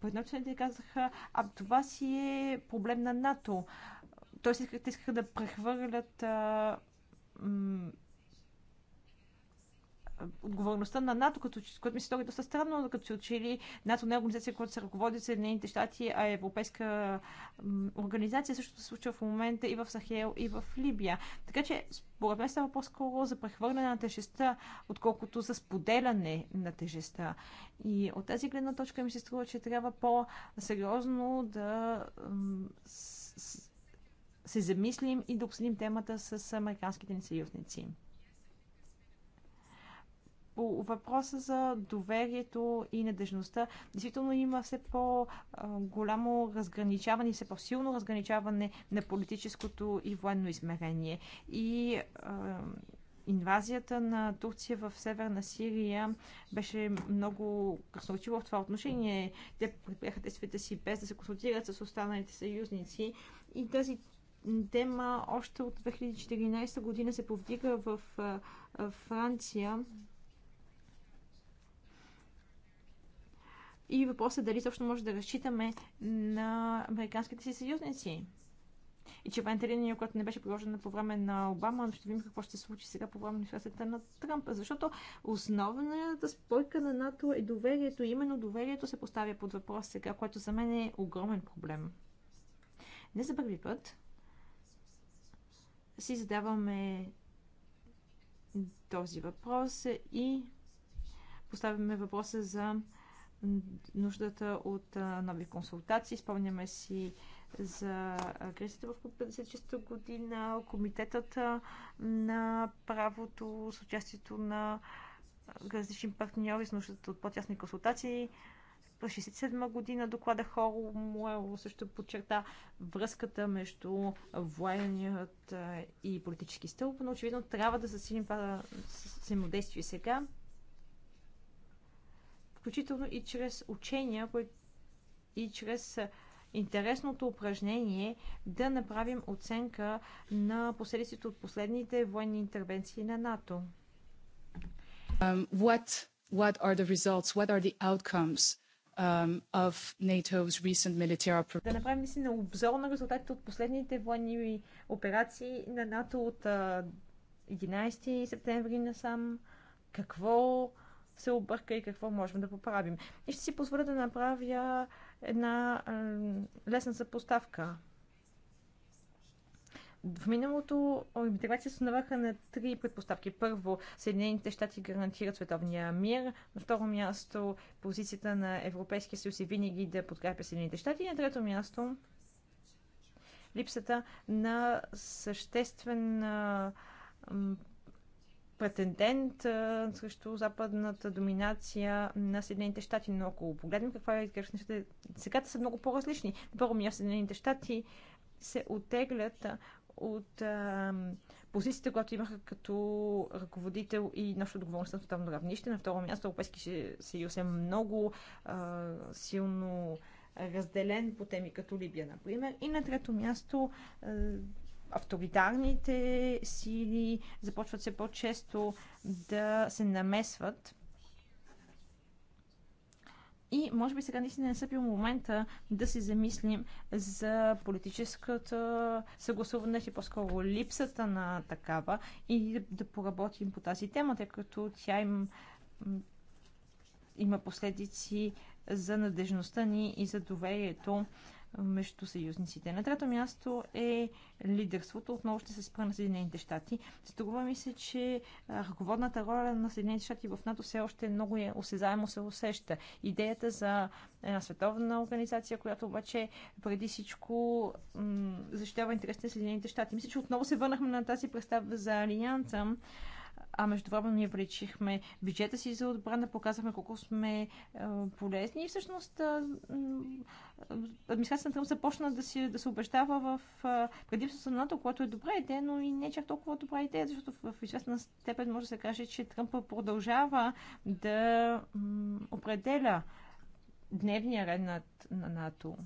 предночените казаха, а това си е проблем на НАТО. Той си искаха да прехвърлят а, отговорността на НАТО, като, което ми се стори доста странно, като се учили НАТО не е организация, която се ръководи с Съединените щати, а е европейска организация, също се случва в момента и в Сахел, и в Либия. Така че, според мен става по-скоро за прехвърляне на тежестта, отколкото за споделяне на тежестта. И от тази гледна точка ми се струва, че трябва по-сериозно да се замислим и да обсъдим темата с американските ни съюзници. По въпроса за доверието и надежността, действително има все по-голямо разграничаване и все по-силно разграничаване на политическото и военно измерение. И инвазията на Турция в северна Сирия беше много красноречива в това отношение. Те предприеха действията си без да се консултират с останалите съюзници. И тази тема още от 2014 година се повдига в Франция. И въпросът е дали точно може да разчитаме на американските си съюзници. И че е линия, която не беше приложена по време на Обама, но ще видим какво ще се случи сега по време на администрацията на Тръмп. Защото основната спойка на НАТО е доверието. именно доверието се поставя под въпрос сега, което за мен е огромен проблем. Не за първи път си задаваме този въпрос и поставяме въпроса за нуждата от нови консултации. Спомняме си за кризата в 56-та година, комитетът на правото с участието на различни партньори с нуждата от по-тясни консултации. През 1967 година доклада Хоро Муело също подчерта връзката между военният е, и политически стълб, но очевидно трябва да засилим това взаимодействие сега, включително и чрез учения и чрез интересното упражнение да направим оценка на последиците от последните военни интервенции на НАТО. Um, what, what are the results? What are the outcomes? of NATO's recent military Да направим на обзор на резултатите от последните военни операции на НАТО от 11 септември насам. Какво се обърка и какво можем да поправим. И ще си позволя да направя една лесна съпоставка. В миналото интеграция се основаха на три предпоставки. Първо, Съединените щати гарантират световния мир. На второ място, позицията на Европейския съюз е винаги да подкрепя Съединените щати. И на трето място, липсата на съществен претендент срещу западната доминация на Съединените щати. Но ако погледнем каква е изгрешната, сега са много по-различни. На първо място Съединените щати се отеглят от а, позицията, която имаха като ръководител и наша отговорност на тотално равнище. На второ място Европейски съюз е много а, силно разделен по теми като Либия, например. И на трето място а, авторитарните сили започват все по-често да се намесват и може би сега наистина е настъпил момента да се замислим за политическата съгласуваност и по-скоро липсата на такава и да поработим по тази тема, тъй като тя им, има последици за надежността ни и за доверието между съюзниците. На трето място е лидерството. Отново ще се спра на Съединените щати. Струва ми се, че ръководната роля на Съединените щати в НАТО все още много е осезаемо се усеща. Идеята за една световна организация, която обаче преди всичко защитава интересите на Съединените щати. Мисля, че отново се върнахме на тази представа за Алианса а междувременно ние увеличихме бюджета си за отбрана, показахме колко сме е, полезни и всъщност е, администрацията на Тръмп започна да, си, да се обещава в е, предимството на НАТО, което е добра идея, но и не чак толкова добра идея, защото в известна степен може да се каже, че Тръмп продължава да определя дневния ред на, на НАТО.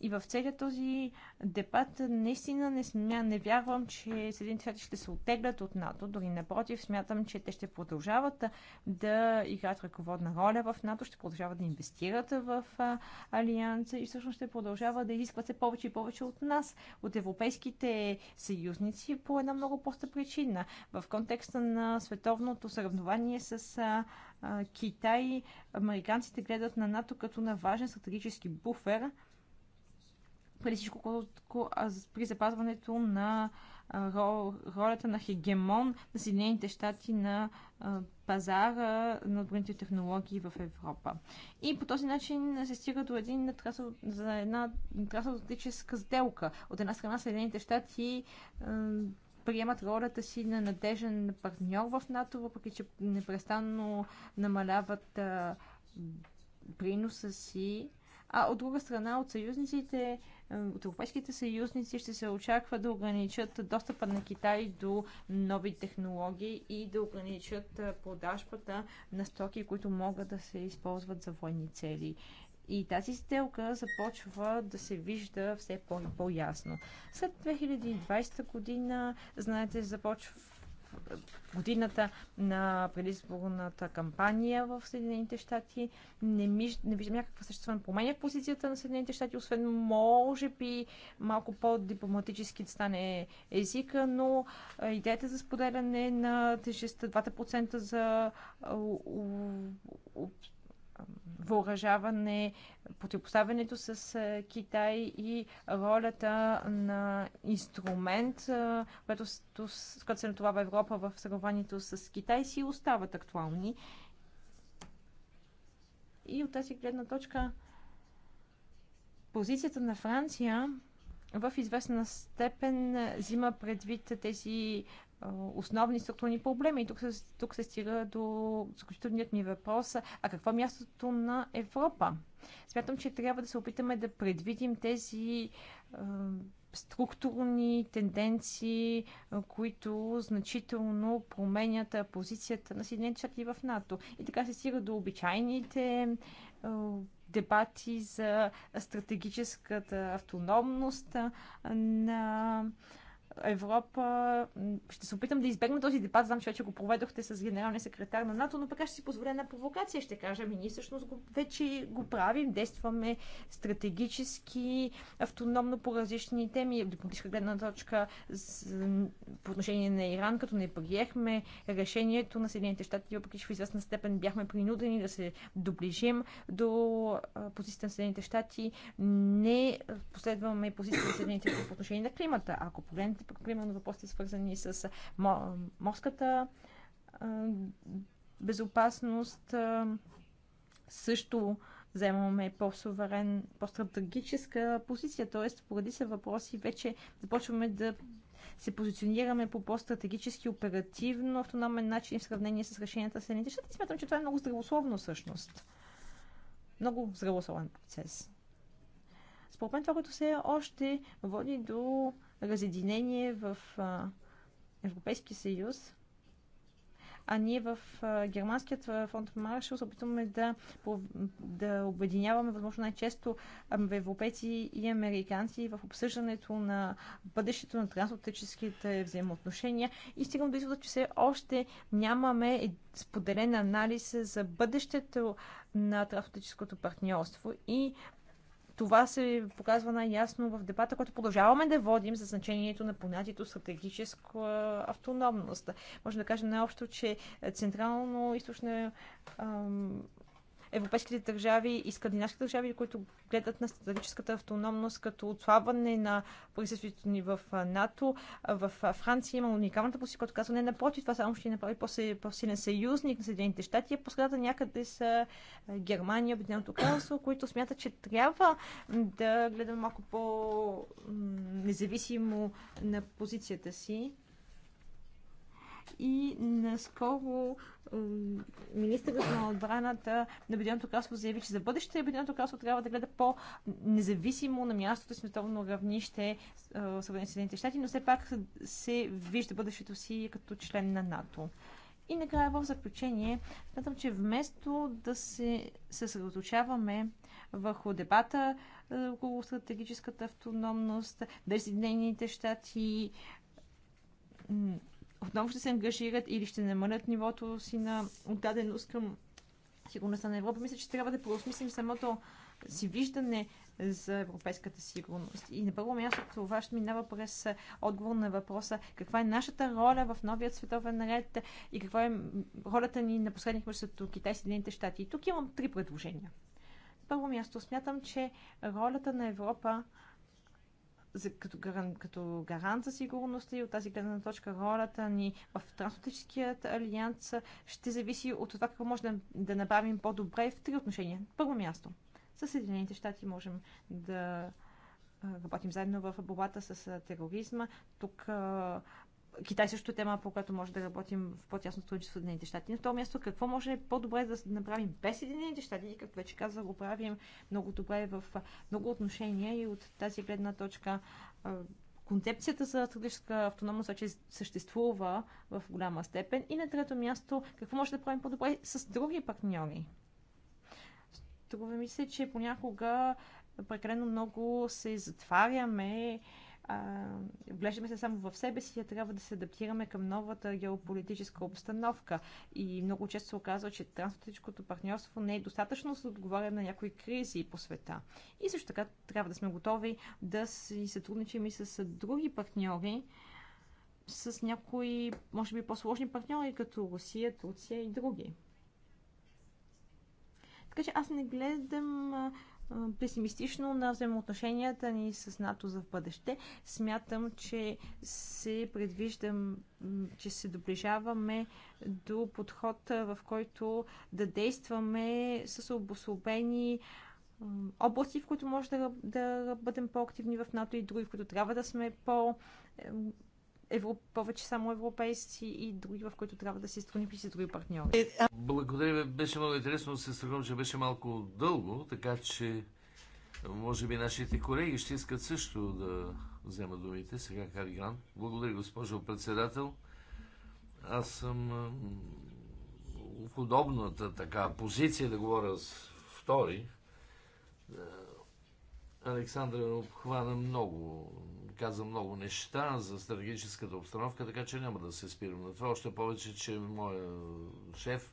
И в целият този дебат наистина не, смя, не вярвам, че Съединените щати ще се оттеглят от НАТО. Дори напротив, смятам, че те ще продължават да играят ръководна роля в НАТО, ще продължават да инвестират в а, Алианса и всъщност ще продължават да изискват се повече и повече от нас, от европейските съюзници, по една много проста причина. В контекста на световното съревнование с а, а, Китай, американците гледат на НАТО като на важен стратегически буфер – преди всичко при запазването на ролята на хегемон на Съединените щати на пазара на отбранителни технологии в Европа. И по този начин се стига до един за една трансатлантическа сделка. От една страна Съединените щати приемат ролята си на надежен партньор в НАТО, въпреки че непрестанно намаляват приноса си а от друга страна от съюзниците, от европейските съюзници ще се очаква да ограничат достъпа на Китай до нови технологии и да ограничат продажбата на стоки, които могат да се използват за военни цели. И тази сделка започва да се вижда все по- по-ясно. След 2020 година, знаете, започва годината на предизборната кампания в Съединените щати. Не, не виждам някаква съществена промяна в позицията на Съединените щати, освен може би малко по-дипломатически да стане езика, но идеята за споделяне на тежестта 2% за въоръжаване, противопоставянето с Китай и ролята на инструмент, което, с което се натовава Европа в сравнението с Китай, си остават актуални. И от тази гледна точка позицията на Франция в известна степен взима предвид тези основни структурни проблеми. И тук се, тук се стига до заключителният ми въпрос. А какво е мястото на Европа? Смятам, че трябва да се опитаме да предвидим тези е, структурни тенденции, които значително променят позицията на Съединените щати в НАТО. И така се стига до обичайните е, дебати за стратегическата автономност на е, Европа. Ще се опитам да избегна този дебат. Знам, че вече го проведохте с генералния секретар на НАТО, но пък ще си позволя една провокация. Ще кажа, ми ние всъщност го, вече го правим, действаме стратегически, автономно по различни теми. Дипломатическа гледна точка с, по отношение на Иран, като не приехме решението на Съединените щати, въпреки че в известна степен бяхме принудени да се доближим до позицията на Съединените щати, не последваме позицията на Съединените щати по отношение на климата. Ако погледнете примерно въпросите свързани с морската безопасност също вземаме по-суверен, по-стратегическа позиция, т.е. поради се въпроси вече започваме да се позиционираме по по-стратегически, оперативно, автономен начин в сравнение с решенията с едните щати. Смятам, че това е много здравословно всъщност. Много здравословен процес. Според мен това, което се още води до разединение в Европейския съюз, а ние в германският фонд Маршал се опитваме да, да обединяваме възможно най-често европейци и американци в обсъждането на бъдещето на трансатлантическите взаимоотношения и стигам до извода, че все още нямаме споделен анализ за бъдещето на трансатлантическото партньорство и това се показва най-ясно в дебата, който продължаваме да водим за значението на понятието стратегическа автономност. Може да кажем най-общо, че Централно-Източна европейските държави и скандинавските държави, които гледат на стратегическата автономност като отслабване на присъствието ни в НАТО. В Франция има уникалната позиция, която казва не напротив, това само ще направи по-силен съюзник на Съединените щати, а по някъде са Германия, Обединеното кралство, които смятат, че трябва да гледаме малко по-независимо на позицията си и наскоро министърът на отбраната на Обединеното кралство заяви, че за бъдеще Обединеното кралство трябва да гледа по-независимо на мястото и световно равнище Съединените щати, но все пак се вижда бъдещето си като член на НАТО. И накрая в заключение, смятам, че вместо да се съсредоточаваме върху дебата около стратегическата автономност, дали Съединените щати отново ще се ангажират или ще намалят нивото си на отдаденост към сигурността на Европа. Мисля, че трябва да преосмислим самото си виждане за европейската сигурност. И на първо място това ще минава през отговор на въпроса каква е нашата роля в новият световен ред и каква е ролята ни на последних от Китай и Съединените щати. И тук имам три предложения. На първо място смятам, че ролята на Европа за, като, гаран, като гарант за сигурността и от тази гледна точка ролята ни в Трансатлантическият алианс ще зависи от това какво може да, да направим по-добре в три отношения. Първо място, с Съединените щати можем да работим заедно в борбата с тероризма. Тук Китай също е тема, по която може да работим в по-тясно сътрудничество с Съединените щати. На то място, какво може по-добре да направим без Съединените щати, и както вече казах, го правим много добре в много отношения и от тази гледна точка концепцията за стратегическа автономност вече съществува в голяма степен. И на трето място, какво може да правим по-добре с други партньори? Тогава ми се, че понякога прекалено много се затваряме вглеждаме се само в себе си, а трябва да се адаптираме към новата геополитическа обстановка. И много често се оказва, че трансатлантическото партньорство не е достатъчно за да отговаря на някои кризи по света. И също така трябва да сме готови да си сътрудничим и с други партньори, с някои, може би, по-сложни партньори, като Русия, Турция и други. Така че аз не гледам песимистично на взаимоотношенията ни с НАТО за в бъдеще. Смятам, че се предвиждам, че се доближаваме до подход, в който да действаме с обособени области, в които може да, да бъдем по-активни в НАТО и други, в които трябва да сме по- евро... повече само европейци и други, в които трябва да се изтрудни при си други партньори. Е, Благодаря ви. Беше много интересно. Се страхувам, че беше малко дълго, така че може би нашите колеги ще искат също да вземат думите. Сега Гран. Благодаря, госпожо председател. Аз съм в удобната така позиция да говоря с втори. Е, Александър обхвана много каза много неща за стратегическата обстановка, така че няма да се спирам на това. Още повече, че моя шеф,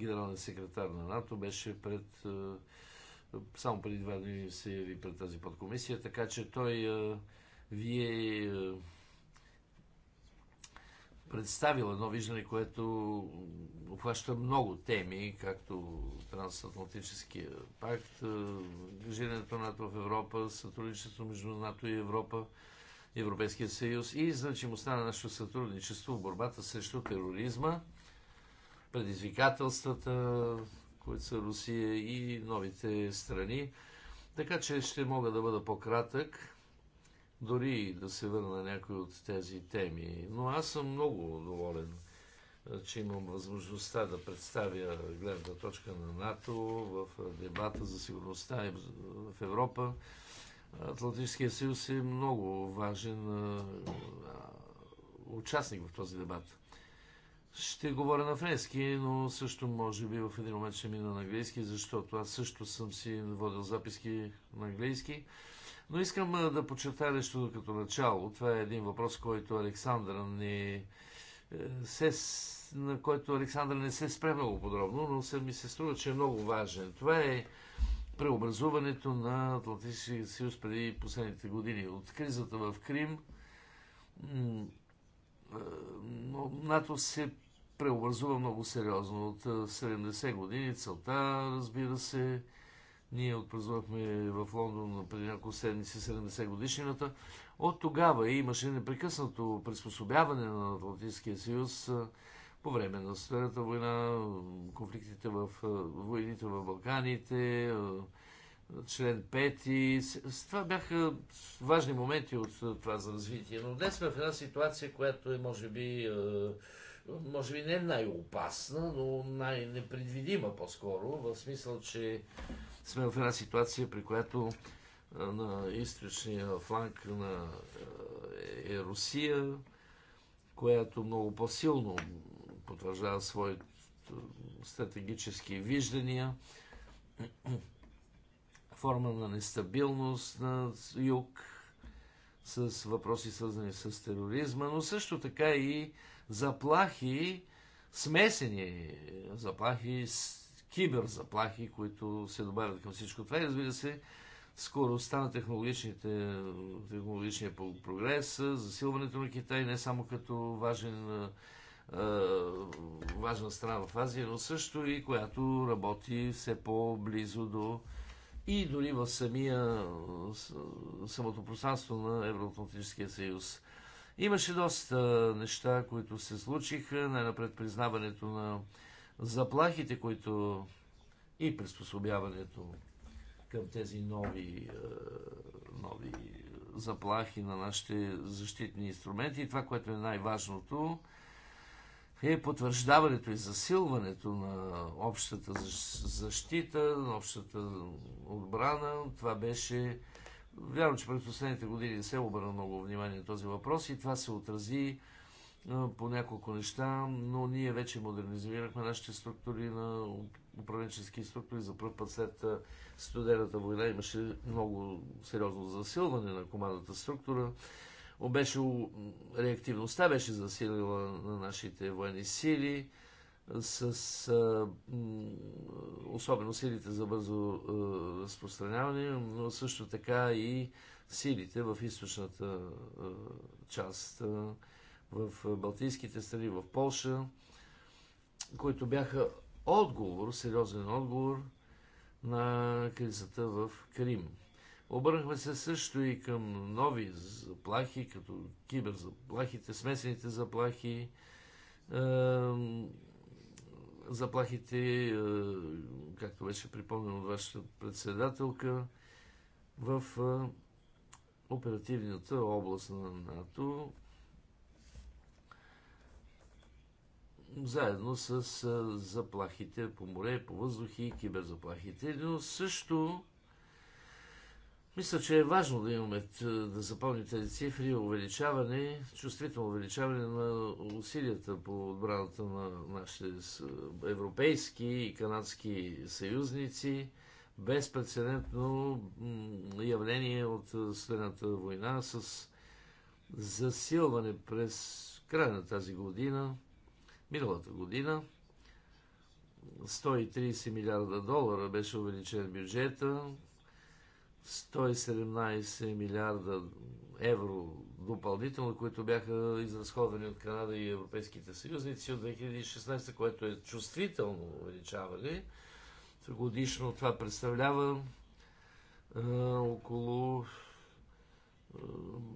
генерален секретар на НАТО, беше пред... Е, само преди два дни се яви пред тази подкомисия, така че той е, вие е, представил едно виждане, което обхваща много теми, както Трансатлантическия пакт, движението на НАТО в Европа, сътрудничество между НАТО и Европа, Европейския съюз и значимостта на нашето сътрудничество в борбата срещу тероризма, предизвикателствата, които са Русия и новите страни. Така че ще мога да бъда по-кратък, дори да се върна някои от тези теми. Но аз съм много доволен, че имам възможността да представя гледната точка на НАТО в дебата за сигурността в Европа. Атлантическия съюз е много важен участник в този дебат. Ще говоря на френски, но също може би в един момент ще мина на английски, защото аз също съм си водил записки на английски. Но искам да подчертая нещо като начало. Това е един въпрос, който Александър не е, се, на който Александър не се спре много подробно, но се ми се струва, че е много важен. Това е преобразуването на Атлантическия съюз преди последните години. От кризата в Крим НАТО се преобразува много сериозно. От 70 години целта, разбира се, ние отпразвахме в Лондон преди няколко седмици 70 годишнината. От тогава имаше непрекъснато приспособяване на Атлантическия съюз по време на Сферата война, конфликтите в войните в Балканите, член 5. Това бяха важни моменти от това за развитие. Но днес сме в една ситуация, която е, може би, може би не най-опасна, но най-непредвидима по-скоро, в смисъл, че сме в една ситуация, при която на източния фланг на е Русия, която много по-силно Потвърждава своите стратегически виждания, форма на нестабилност на юг, с въпроси свързани с тероризма, но също така и заплахи, смесени е, заплахи, киберзаплахи, които се добавят към всичко това. И разбира се, скоростта на технологичните, технологичния прогрес, засилването на Китай не само като важен е, е, важна страна в Азия, но също и която работи все по-близо до и дори в самия, самото пространство на Евроатлантическия съюз. Имаше доста е, неща, които се случиха, най-напред признаването на заплахите, които и приспособяването към тези нови, е, нови заплахи на нашите защитни инструменти. И това, което е най-важното, е потвърждаването и засилването на общата защита, на общата отбрана. Това беше... Вярвам, че през последните години не се е обърна много внимание на този въпрос и това се отрази по няколко неща, но ние вече модернизирахме нашите структури на управленчески структури. За първ път след студената война имаше много сериозно засилване на командната структура беше, реактивността беше засилила на нашите военни сили с а, особено силите за бързо а, разпространяване, но също така и силите в източната а, част, а, в Балтийските страни, в Полша, които бяха отговор, сериозен отговор на кризата в Крим. Обърнахме се също и към нови заплахи, като киберзаплахите, смесените заплахи, е, заплахите, е, както беше припомнено от вашата председателка, в е, оперативната област на НАТО, заедно с заплахите по море, по въздух и киберзаплахите, но също мисля, че е важно да имаме, е, да запомним тези цифри, увеличаване, чувствително увеличаване на усилията по отбраната на нашите е, европейски и канадски съюзници, безпредседентно явление от е, следната война с засилване през края на тази година, миналата година, 130 милиарда долара беше увеличен бюджета, 117 милиарда евро допълнително, които бяха изразходвани от Канада и Европейските съюзници от 2016, което е чувствително увеличаване. Годишно това представлява а, около а,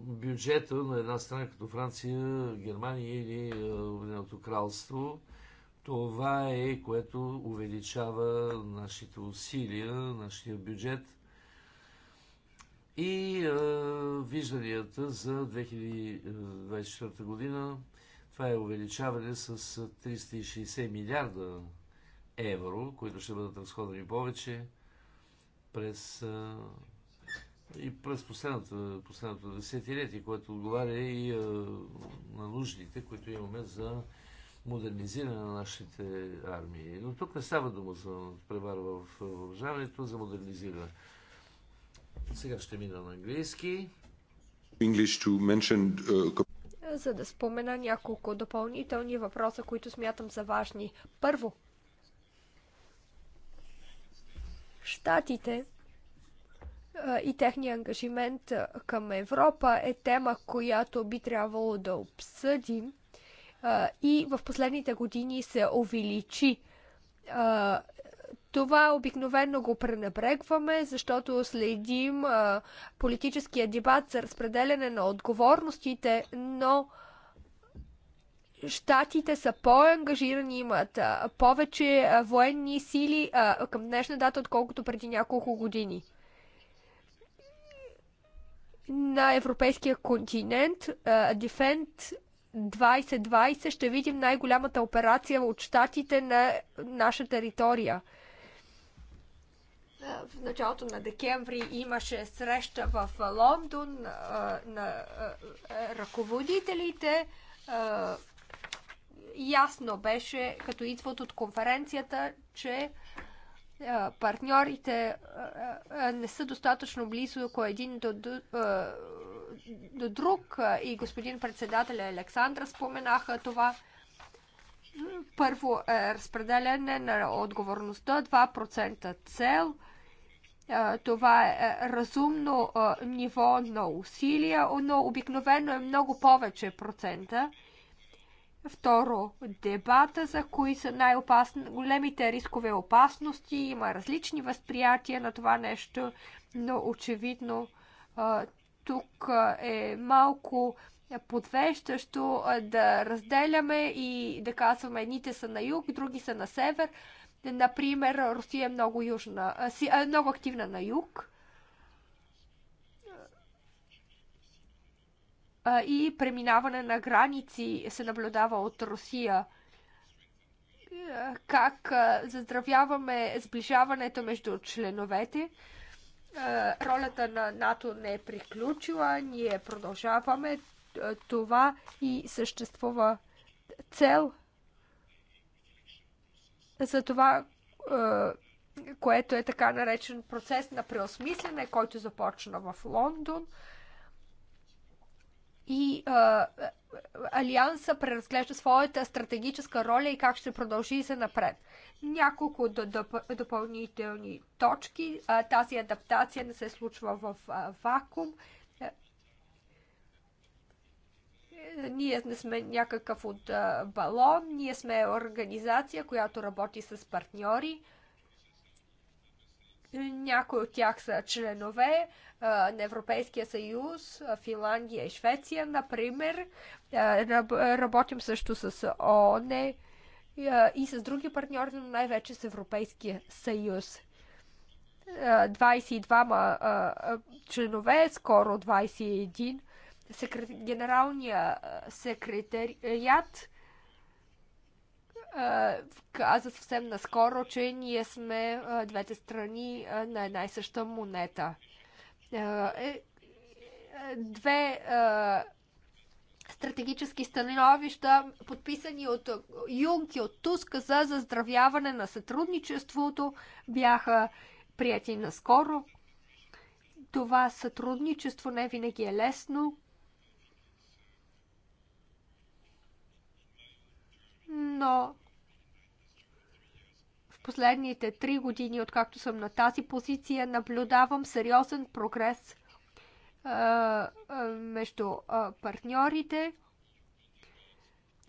бюджета на една страна като Франция, Германия или Обединеното кралство. Това е което увеличава нашите усилия, нашия бюджет – и а, вижданията за 2024 година. Това е увеличаване с 360 милиарда евро, които ще бъдат разходени повече през а, и през последното, последното десетилетие, което отговаря и а, на нуждите, които имаме за модернизиране на нашите армии. Но тук не става дума за превара в въоръжаването, за модернизиране. Сега ще мина на английски. Uh, за да спомена няколко допълнителни въпроса, които смятам за важни. Първо, Штатите uh, и техния ангажимент uh, към Европа е тема, която би трябвало да обсъдим. И в последните години се увеличи това обикновено го пренебрегваме, защото следим а, политическия дебат за разпределяне на отговорностите, но щатите са по-ангажирани, имат а, повече а, военни сили а, към днешна дата, отколкото преди няколко години. На европейския континент а, Defend 2020 ще видим най-голямата операция от щатите на наша територия – в началото на декември имаше среща в Лондон на ръководителите. Ясно беше, като идват от конференцията, че партньорите не са достатъчно близо ако един до, до, до друг. И господин председателя Александра споменаха това. Първо е разпределяне на отговорността, 2% цел – това е, е разумно ниво на усилия, но обикновено е много повече процента. Второ, дебата за кои са най-опасни, големите рискове опасности. Има различни възприятия на това нещо, но очевидно тук е малко подвеждащо да разделяме и да казваме едните са на юг, други са на север, Например, Русия е много, южна, много активна на юг. И преминаване на граници се наблюдава от Русия как заздравяваме сближаването между членовете. Ролята на НАТО не е приключила, ние продължаваме това и съществува цел за това, е, което е така наречен процес на преосмислене, който е започна в Лондон. И а, е, Алианса преразглежда своята стратегическа роля и как ще продължи се напред. Няколко допълнителни точки. А, тази адаптация не се случва в а, вакуум. Ние не сме някакъв от балон, ние сме организация, която работи с партньори. Някои от тях са членове на Европейския съюз, Финландия и Швеция, например. работим също с ООН и с други партньори, но най-вече с Европейския съюз. 22 членове, скоро 21 секре... генералния секретарият каза съвсем наскоро, че ние сме двете страни на една и съща монета. Е, е, две стратегически становища, подписани от Юнки, от Туска за заздравяване на сътрудничеството, бяха прияти наскоро. Това сътрудничество не винаги е лесно. но в последните три години, откакто съм на тази позиция, наблюдавам сериозен прогрес между партньорите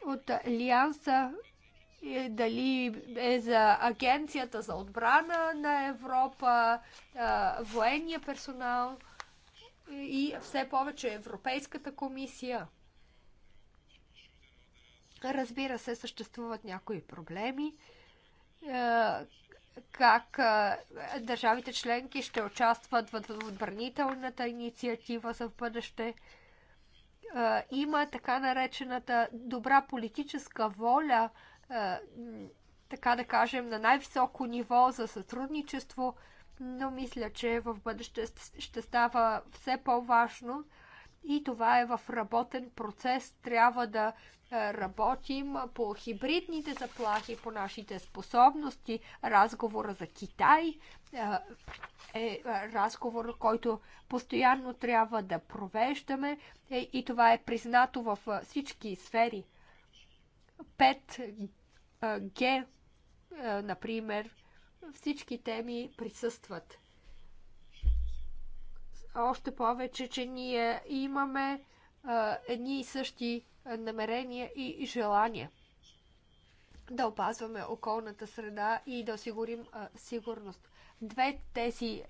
от Алианса е дали е за Агенцията за отбрана на Европа, военния персонал и все повече Европейската комисия. Разбира се, съществуват някои проблеми. Е, как е, държавите членки ще участват в отбранителната инициатива за в бъдеще? Е, има така наречената добра политическа воля, така да кажем, на най-високо ниво за сътрудничество, но мисля, че в бъдеще ще става все по-важно и това е в работен процес. Трябва да работим по хибридните заплахи, по нашите способности. Разговора за Китай е, е, е разговор, който постоянно трябва да провеждаме е, и това е признато във всички сфери. 5G, например, всички теми присъстват. Още повече, че ние имаме едни и същи намерения и желания да опазваме околната среда и да осигурим сигурност. Две тези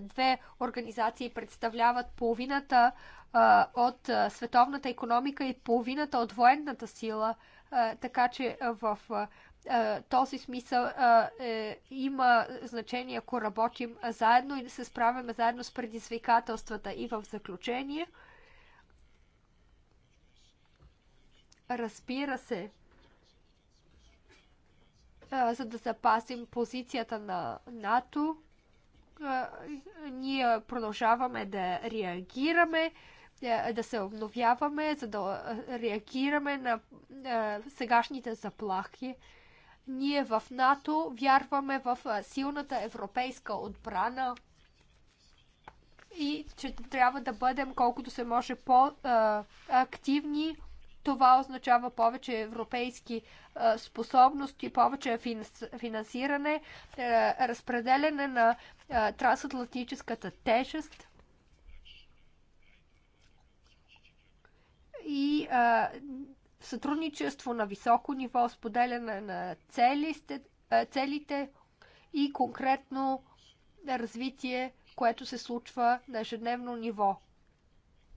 две организации представляват половината от световната економика и половината от военната сила, така че в този смисъл е, има значение, ако работим заедно и да се справяме заедно с предизвикателствата. И в заключение. разбира се, за да запасим позицията на НАТО, ние продължаваме да реагираме, е, да се обновяваме, за да реагираме на е, сегашните заплахи. Ние в НАТО вярваме в е, силната европейска отбрана и че трябва да бъдем колкото се може по-активни това означава повече европейски е, способности, повече финансиране, е, разпределяне на е, трансатлантическата тежест и сътрудничество на високо ниво, споделяне на целите, целите и конкретно развитие, което се случва на ежедневно ниво.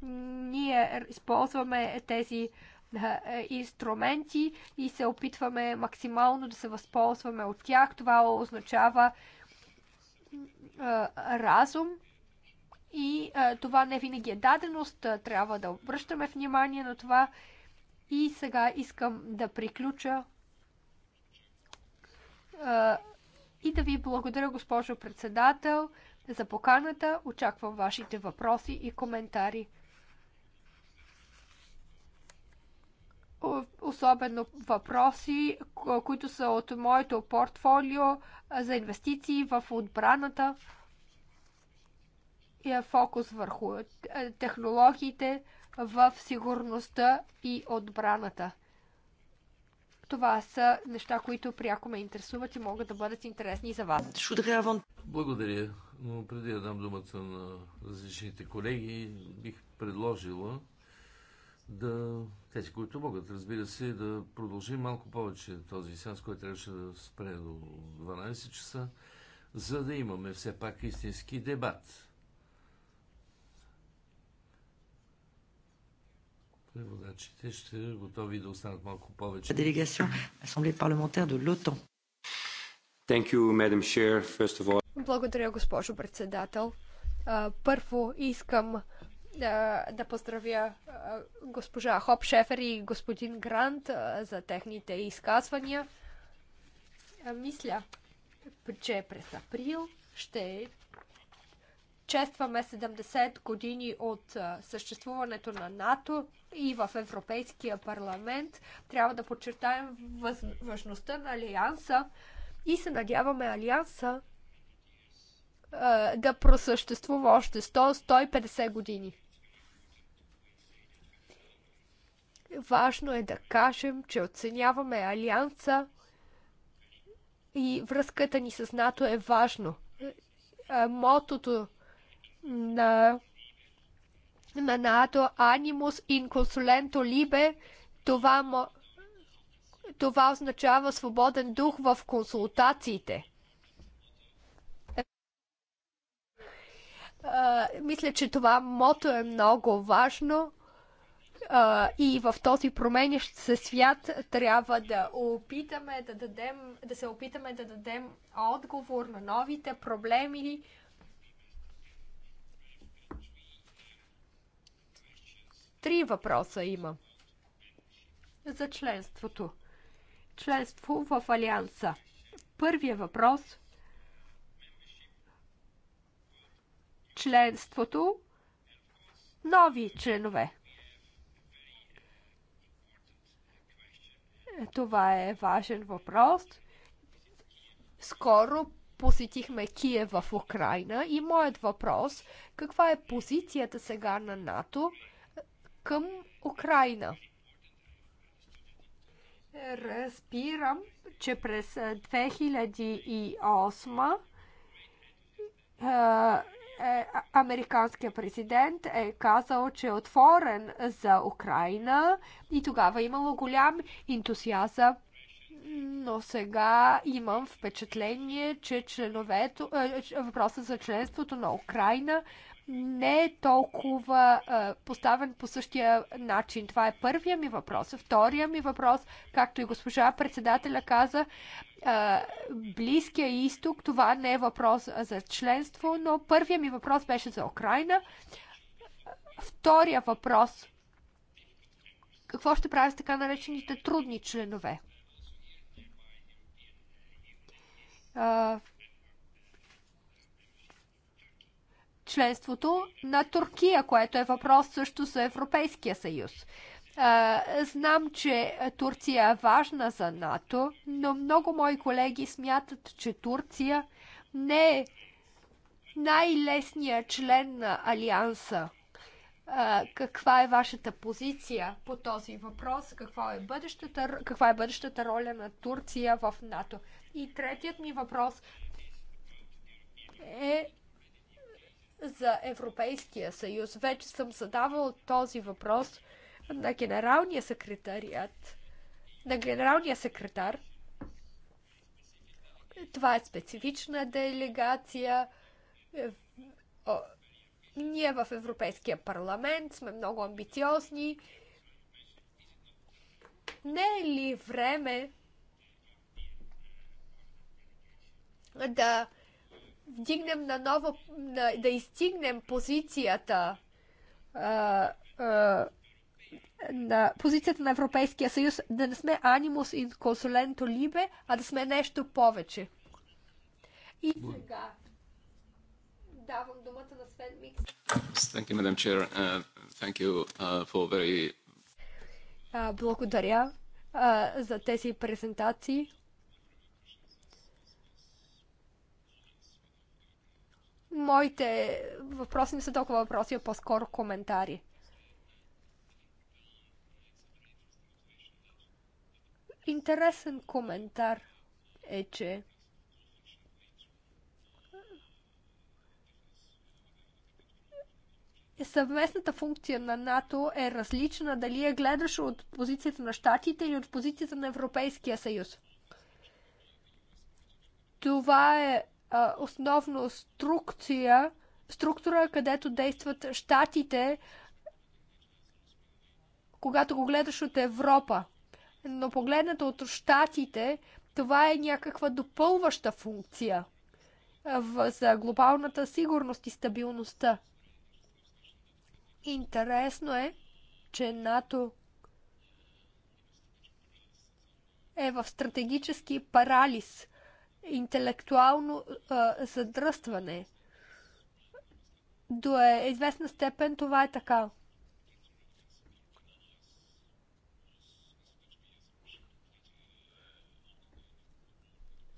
Ние използваме тези е, е, инструменти и се опитваме максимално да се възползваме от тях. Това означава е, разум и това не винаги е даденост. Трябва да обръщаме внимание на това. И сега искам да приключа и да ви благодаря, госпожо председател, за поканата. Очаквам вашите въпроси и коментари. особено въпроси, които са от моето портфолио за инвестиции в отбраната. И фокус върху технологиите в сигурността и отбраната. Това са неща, които пряко ме интересуват и могат да бъдат интересни за вас. Благодаря. Но преди да дам думата на различните колеги, бих предложила да, тези, които могат, разбира се, да продължим малко повече този сеанс, който трябваше да спре до 12 часа, за да имаме все пак истински дебат. Преводачите ще готови да останат малко повече. Делегация Асамблея парламентар до ЛОТон. Thank you, Madam Chair, first of all. Благодаря, госпожо председател. Първо искам да, да поздравя госпожа Хоп Шефер и господин Грант за техните изказвания. Мисля, че през април ще честваме 70 години от съществуването на НАТО и в Европейския парламент. Трябва да подчертаем важността на Алианса и се надяваме Алианса да просъществува още 100-150 години. Важно е да кажем, че оценяваме Алианса и връзката ни с НАТО е важно. Мотото на, на НАТО Animus in consulento libe това, това означава свободен дух в консултациите – мисля, че това мото е много важно и в този променящ се свят трябва да опитаме да дадем, да се опитаме да дадем отговор на новите проблеми, Три въпроса има за членството. Членство в Алианса. Първият въпрос членството нови членове. Това е важен въпрос. Скоро посетихме Киев в Украина и моят въпрос каква е позицията сега на НАТО е, към Украина? Разбирам, че през 2008 е, е, американският президент е казал, че е отворен за Украина и тогава е имало голям ентусиазъм но сега имам впечатление, че членовето, е, въпросът за членството на Украина не е толкова а, поставен по същия начин. Това е първия ми въпрос. Втория ми въпрос, както и госпожа председателя каза, а, Близкия изток, това не е въпрос за членство, но първия ми въпрос беше за Украина. Втория въпрос. Какво ще правя с така наречените трудни членове? членството на Туркия, което е въпрос също за Европейския съюз. Знам, че Турция е важна за НАТО, но много мои колеги смятат, че Турция не е най-лесният член на Алианса. Каква е вашата позиция по този въпрос? Каква е бъдещата, каква е бъдещата роля на Турция в НАТО? И третият ми въпрос е за Европейския съюз. Вече съм задавал този въпрос на генералния секретарият, на генералния секретар. Това е специфична делегация. Ние в Европейския парламент сме много амбициозни. Не е ли време да вдигнем на ново, на, да изтигнем позицията а, а, на позицията на Европейския съюз, да не сме анимус и консуленто либе, а да сме нещо повече. И сега давам думата на Свен Микс. Thank you, Madam Chair. Uh, thank you uh, for very... Uh, благодаря uh, за тези презентации. Моите въпроси не са толкова въпроси, а по-скоро коментари. Интересен коментар е, че съвместната функция на НАТО е различна дали я гледаш от позицията на Штатите или от позицията на Европейския съюз. Това е основно структура, структура, където действат щатите, когато го гледаш от Европа. Но погледнато от щатите, това е някаква допълваща функция за глобалната сигурност и стабилността. Интересно е, че НАТО е в стратегически парализ – интелектуално а, задръстване. До е известна степен това е така.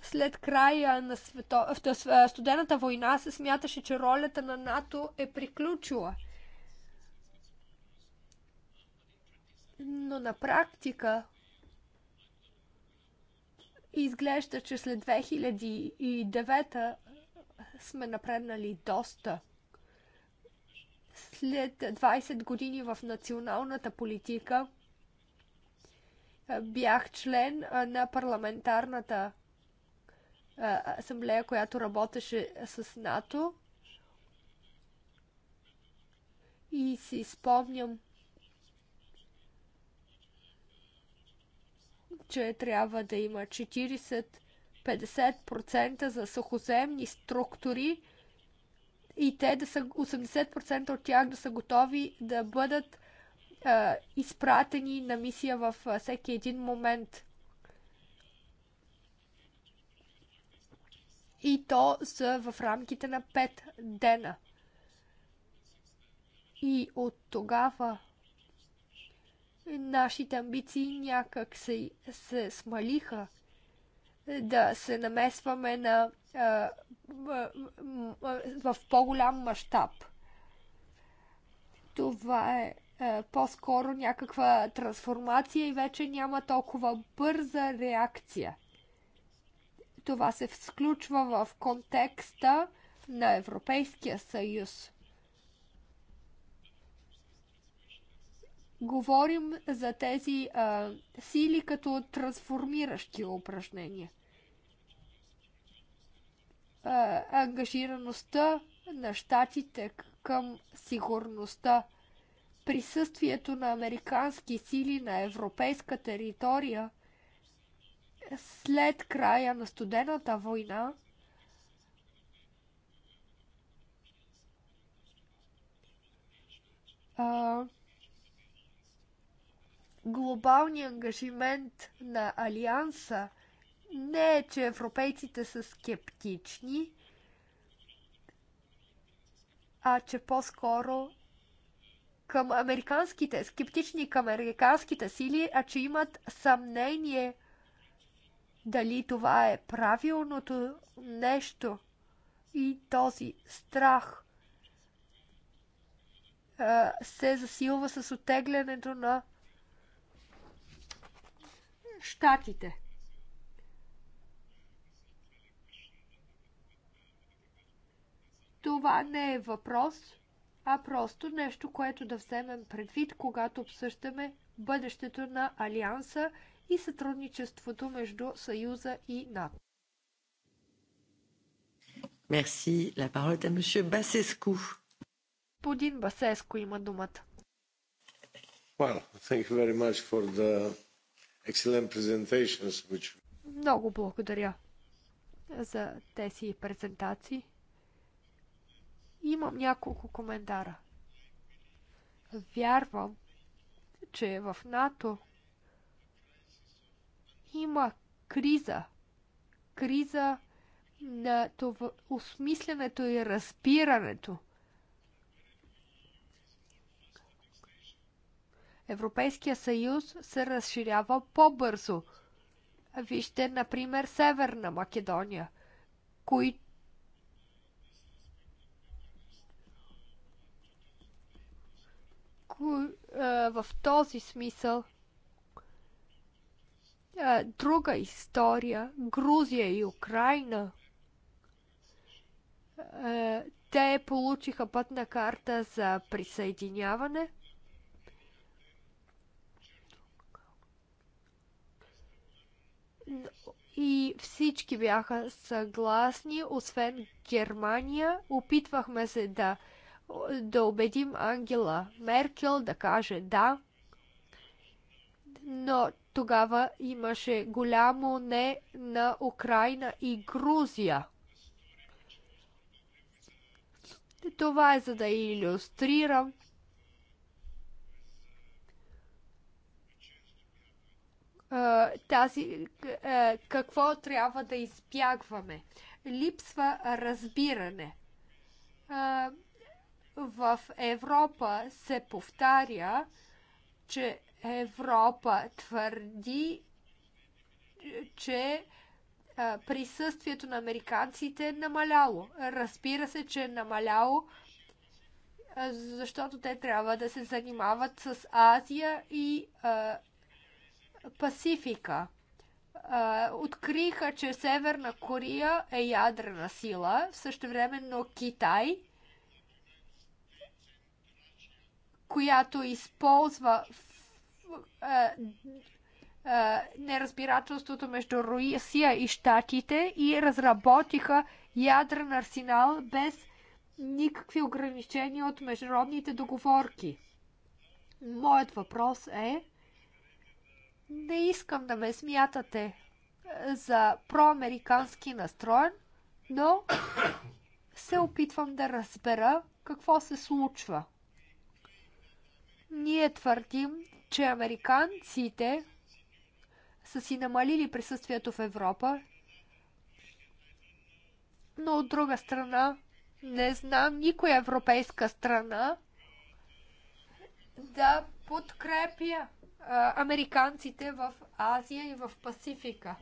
След края на свето... студената война се смяташе, че ролята на НАТО е приключила. Но на практика и изглежда, че след 2009 сме напреднали доста. След 20 години в националната политика бях член на парламентарната асамблея, която работеше с НАТО. И си спомням че трябва да има 40-50% за сухоземни структури и те да са 80% от тях да са готови да бъдат а, изпратени на мисия във всеки един момент. И то са в рамките на 5 дена. И от тогава нашите амбиции някак се, се смалиха да се намесваме на, а, в, в по-голям мащаб. Това е по-скоро някаква трансформация и вече няма толкова бърза реакция. Това се включва в контекста на Европейския съюз. говорим за тези а, сили като трансформиращи упражнения. А, ангажираността на щатите към сигурността, присъствието на американски сили на европейска територия след края на студената война а, глобалния ангажимент на Алианса не е, че европейците са скептични, а че по-скоро към американските, скептични към американските сили, а че имат съмнение дали това е правилното нещо и този страх се засилва с отеглянето на щатите. Това не е въпрос, а просто нещо, което да вземем предвид, когато обсъждаме бъдещето на Алианса и сътрудничеството между Съюза и НАТО. Мерси. La parole est à monsieur Basescu. Господин Басеско има думата. Well, thank you very much for the excellent presentations which... Много благодаря за тези презентации. Имам няколко коментара. Вярвам, че в НАТО има криза. Криза на това осмисленето и разбирането – Европейския съюз се разширява по-бързо. Вижте, например, Северна Македония, кои... Ко... Е, в този смисъл е, друга история, Грузия и Украина, е, те получиха пътна карта за присъединяване – и всички бяха съгласни, освен Германия. Опитвахме се да, да убедим Ангела Меркел да каже да, но тогава имаше голямо не на Украина и Грузия. Това е за да иллюстрирам тази, какво трябва да избягваме. Липсва разбиране. В Европа се повтаря, че Европа твърди, че присъствието на американците е намаляло. Разбира се, че е намаляло, защото те трябва да се занимават с Азия и Пасифика. Откриха, че Северна Корея е ядрена сила, същевременно Китай, която използва неразбирателството между Русия и Штатите и разработиха ядрен арсенал без никакви ограничения от международните договорки. Моят въпрос е не искам да ме смятате е, за проамерикански настроен, но се опитвам да разбера какво се случва. Ние твърдим, че американците са си намалили присъствието в Европа, но от друга страна не знам никоя европейска страна да подкрепя американците в Азия и в Пасифика.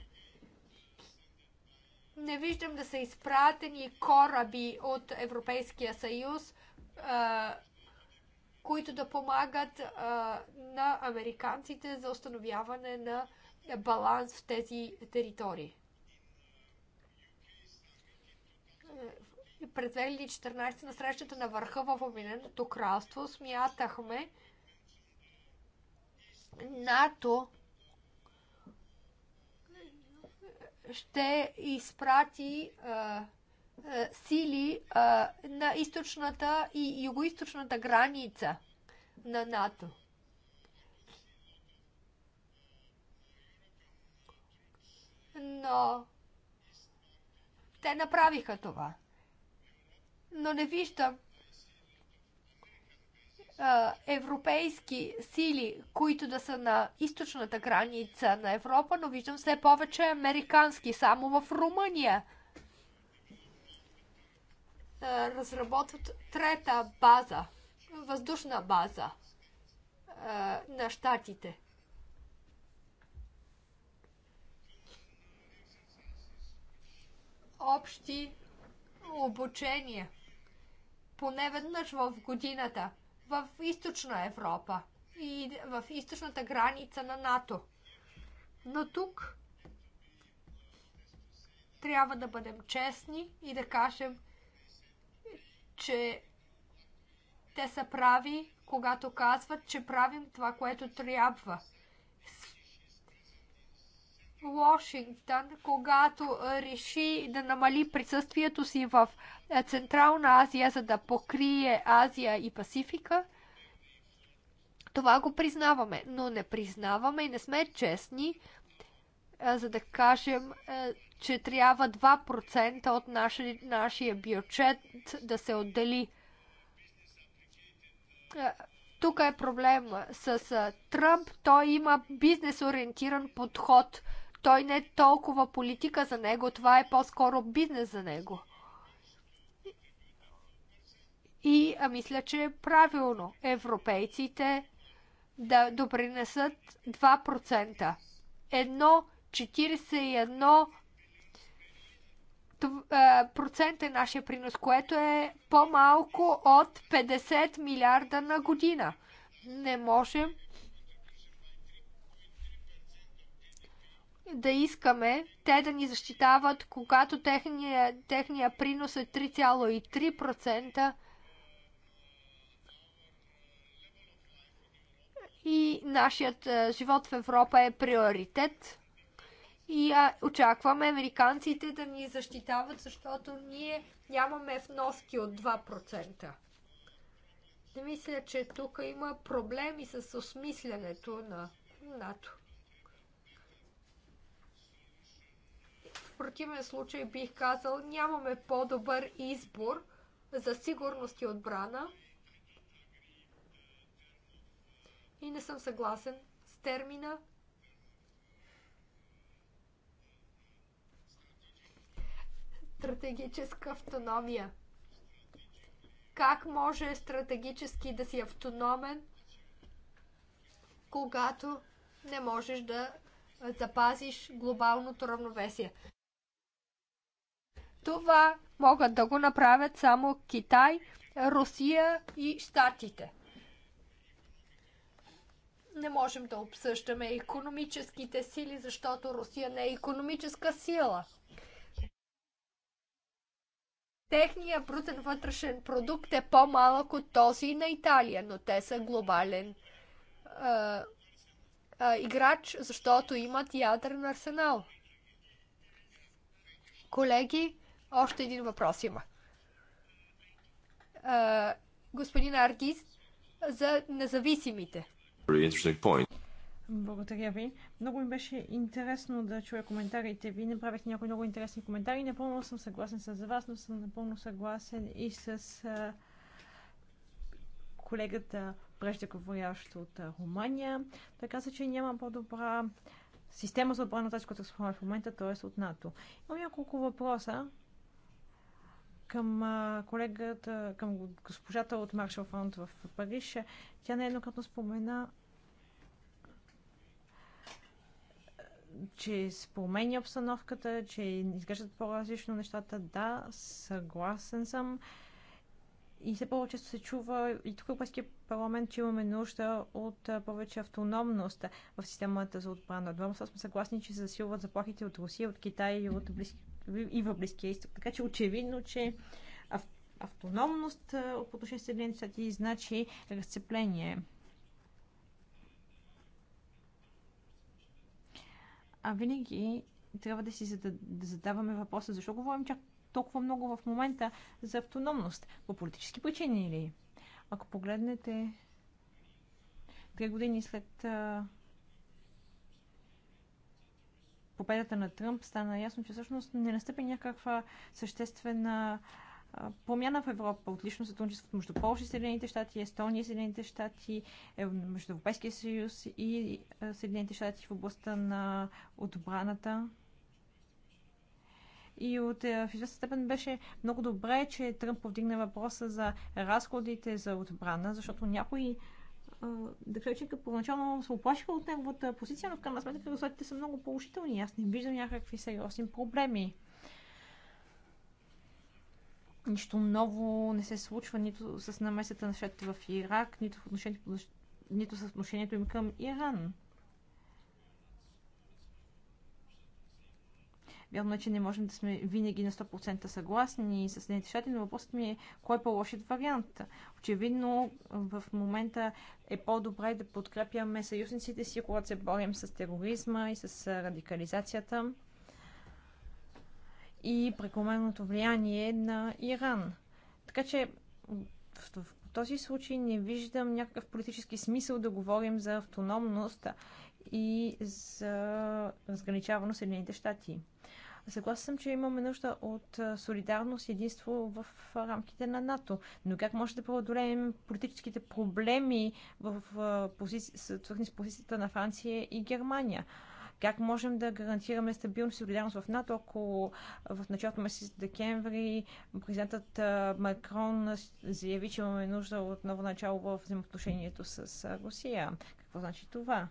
Не виждам да са изпратени кораби от Европейския съюз, които да помагат на американците за установяване на баланс в тези територии. През 2014 на срещата на върха в Обединеното кралство смятахме, НАТО ще изпрати а, а, сили а, на източната и югоисточната граница на НАТО. Но те направиха това. Но не виждам европейски сили, които да са на източната граница на Европа, но виждам все повече американски, само в Румъния. Разработват трета база, въздушна база на щатите. Общи обучения. Поне веднъж в годината – в източна Европа и в източната граница на НАТО. Но тук трябва да бъдем честни и да кажем, че те са прави, когато казват, че правим това, което трябва. Вашингтон, когато реши да намали присъствието си в е, Централна Азия, за да покрие Азия и Пасифика, това го признаваме, но не признаваме и не сме честни, е, за да кажем, е, че трябва 2% от нашия, бюджет да се отдели. Тук е проблем с Тръмп. Той има бизнес-ориентиран подход – той не е толкова политика за него, това е по-скоро бизнес за него. И а мисля, че е правилно европейците да допринесат 2%. Едно 41 процент е нашия принос, което е по-малко от 50 милиарда на година. Не можем да искаме те да ни защитават, когато техния, техния принос е 3,3% и нашият е, живот в Европа е приоритет. И а, очакваме американците да ни защитават, защото ние нямаме вноски от 2%. Не мисля, че тук има проблеми с осмислянето на НАТО. противен случай бих казал, нямаме по-добър избор за сигурност и отбрана. И не съм съгласен с термина. Стратегическа автономия. Как може стратегически да си автономен, когато не можеш да запазиш глобалното равновесие. Това могат да го направят само Китай, Русия и Штатите. Не можем да обсъждаме економическите сили, защото Русия не е економическа сила. Техният брутен вътрешен продукт е по-малък от този на Италия, но те са глобален а, а, играч, защото имат ядрен арсенал. Колеги, още един въпрос има. А, господин Аргиз, за независимите. Благодаря ви. Много ми беше интересно да чуя коментарите. Вие направихте някои много интересни коментари. Напълно съм съгласен с вас, но съм напълно съгласен и с а, колегата преждеговорящ от Румъния. Той каза, че няма по-добра система за отбрана, която в момента, т.е. от НАТО. Имам няколко въпроса към колегата, към госпожата от Маршал Фонд в Париж. Тя нееднократно спомена, че споменя обстановката, че изглеждат по-различно нещата. Да, съгласен съм. И все по-често се чува и тук в Европейския парламент, че имаме нужда от повече автономност в системата за отбрана. Двамата сме съгласни, че се засилват заплахите от Русия, от Китай и от близки и в Близкия изток. Така че очевидно, че автономност от отношение с Съединените щати значи разцепление. А винаги трябва да си задаваме въпроса, защо говорим чак толкова много в момента за автономност? По политически причини или? Ако погледнете три години след победата на Тръмп стана ясно, че всъщност не настъпи някаква съществена промяна в Европа. Отлично сътрудничество между Польша и Съединените щати, Естония и Съединените щати, е, между Европейския съюз и Съединените щати в областта на отбраната. И от е, в известна степен беше много добре, че Тръмп повдигна въпроса за разходите за отбрана, защото някои да държави членка поначално се оплашиха от неговата позиция, но в крайна сметка резултатите са много положителни. Аз не виждам някакви сериозни проблеми. Нищо ново не се случва нито с намесата на щатите в Ирак, нито, в отношението, нито с отношението им към Иран. Вярно е, че не можем да сме винаги на 100% съгласни с Съединените щати, но въпросът ми е кой е по-лошият вариант. Очевидно в момента е по-добре да подкрепяме съюзниците си, когато се борим с тероризма и с радикализацията и прекомерното влияние на Иран. Така че в този случай не виждам някакъв политически смисъл да говорим за автономност и за разграничаване на Съединените щати. Съгласен съм, че имаме нужда от солидарност и единство в рамките на НАТО. Но как може да преодолеем политическите проблеми в позиция, с позицията на Франция и Германия? Как можем да гарантираме стабилност и солидарност в НАТО, ако в началото месец декември президентът Макрон заяви, че имаме нужда от ново начало в взаимоотношението с Русия? Какво значи това?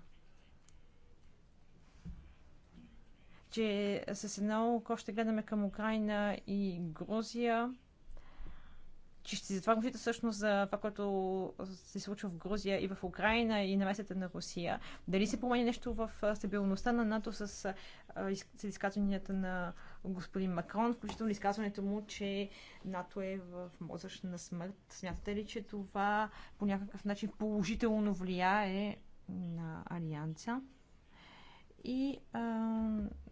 че с едно око ще гледаме към Украина и Грузия, че ще затворим очите всъщност за това, което се случва в Грузия и в Украина и намесата на Русия. Дали се променя нещо в стабилността на НАТО с, с изказванията на господин Макрон, включително изказването му, че НАТО е в мозъчна смърт. Смятате ли, че това по някакъв начин положително влияе на Алианса? И а,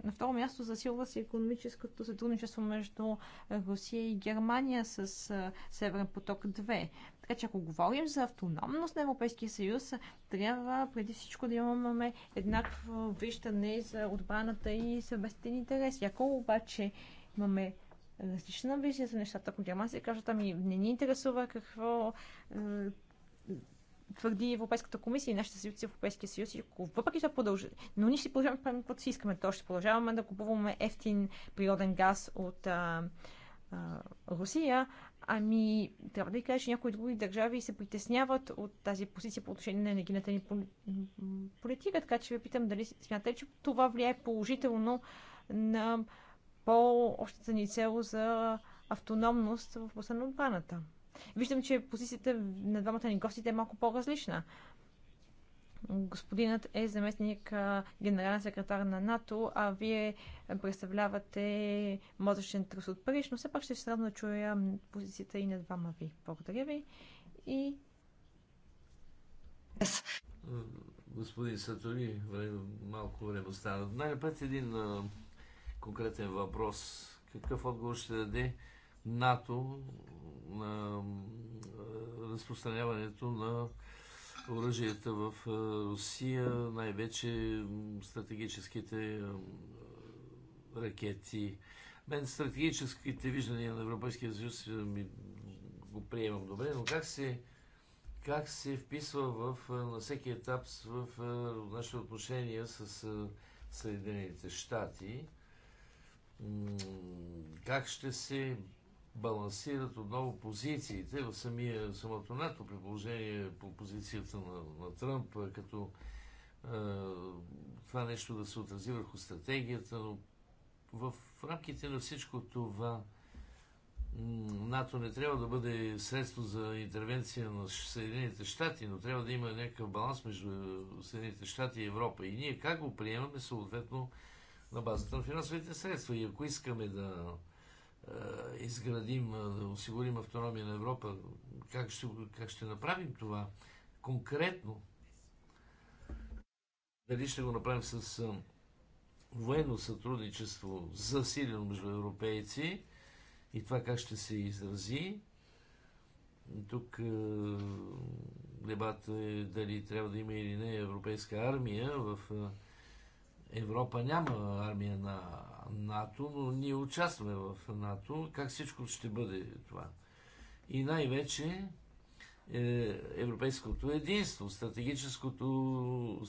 на второ място засилва се економическото сътрудничество между Русия и Германия с а, Северен поток 2. Така че ако говорим за автономност на Европейския съюз, трябва преди всичко да имаме еднакво виждане за отбраната и съвместен интерес. Ако обаче имаме различна визия за нещата, ако Германия се каже, ами не ни интересува какво твърди Европейската комисия и нашите съюзи в Европейския съюз. И ако въпреки това продължи, но ние ще продължаваме да правим каквото си искаме, то ще продължаваме да купуваме ефтин природен газ от а, а, Русия. Ами, трябва да ви кажа, че някои други държави се притесняват от тази позиция по отношение на енергийната ни политика, така че ви питам дали смятате, че това влияе положително на по-общата ни цел за автономност в областта на отбраната. Виждам, че позицията на двамата ни гостите е малко по-различна. Господинът е заместник генерален секретар на НАТО, а вие представлявате мозъчен трус от Париж, но все пак ще се радвам да чуя позицията и на двама ви. Благодаря ви. И... Господин Сатори, малко време остана. Най-напред един конкретен въпрос. Какъв отговор ще даде НАТО на е, разпространяването на оръжията в е, Русия, най-вече стратегическите е, ракети. Мен стратегическите виждания на Европейския съюз ми го приемам добре, но как се, как се вписва в, на всеки етап в нашите отношения с Съединените щати? Как ще се балансират отново позициите в самия, самото НАТО, при положение по позицията на, на Тръмп, е, като е, това нещо да се отрази върху стратегията, но в рамките на всичко това НАТО не трябва да бъде средство за интервенция на Съединените щати, но трябва да има някакъв баланс между е, Съединените щати и Европа. И ние как го приемаме съответно на базата на финансовите средства. И ако искаме да е, изградим, е, да осигурим автономия на Европа, как ще, как ще направим това конкретно? Дали ще го направим с е, военно сътрудничество, засилено между европейци и това как ще се изрази? Тук дебата е дали трябва да има или не европейска армия в Европа няма армия на НАТО, но ние участваме в НАТО. Как всичко ще бъде това? И най-вече е, европейското единство, стратегическото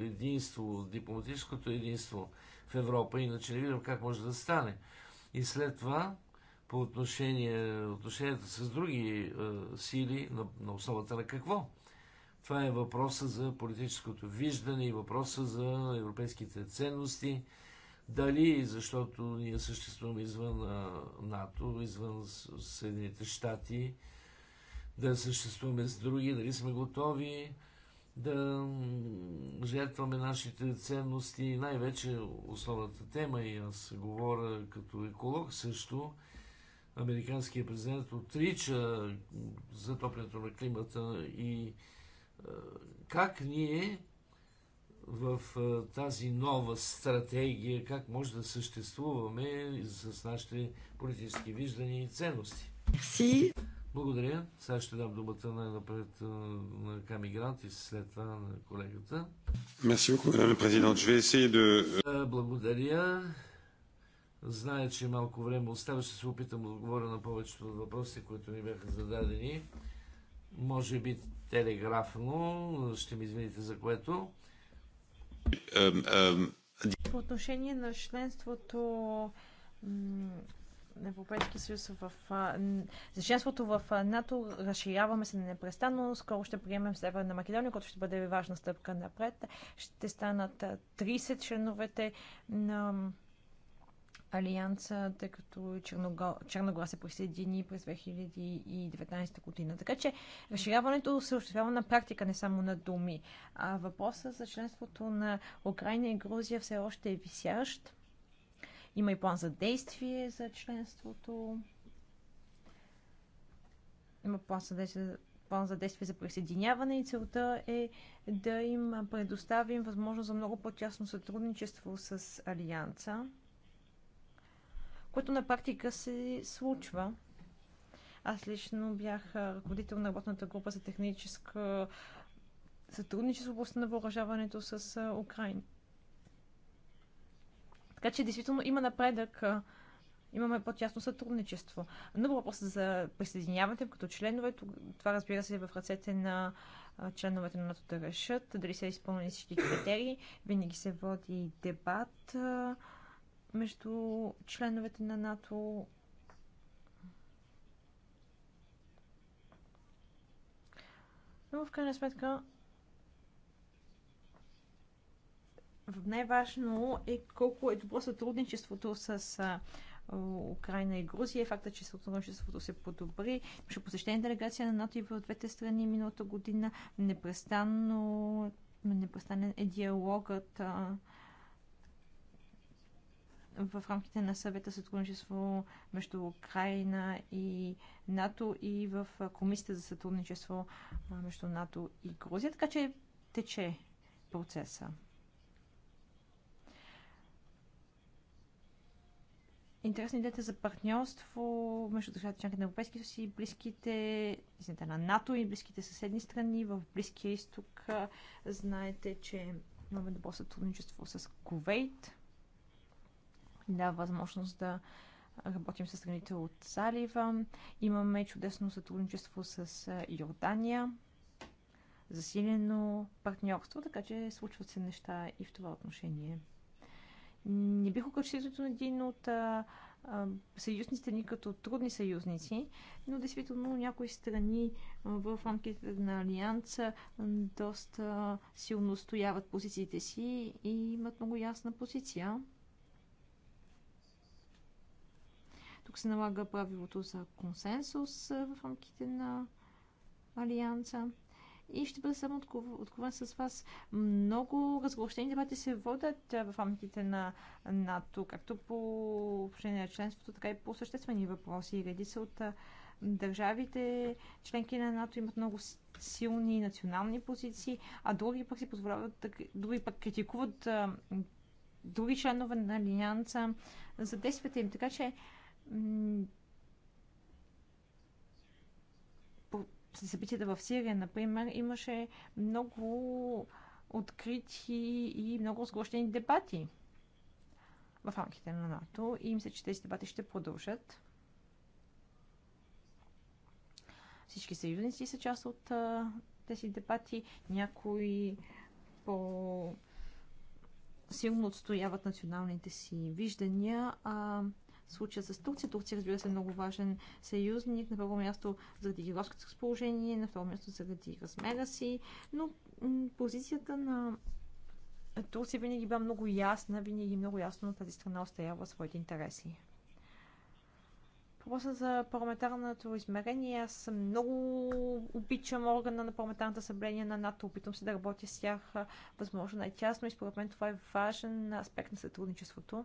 единство, дипломатическото единство в Европа. Иначе не виждам как може да стане. И след това, по отношение, отношенията с други е, сили, на, на основата на какво? Това е въпроса за политическото виждане и въпроса за европейските ценности. Дали, защото ние съществуваме извън НАТО, извън Съединените щати, да съществуваме с други, дали сме готови да жертваме нашите ценности. Най-вече основната тема, и аз говоря като еколог също, американският президент отрича затоплянето на климата и как ние в тази нова стратегия, как може да съществуваме с нашите политически виждания и ценности. Си. Благодаря. Сега ще дам думата най-напред на Камигрант и след това на колегата. президент. Благодаря. Зная, че малко време остава. Ще се опитам да отговоря на повечето от въпросите, които ми бяха зададени. Може би телеграфно, ще ми извините за което. По отношение на членството на Европейски съюз в... За членството в НАТО разширяваме се непрестанно. Скоро ще приемем Северна Македония, което ще бъде важна стъпка напред. Ще станат 30 членовете на Алианса, тъй като Черногла се присъедини през 2019 година. Така че разширяването се осъществява на практика, не само на думи. А въпросът за членството на Украина и Грузия все още е висящ. Има и план за действие за членството. Има план за действие план за действие за присъединяване и целта е да им предоставим възможност за много по-тясно сътрудничество с Алианса което на практика се случва. Аз лично бях ръководител на работната група за техническа сътрудничество в областта на въоръжаването с Украина. Така че, действително, има напредък. Имаме по-тясно сътрудничество. Но въпросът за присъединяването като членове, това разбира се е в ръцете на членовете на НАТО да решат, дали са изпълнени всички критерии. Винаги се води дебат между членовете на НАТО. Но в крайна сметка най-важно е колко е добро сътрудничеството с Украина и Грузия. Факта, че сътрудничеството се подобри. Ще посещение делегация на НАТО и в двете страни миналата година. Непрестанно, непрестанен е диалогът а, в рамките на съвета сътрудничество между Украина и НАТО и в комисията за сътрудничество между НАТО и Грузия. Така че тече процеса. Интересна идеята за партньорство между държавите членки на Европейския съюз и близките, извините, на НАТО и близките съседни страни в Близкия изток. Знаете, че имаме добро сътрудничество с Кувейт ни дава възможност да работим с страните от залива. Имаме чудесно сътрудничество с Йордания, засилено партньорство, така че случват се неща и в това отношение. Не бих окачил на един от съюзниците ни като трудни съюзници, но действително някои страни в рамките на Алианса доста силно стояват позициите си и имат много ясна позиция Тук се налага правилото за консенсус е, в рамките на Алианса. И ще бъда само откровен с вас. Много разглощени дебати се водят е, в рамките на НАТО, както по общение на членството, така и по съществени въпроси. Редица от е, държавите, членки на НАТО, имат много силни национални позиции, а други пък си позволяват, други пък критикуват други членове на Алианса за действията им. Така че събитията в Сирия, например, имаше много открити и много разглощени дебати в рамките на НАТО и мисля, че тези дебати ще продължат. Всички съюзници са част от а, тези дебати. Някои по силно отстояват националните си виждания, а случая с Турция. Турция, разбира се, е много важен съюзник. На първо място заради географското разположение, на второ място заради размера си, но позицията на Турция винаги била много ясна, винаги много ясно тази страна остоява своите интереси. Въпроса за парламентарното измерение. Аз много обичам органа на парламентарната събрание на НАТО. Опитвам се да работя с тях възможно най-тясно и според мен това е важен аспект на сътрудничеството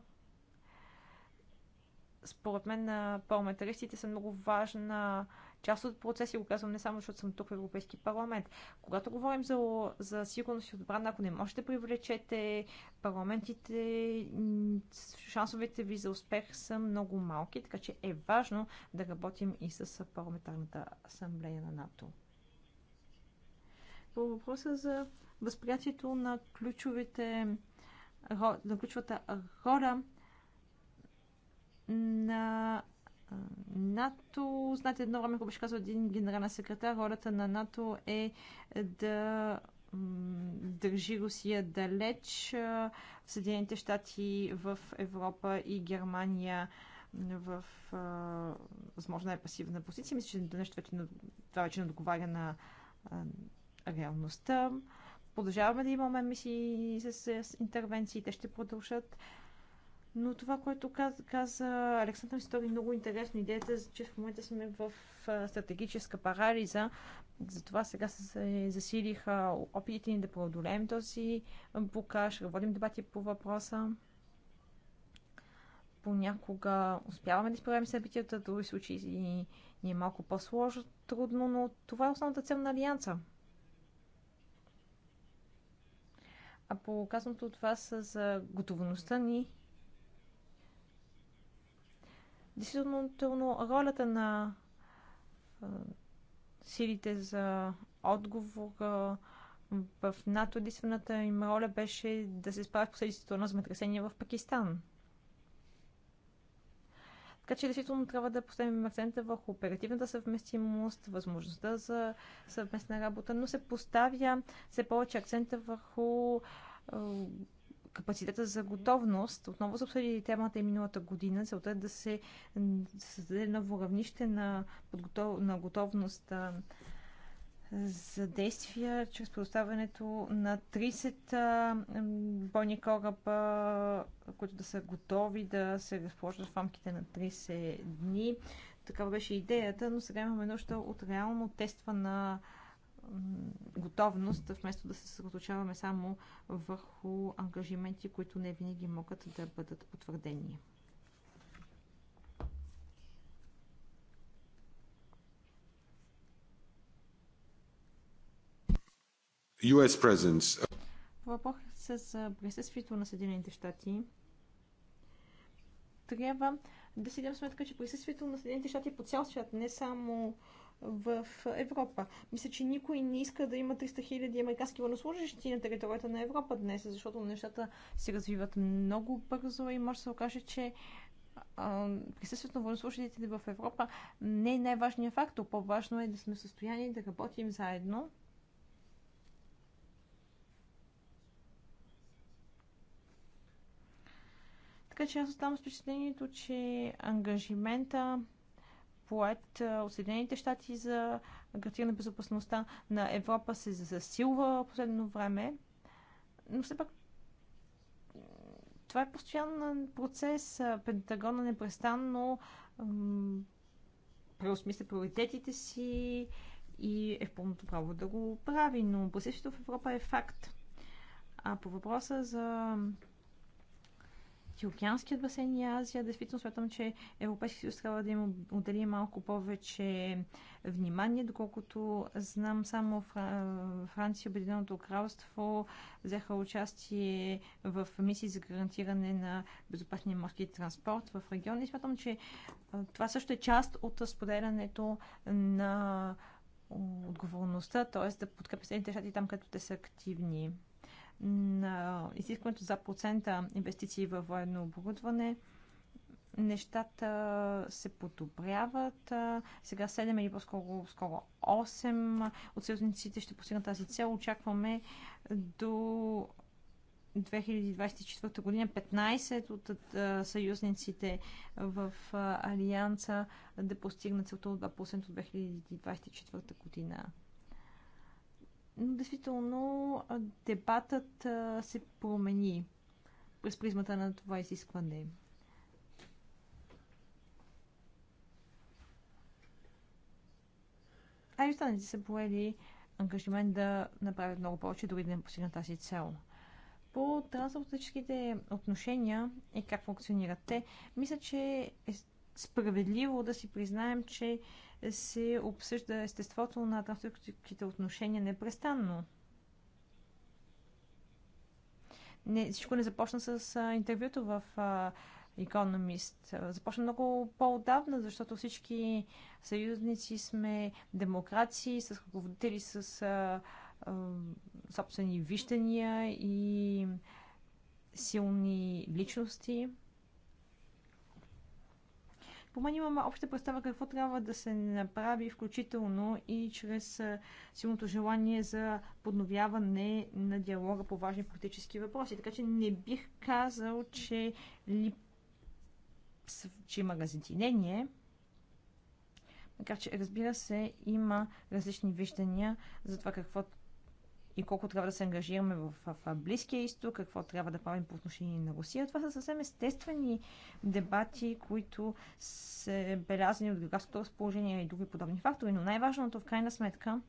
според мен парламентаристите са много важна част от процеса и го казвам не само, защото съм тук в Европейски парламент. Когато говорим за, за сигурност и отбрана, ако не можете да привлечете парламентите, шансовете ви за успех са много малки, така че е важно да работим и с парламентарната асамблея на НАТО. По въпроса за възприятието на ключовите на ключовата роля на НАТО. Знаете, едно време, беше казал един генерален секретар, ролята на НАТО е да държи Русия далеч, Съединените щати в Европа и Германия в възможно е пасивна позиция. Мисля, че нещо вече, това вече не на реалността. Продължаваме да имаме мисии с интервенции, те ще продължат. Но това, което каза, каза Александър, ми стори много интересно. Идеята е, че в момента сме в стратегическа парализа. Затова сега се засилиха опитите ни да преодолеем този блокаж. Водим дебати по въпроса. Понякога успяваме да изправим събитията, други случаи ни е малко по-сложно, трудно, но това е основната цел на Алианса. А по казаното от вас за готовността ни Действително, ролята на силите за отговор в НАТО, единствената им роля беше да се справят последиците на земетресение в Пакистан. Така че действително трябва да поставим акцента върху оперативната съвместимост, възможността за съвместна работа, но се поставя все повече акцента върху капацитета за готовност. Отново са обсъдили темата и миналата година. Целта е да се създаде ново равнище на, подготов... на готовност за действия чрез предоставянето на 30 бойни кораба, които да са готови да се разположат в рамките на 30 дни. Такава беше идеята, но сега имаме нужда от реално тества на готовност, вместо да се съсредоточаваме само върху ангажименти, които не винаги могат да бъдат потвърдени. US presence. Въпросът с е присъствието на Съединените щати трябва да си дам сметка, че присъствието на Съединените щати по цял свят, не само в Европа. Мисля, че никой не иска да има 300 хиляди американски военнослужащи на територията на Европа днес, защото нещата се развиват много бързо и може да се окаже, че присъствието на военнослужащите в Европа не е най-важният фактор. По-важно е да сме в състояние да работим заедно. Така че аз оставам с впечатлението, че ангажимента поет от Съединените щати за гарантиране безопасността на Европа се засилва в последно време, но все пак това е постоянен процес. Пентагона непрестанно преосмисля приоритетите си и е в пълното право да го прави, но посещането в Европа е факт. А по въпроса за Океанският басейн и Азия. Действително смятам, че Европейския съюз трябва да им отдели малко повече внимание, доколкото знам само Франция и Обединеното кралство взеха участие в мисии за гарантиране на безопасния морски транспорт в региона и смятам, че това също е част от споделянето на отговорността, т.е. да подкрепя Съединените щати там, където те са активни на изискването за процента инвестиции във военно оборудване, нещата се подобряват. Сега 7 или по-скоро скоро 8 от съюзниците ще постигнат тази цел. Очакваме до 2024 година 15 от съюзниците в Алианса да постигнат целта от 2% от 2024 година но действително дебатът се промени през призмата на това изискване. А и останалите са поели ангажимент да направят много повече, дори да не постигнат тази цел. По трансатлантическите отношения и как функционират те, мисля, че е справедливо да си признаем, че се обсъжда естеството на търговските отношения непрестанно. Не, всичко не започна с а, интервюто в а, Economist. Започна много по-отдавна, защото всички съюзници сме демокрации, с ръководители с а, а, собствени виждания и силни личности помен имаме обща представа какво трябва да се направи, включително и чрез силното желание за подновяване на диалога по важни политически въпроси. Така че не бих казал, че, ли... че има разединение. Макар че, разбира се, има различни виждания за това какво и колко трябва да се ангажираме в, в, в Близкия изток, какво трябва да правим по отношение на Русия. Това са съвсем естествени дебати, които са белязани от географското разположение и други подобни фактори, но най-важното в крайна сметка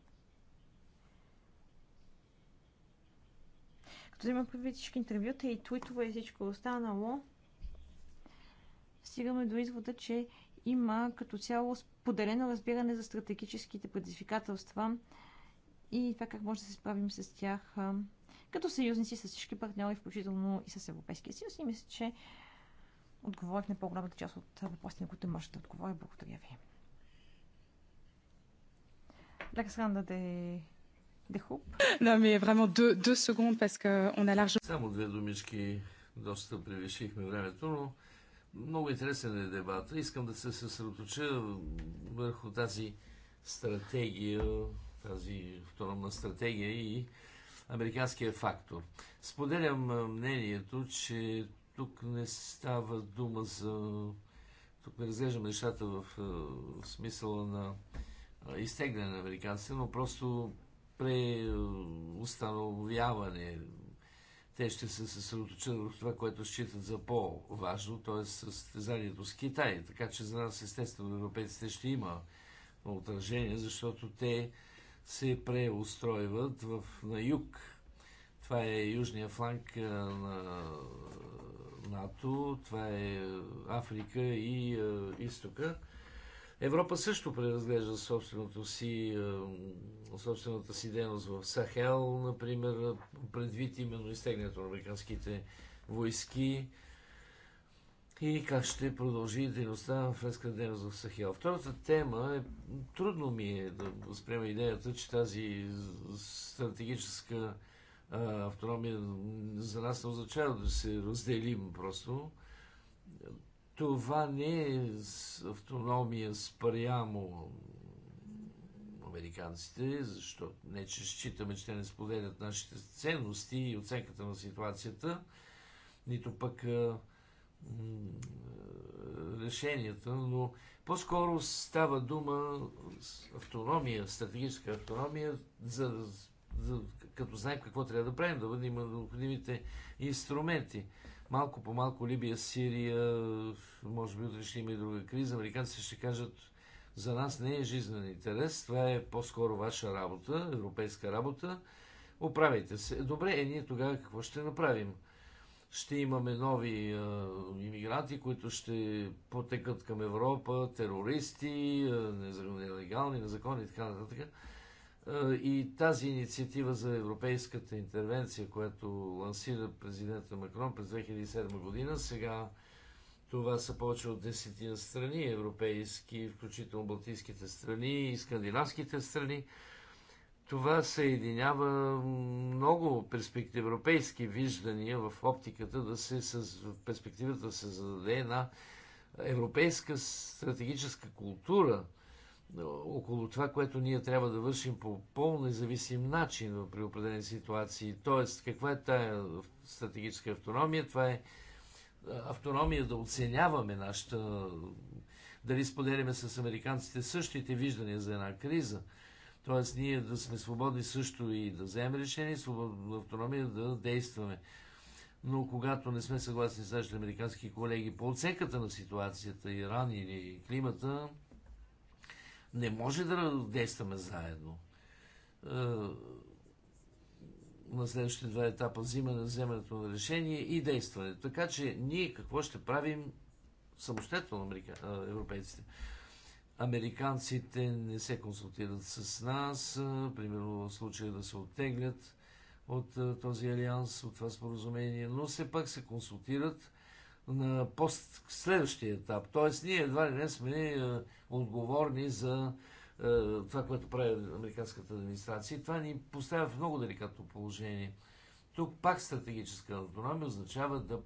като взема предвид всички интервюта и твитове и всичко останало, стигаме до извода, че има като цяло споделено разбиране за стратегическите предизвикателства и това как може да се справим с тях като съюзници с всички партньори, включително и с Европейския съюз. И мисля, че отговорих на по-голямата част от въпросите, на които можете да отговоря. Благодаря ви. Александър де des хуб. Non, ми е време deux secondes parce qu'on a largement. Само две думички, доста превишихме времето, но много интересен е дебата. Искам да се съсредоточа върху тази стратегия тази автономна стратегия и американския фактор. Споделям мнението, че тук не става дума за... Тук не разглеждаме нещата в, в смисъла на изтегляне на американците, но просто преустановяване. Те ще се съсредоточат в това, което считат за по-важно, т.е. състезанието с Китай. Така че за нас, естествено, европейците ще има отражение, защото те се преустройват в, на юг. Това е южния фланг на НАТО, това е Африка и е, изтока. Европа също преразглежда собственото си, собствената си дейност в Сахел, например, предвид именно изтеглянето на американските войски и как ще продължи дейността на френска дейност в Сахел. Втората тема е, трудно ми е да възприема идеята, че тази стратегическа а, автономия за нас не означава да се разделим просто. Това не е автономия спрямо американците, защото не че считаме, че те не споделят нашите ценности и оценката на ситуацията, нито пък а, решенията, но по-скоро става дума автономия, стратегическа автономия, за, за, като знаем какво трябва да правим, да бъдем необходимите инструменти. Малко по малко Либия, Сирия, може би утре ще има и друга криза. Американците ще кажат, за нас не е жизнен интерес, това е по-скоро ваша работа, европейска работа. Оправяйте се. Добре, е ние тогава какво ще направим? ще имаме нови а, иммигранти, които ще потекат към Европа, терористи, нелегални, незаконни и така нататък. И тази инициатива за европейската интервенция, която лансира президента Макрон през 2007 година, сега това са повече от десетина страни, европейски, включително балтийските страни и скандинавските страни. Това съединява много перспектив, европейски виждания в оптиката да се, с перспективата да се зададе една европейска стратегическа култура е, около това, което ние трябва да вършим по пълно независим начин при определени ситуации. Тоест, каква е тая стратегическа автономия? Това е, е автономия да оценяваме нашата... Дали споделяме с американците същите виждания за една криза – Тоест ние да сме свободни също и да вземем решение, свободна автономия да действаме. Но когато не сме съгласни с нашите американски колеги по оценката на ситуацията, Иран или климата, не може да действаме заедно. Е, на следващите два етапа взимане, вземането на решение и действане. Така че ние какво ще правим самостоятелно европейците? Американците не се консултират с нас, примерно в случая да се оттеглят от този алианс, от това споразумение, но все пак се консултират на пост следващия етап. Тоест, ние едва ли не сме отговорни за това, което прави американската администрация. това ни поставя в много деликатно положение. Тук пак стратегическа автономия означава да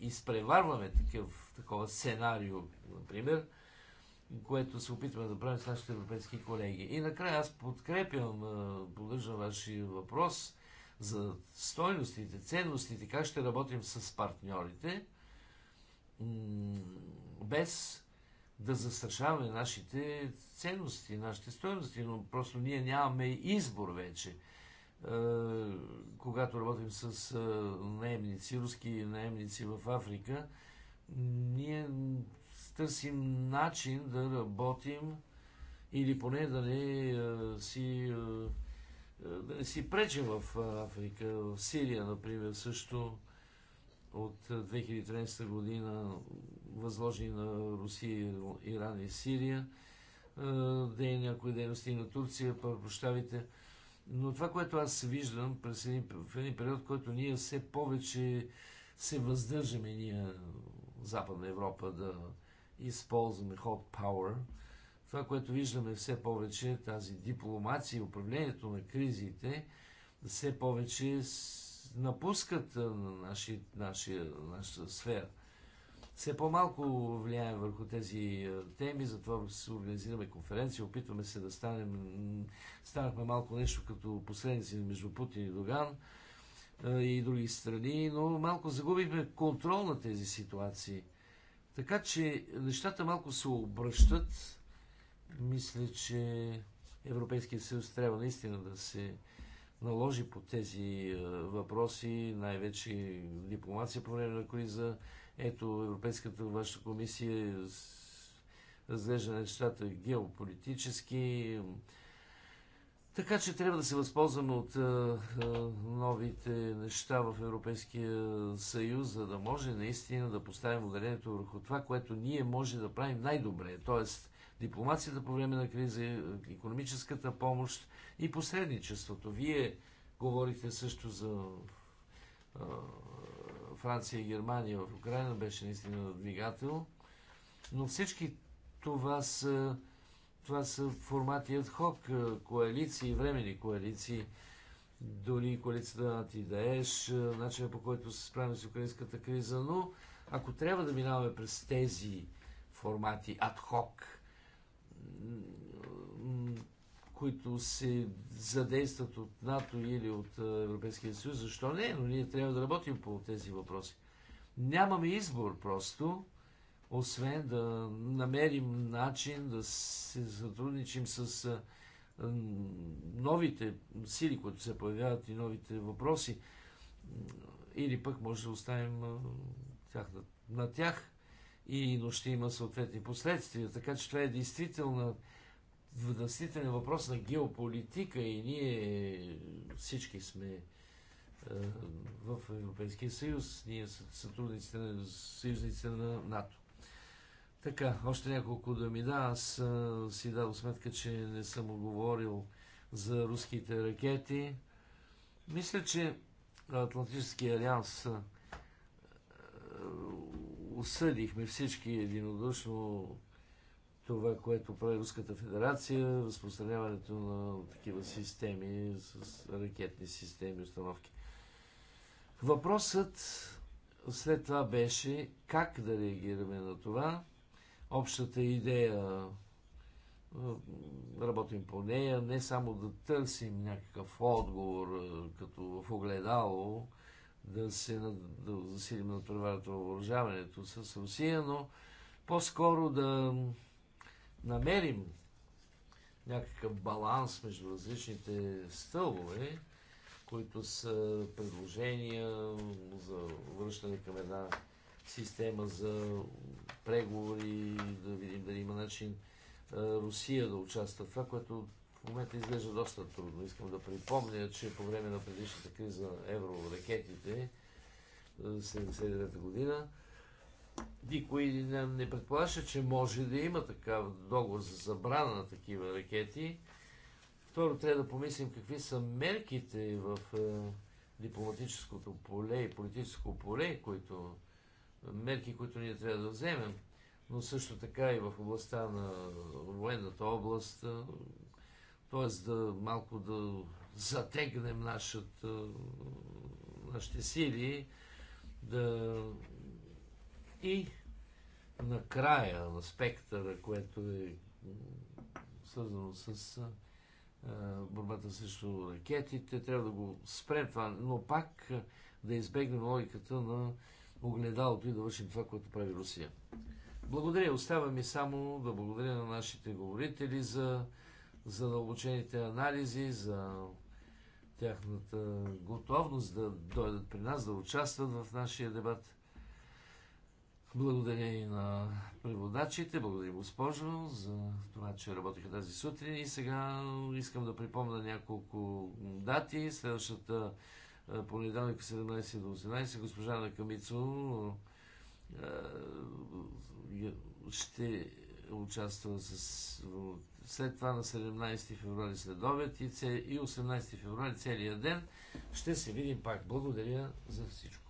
изпреварваме такъв, такова сценарио, например, което се опитваме да правим с нашите европейски колеги. И накрая аз подкрепям, поддържам вашия въпрос за стойностите, ценностите, как ще работим с партньорите, без да застрашаваме нашите ценности, нашите стойности, но просто ние нямаме избор вече. Когато работим с наемници, руски наемници в Африка, ние търсим начин да работим или поне да не е, си е, да не си пречим в е, Африка, в Сирия, например, също от 2013 година възложени на Русия, Иран и Сирия, да е някои дейности на Турция, прощавайте. Но това, което аз виждам през един, в един период, който ние все повече се въздържаме, ние Западна Европа, да използваме hot power. Това, което виждаме е все повече, тази дипломация и управлението на кризите, все повече напускат наши, наши, нашата сфера. Все по-малко влияем върху тези теми, затова се организираме конференция, опитваме се да станем, станахме малко нещо като посредници между Путин и Доган и други страни, но малко загубихме контрол на тези ситуации. Така че нещата малко се обръщат. Мисля, че Европейския съюз трябва наистина да се наложи по тези е, въпроси, най-вече дипломация по време на криза. Ето, Европейската ваша комисия разглежда нещата геополитически, така че трябва да се възползваме от новите неща в Европейския съюз, за да може наистина да поставим ударението върху това, което ние може да правим най-добре. Тоест дипломацията по време на криза, економическата помощ и посредничеството. Вие говорите също за Франция и Германия в Украина, беше наистина двигател, но всички това са това са формати хок, коалиции, времени коалиции, дори коалицията на АТИДАЕШ, начинът по който се справим с украинската криза, но ако трябва да минаваме през тези формати адхок, които се задействат от НАТО или от Европейския съюз, защо не? Но ние трябва да работим по тези въпроси. Нямаме избор просто освен да намерим начин да се сътрудничим с новите сили, които се появяват и новите въпроси, или пък може да оставим тях, на, на тях и но ще има съответни последствия. Така че това е действително действителен въпрос на геополитика и ние всички сме в Европейския съюз, ние са сътрудниците на съюзниците на НАТО. Така, още няколко ми Да, аз а, си дадох сметка, че не съм говорил за руските ракети. Мисля, че Атлантическия алианс а, осъдихме всички единодушно това, което прави Руската федерация, разпространяването на такива системи с ракетни системи, установки. Въпросът след това беше как да реагираме на това общата идея. Работим по нея, не само да търсим някакъв отговор, като в огледало, да се да засилим на преварата въоръжаването с Русия, но по-скоро да намерим някакъв баланс между различните стълбове, които са предложения за връщане към една система за преговори, да видим дали има начин Русия да участва. Това, което в момента изглежда доста трудно. Искам да припомня, че по време на предишната криза евроракетите 79-та година никой не, не предполагаше, че може да има такава договор за забрана на такива ракети. Второ, трябва да помислим какви са мерките в дипломатическото поле и политическо поле, които мерки, които ние трябва да вземем, но също така и в областта на военната област, т.е. да малко да затегнем нашата, нашите сили, да и на края на спектъра, което е свързано с борбата срещу ракетите, трябва да го спрем това, но пак да избегнем логиката на огледалото и да вършим това, което прави Русия. Благодаря. Остава ми само да благодаря на нашите говорители за задълбочените анализи, за тяхната готовност да дойдат при нас, да участват в нашия дебат. Благодаря и на преводачите, благодаря госпожо за това, че работиха тази сутрин и сега искам да припомня няколко дати. Следващата понеделник 17 до 18 госпожа Накамицо ще участва с... след това на 17 февруари след обед и 18 февруари целият ден. Ще се видим пак. Благодаря за всичко.